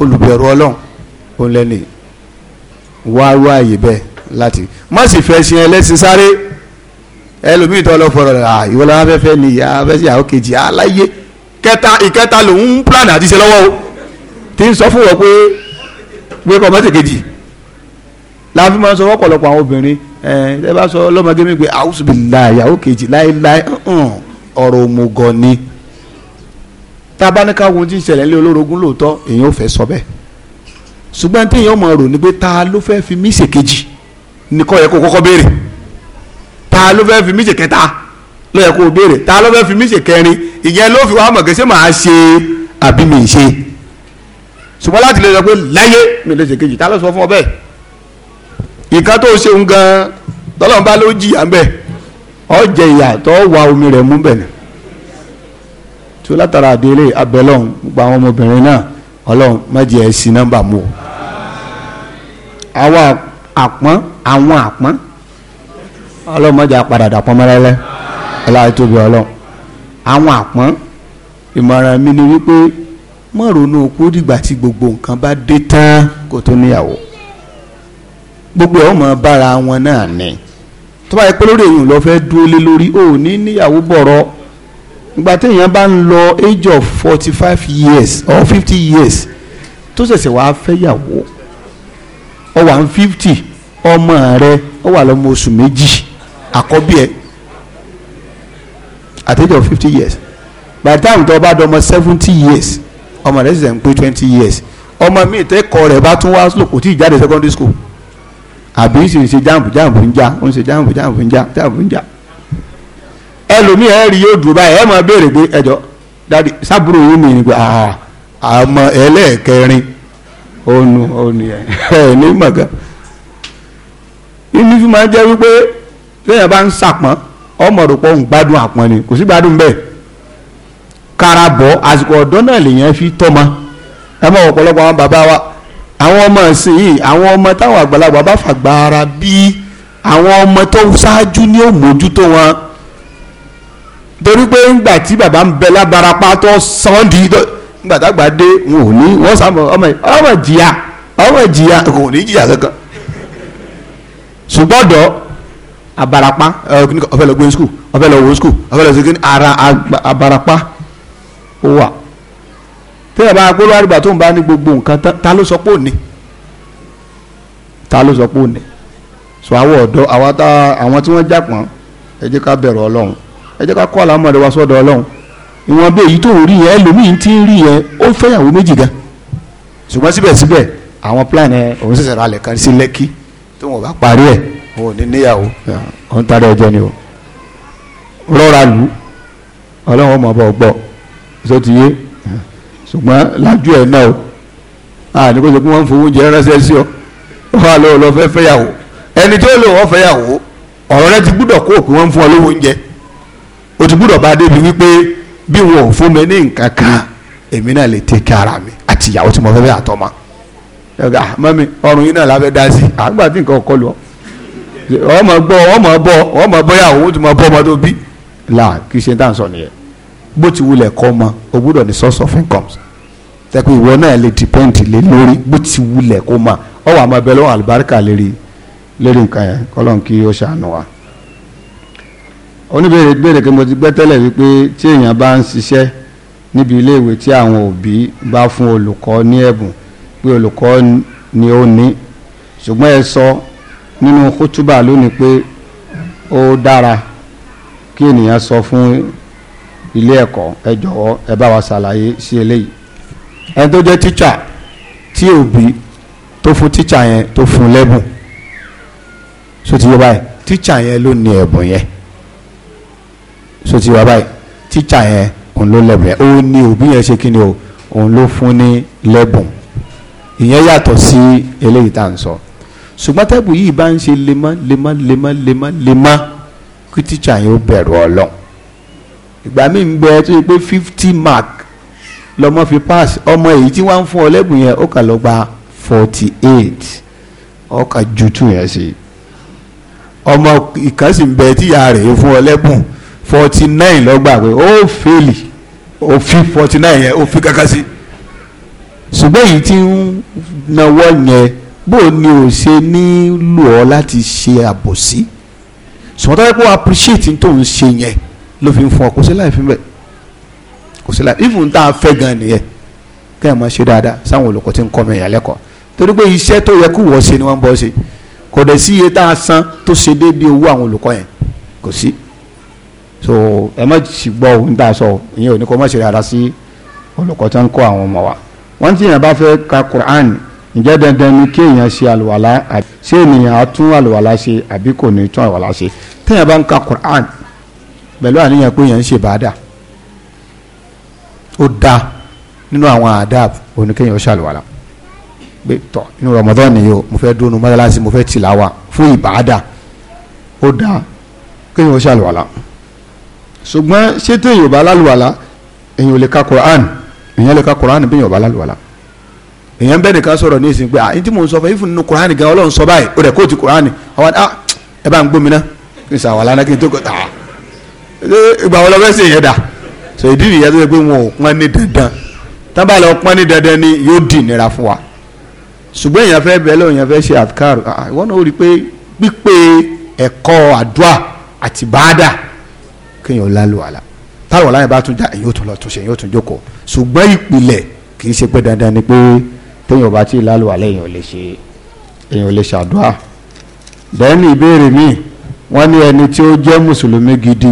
S3: olùbẹ̀rù ọlọ́run òun lẹ́ni wá wá àyè bẹ́ẹ̀ láti má sì fẹ́ ṣe ẹlẹ́sìn sáré ẹlòmíì tó lọ fọ̀rọ̀ à ìwọ làwọn afẹ́fẹ́ ni ìyá afẹ́sí àwọn kejì aláyé kẹta ìkẹta lòún ń plan àti ṣe lọ́wọ́ o ti ń sọ fún wọn pé pé kọ́ mọ́tò kejì la fi máa ń sọ fọ́pọ̀lọpọ̀ àwọn obìnrin ẹ ẹ bá sọ lọ́mọdé mi pé àwùsùbìlà ìyàwó kejì láéláé ọ̀rọ̀ òmùgọ̀ ni tabaníkà wo ti ń ṣẹlẹ̀ lé olórogún lóòótọ́ èèyàn ò fẹ́ sọ bẹ́ẹ̀ ṣùgbọ́n téèyàn mọ̀ rò ní pé ta ló fẹ́ fi mí ṣèkejì nìkan yẹ kó kọ́kọ́ béèrè ta ló fẹ́ fi mí ṣe kẹta ló yẹ kó o béèrè ta ló fẹ́ fi mí ṣe kẹrin ìyẹn ló fi wá mọ̀ gẹ́sẹ́ màá ṣe àbí mi ṣe ṣùgbọ́n láti lè sọ pé láyé mi lè ṣe kejì ta ló sọ fún ọ bẹ́ẹ̀ ìkan tó ṣeun gan tọ́lọ́mùbá ló jìyà ń bẹ̀ ọ jẹ ìyà tó wa omi rẹ̀ mú bẹ̀ tí ó látara àdéhùn abẹ́lọ́hún gba àwọn ọmọbìnrin náà ọlọ́run mẹ́jẹ ẹ̀ sí nọ́mbà mú àwọn àpọ́n àwọn àpọ́n ọlọ́run mọ̀jà padà dàpọ̀ mọ́lẹ́lẹ́ ọláìtóbi ọlọ́run àwọn àpọ́n ìmọ̀ràn mi ni wípé mọ̀ ronú okú dìgbà tí gbogbo nǹkan bá dé tán kó tó níyàwó gbogbo ẹ̀ ó mọ̀ bára wọn náà ni tó bá yẹ pé lórí èyàn lọ fẹ dúró lé lórí ò ní níyàwó bọ̀rọ̀ ìgbà téèyàn bá ń lọ age of forty five years or fifty years tó ṣẹ̀ṣẹ̀ wàá fẹ́yàwó ọ wà ń fifty ọmọ rẹ ọ wà lọ́mọ oṣù méjì àkọ́bí ẹ at age of fifty years by the time tó bá dọmọ seventy years ọmọ rẹ sì ń pé twenty years ọmọ mi ìtẹ́kọ̀ rẹ̀ bá tún wá lòkò tí ìjáde secondary school àbí sì ń ṣe jáàmù jáàmù ń já ó ń ṣe jáàmù jáàmù ń já jáàmù ń já ẹlòmíì ẹ rí yóò dùn báyìí ẹ máa béèrè pé ẹjọ dáàdi sábúrò yìí mi nígbà àmọ́ ẹlẹ́ẹ̀kẹrin òun òun ẹ ẹ ní mọ̀gá inú fi máa jẹ́ wípé lẹ́yìn bá ń sàpọ́n ọmọ rò pọ̀ ń gbádùn àpọ́n ni kò sí gbádùn bẹ́ẹ̀ karabọ̀ àsìkò ọ̀dọ́ náà lèèyàn fi tọ́mọ ẹ mọ̀ ọ̀pọ̀lọpọ̀ àwọn bàbá wa àwọn ọmọ ìsìn yìí àwọn ọmọ táwọn àgbàlagbà bá fàgbà ara bíi àwọn ọmọ tó ṣáájú ní ó mójútó wọn torí pé ńgbà tí bàbá ń bẹ lábarapá tó sọ́ndì ńgbà tágbà dé wọn ò ní wọ́n sàmọ̀ ọmọ ọmọ jìyà ọmọ jìyà kò ní jìyà kankan ṣùgbọ́n abarapa ọfẹ eh, lọ gbé skul ọfẹ lọ wo skul ọfẹ lọ segin ara abarapa ó wà tẹ́lẹ̀ bá gbólóhùn àdìgbà tó ń bá ní gbogbo nǹkan ta ló sọ pé ò ní ta ló sọ pé ò ní so àwọn ọ̀dọ́ àwọn tí wọ́n jàpọ̀n ẹ jẹ́ ká bẹ̀rù ọlọ́run ẹ jẹ́ ká kọ́ àlámọ̀dé wa sọ́dọ̀ ọlọ́run ìwọ̀n bí èyí tó ń rí yẹn ẹlòmíín ti ń rí yẹn ó fẹ́yàwó méjì gan ṣùgbọ́n síbẹ̀síbẹ̀ àwọn plan òun ṣẹ̀ṣẹ̀ ra lẹ̀ kan sí lẹ́kí tó wọn bá parí ẹ̀ ò ní níyàwó ò ń tarẹ̀ ẹ̀jẹ̀ ni o rọra lù ọlọ́run ọmọ ọba ọgbọ́ tó ti yé ṣùgbọ́n lájú ẹ̀ náà o àní kó ṣe kí wọ́n ń fowó jẹ ránṣẹ́ sí ọ wà lọ́wọ́ lọ fẹ́ fẹ́yàwó ẹni tó lò wọ́n fẹ́yàwó ọ̀rọ̀ rẹ ti gbúdọ̀ kó òpin wọn fún ọ lówó oúnjẹ o ti gbúdọ̀ bá a débi wípé bí wọn ò fún mi ní nǹkan kan èmi náà lè tẹ́ ara mi àti tí mo fẹ́ fẹ́ àtọ́ ma ẹ̀ka yìí náà la fẹ́ dá sí àgbà tí nǹkan kọ lù ọmọ gbọ́ ọmọ bọ́ ọmọ bọ́yà òun ti mọ bọ́ ọmọ tó bí là kì í ṣe dáhùn sọ nìyẹn bó ti wulẹ̀ kọ́ ọmọ o gbúdọ̀ ní source of income tẹ́kù ìwọ náà lè depend lé lórí bó ti wulẹ̀ kó ma ọ wà máa bẹ lọ́wọ́ àlùbáríkà lérí lérí nǹkan yẹn kọ́lọ́n kí ó ṣàánú wa. oníbèrè béèrè pé mo ti gbẹ́ tẹ́lẹ̀ wípé tí èèyàn bá ń ṣiṣẹ́ níbi iléèwé tí àwọn òbí bá fún olùkọ́ ní ẹ̀bùn pé olùkọ́ ni ó ní ṣùgbọ́n ẹ sọ nínú kútúbà lónìí pé ó dára kí ènìyàn sọ fún ilé ẹ̀kọ́ ẹ jọ̀wọ́ ẹ bá wa ṣàlàyé sí eléyìí ẹni tó jẹ́ tíṣà tí òbí tó fún tíṣà yẹn tó fún lẹ́bùn so ti yọ báyìí tíṣà yẹn ló ní ẹ̀bùn yẹn so ti yọ báyìí tíṣà yẹn òun ló lẹ́bùn yẹn ó ní òbí yẹn ṣe kí o òun ló fún ní lẹ́bùn ìyẹn yàtọ̀ sí eléyìí tá à ń sọ. So ṣùgbọ́n tẹ́bù yìí bá ń ṣe lemọ́ lemọ́ lemọ́ lemọ́ lemọ́ kí tíṣà yẹn ó bẹ̀rù ọlọ́run ìgbà míì ń bẹ tó yẹ pé fifty mark lọmọ fi pass ọmọ èyí tí wọ́n ń fún ọ lẹ́bùn yẹn ó kà lọ gba forty eight ó kà ju two yẹn sí ọmọ ìkànsì ń bẹ tíyà rẹ̀ fún ọ lẹ́bùn forty nine ló gbà pé ó fèlì ó fi forty nine yẹn ó fi kákásí ṣùgbọ́n èyí tí ń nawọ́ yẹn bó o ní o ṣe ní lò ọ́ láti ṣe àbòsí ṣùgbọ́n tó yẹ kó appreciate tó ń ṣe yẹn ló fi ń fún ọ kò sí láì fi bẹ́ẹ̀ kò sí láì even tá a fẹ́ gan nìyẹn kí máa ṣe dáadáa sáwọn olùkọ́ tí ń kọ́ mi ìyàlẹ́kọ̀ọ́ torí pé iṣẹ́ tó yẹ kó wọ́ ṣe ni wọ́n ń bọ́ ṣe kò dẹ̀ sí iye tá a san tó ṣe déédéé owó àwọn olùkọ́ yẹn kò sí so ẹ má sì gbọ́ ohun tá a sọ ìyẹn ò ní kó má ṣe dáadáa sí olùkọ́ tí ń kọ́ àwọn ọmọ wa wọ́n ti yàn bá fẹ́ ka Quran ǹjẹ́ dandan ni kéèyàn ṣe àlùwàlá ṣé ènìyàn á tún àlùwàlá ṣe àbí kò ní tún àlùwàlá ṣe téèyàn bá ń ka Quran pẹ̀lú àníyàn pé èèyàn ń ṣe bàdà ó da nínú àwọn adab oníkéèyàn ṣàlùwàlá pé tọ̀ inú Ramadan nìyí o mo fẹ́ dúnú mọ́tàlásí mo fẹ́ tìláwà fún ìbàdà ó da kéèyàn ṣàlùwàlá ṣùgbọ́n ṣé téèyàn bá lálùwàlá èèyàn ò lè ka Quran èèyàn lè ka Quran bí èèyàn bá lálùwàlá èèyàn bẹ́ẹ̀ nìkan sọ̀rọ̀ ní ìsìn pé à ah, ntí mò ń sọ fún ifun nínú kurani gan ọlọ́run sọ báyìí ó rẹ̀ kóòtù kurani ọwọ́ ah ẹ bá ń gbómi ná kí n sà wà lánàá kí n tó kọ tà ah, á ìgbà wọn lọ fẹ́ sèyàn dà sọ ìdí nìyẹn tó yẹ pé wọn ò pọ́n ní dandan tán bá lọ pọ́n ní dandan ni yóò dì nira fún wa ṣùgbọ́n èèyàn fẹ́ bẹ́ẹ̀ lọ́wọ́ èèyàn fẹ́ ṣe àfikàr ah, ìwọ́n náà ó rí i pé pípé ẹ̀kọ́ àdúà àti báàdà kéèyàn lálùwàlà táwọn láyìn bá tún ni pé téèyàn bá ti lálùwàlá èèyàn ò lè ṣe èèyàn lè ṣàdúrà bẹ́ẹ̀ni ìbéèrè mi wọ́n ní ẹni tí ó jẹ́ mùsùlùmí gidi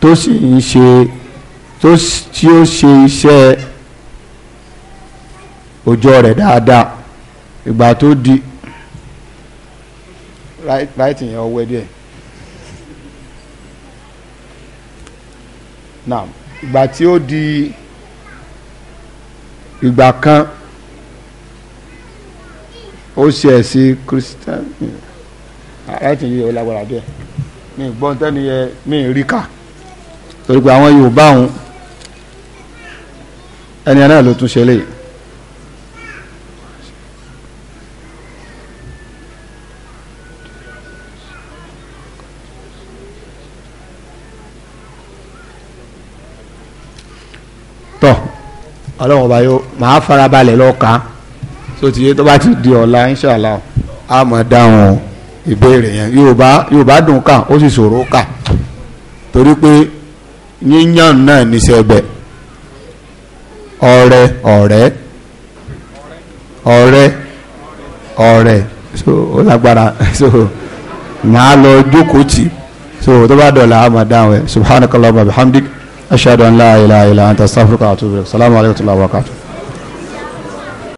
S3: tó sì ń ṣe tó tí ó ṣe iṣẹ́ ọjọ́ rẹ̀ dáadáa ìgbà tó di right yẹn ọwọ́ díẹ̀ now ìgbà tí ó di ìgbà kan ó ṣe ẹ̀sìn kírísítẹ́nì aláìtì yìí ó lágbára díẹ̀ mi gbọ́n tẹ́ni yẹ mi rí kà torí pé àwọn Yorùbá òun ẹni náà ló tún ṣe léyìí. tọ́ ọlọ́run ọba yóò máa fara balẹ̀ lọ́ọ́ so tìyẹ tó bá ti di ọ̀la inshàlá a máa dáhùn ìbéèrè yẹn yorùbá yorùbá dùn kà ó sì ṣòro kà torí pé yíyan náà níṣẹ́ bẹ̀ ọ̀rẹ́ ọ̀rẹ́ ọ̀rẹ́ ọ̀rẹ́ so ó lágbára so màá lọ jókòó tì so tó bá dọ̀la a máa dáhùn ẹ̀ subhanakallahumma bihamdik ashhadu an la ilaha illa anta astaghfiruka wa salamu alaykum wa rahmatullahi wa barakatuh.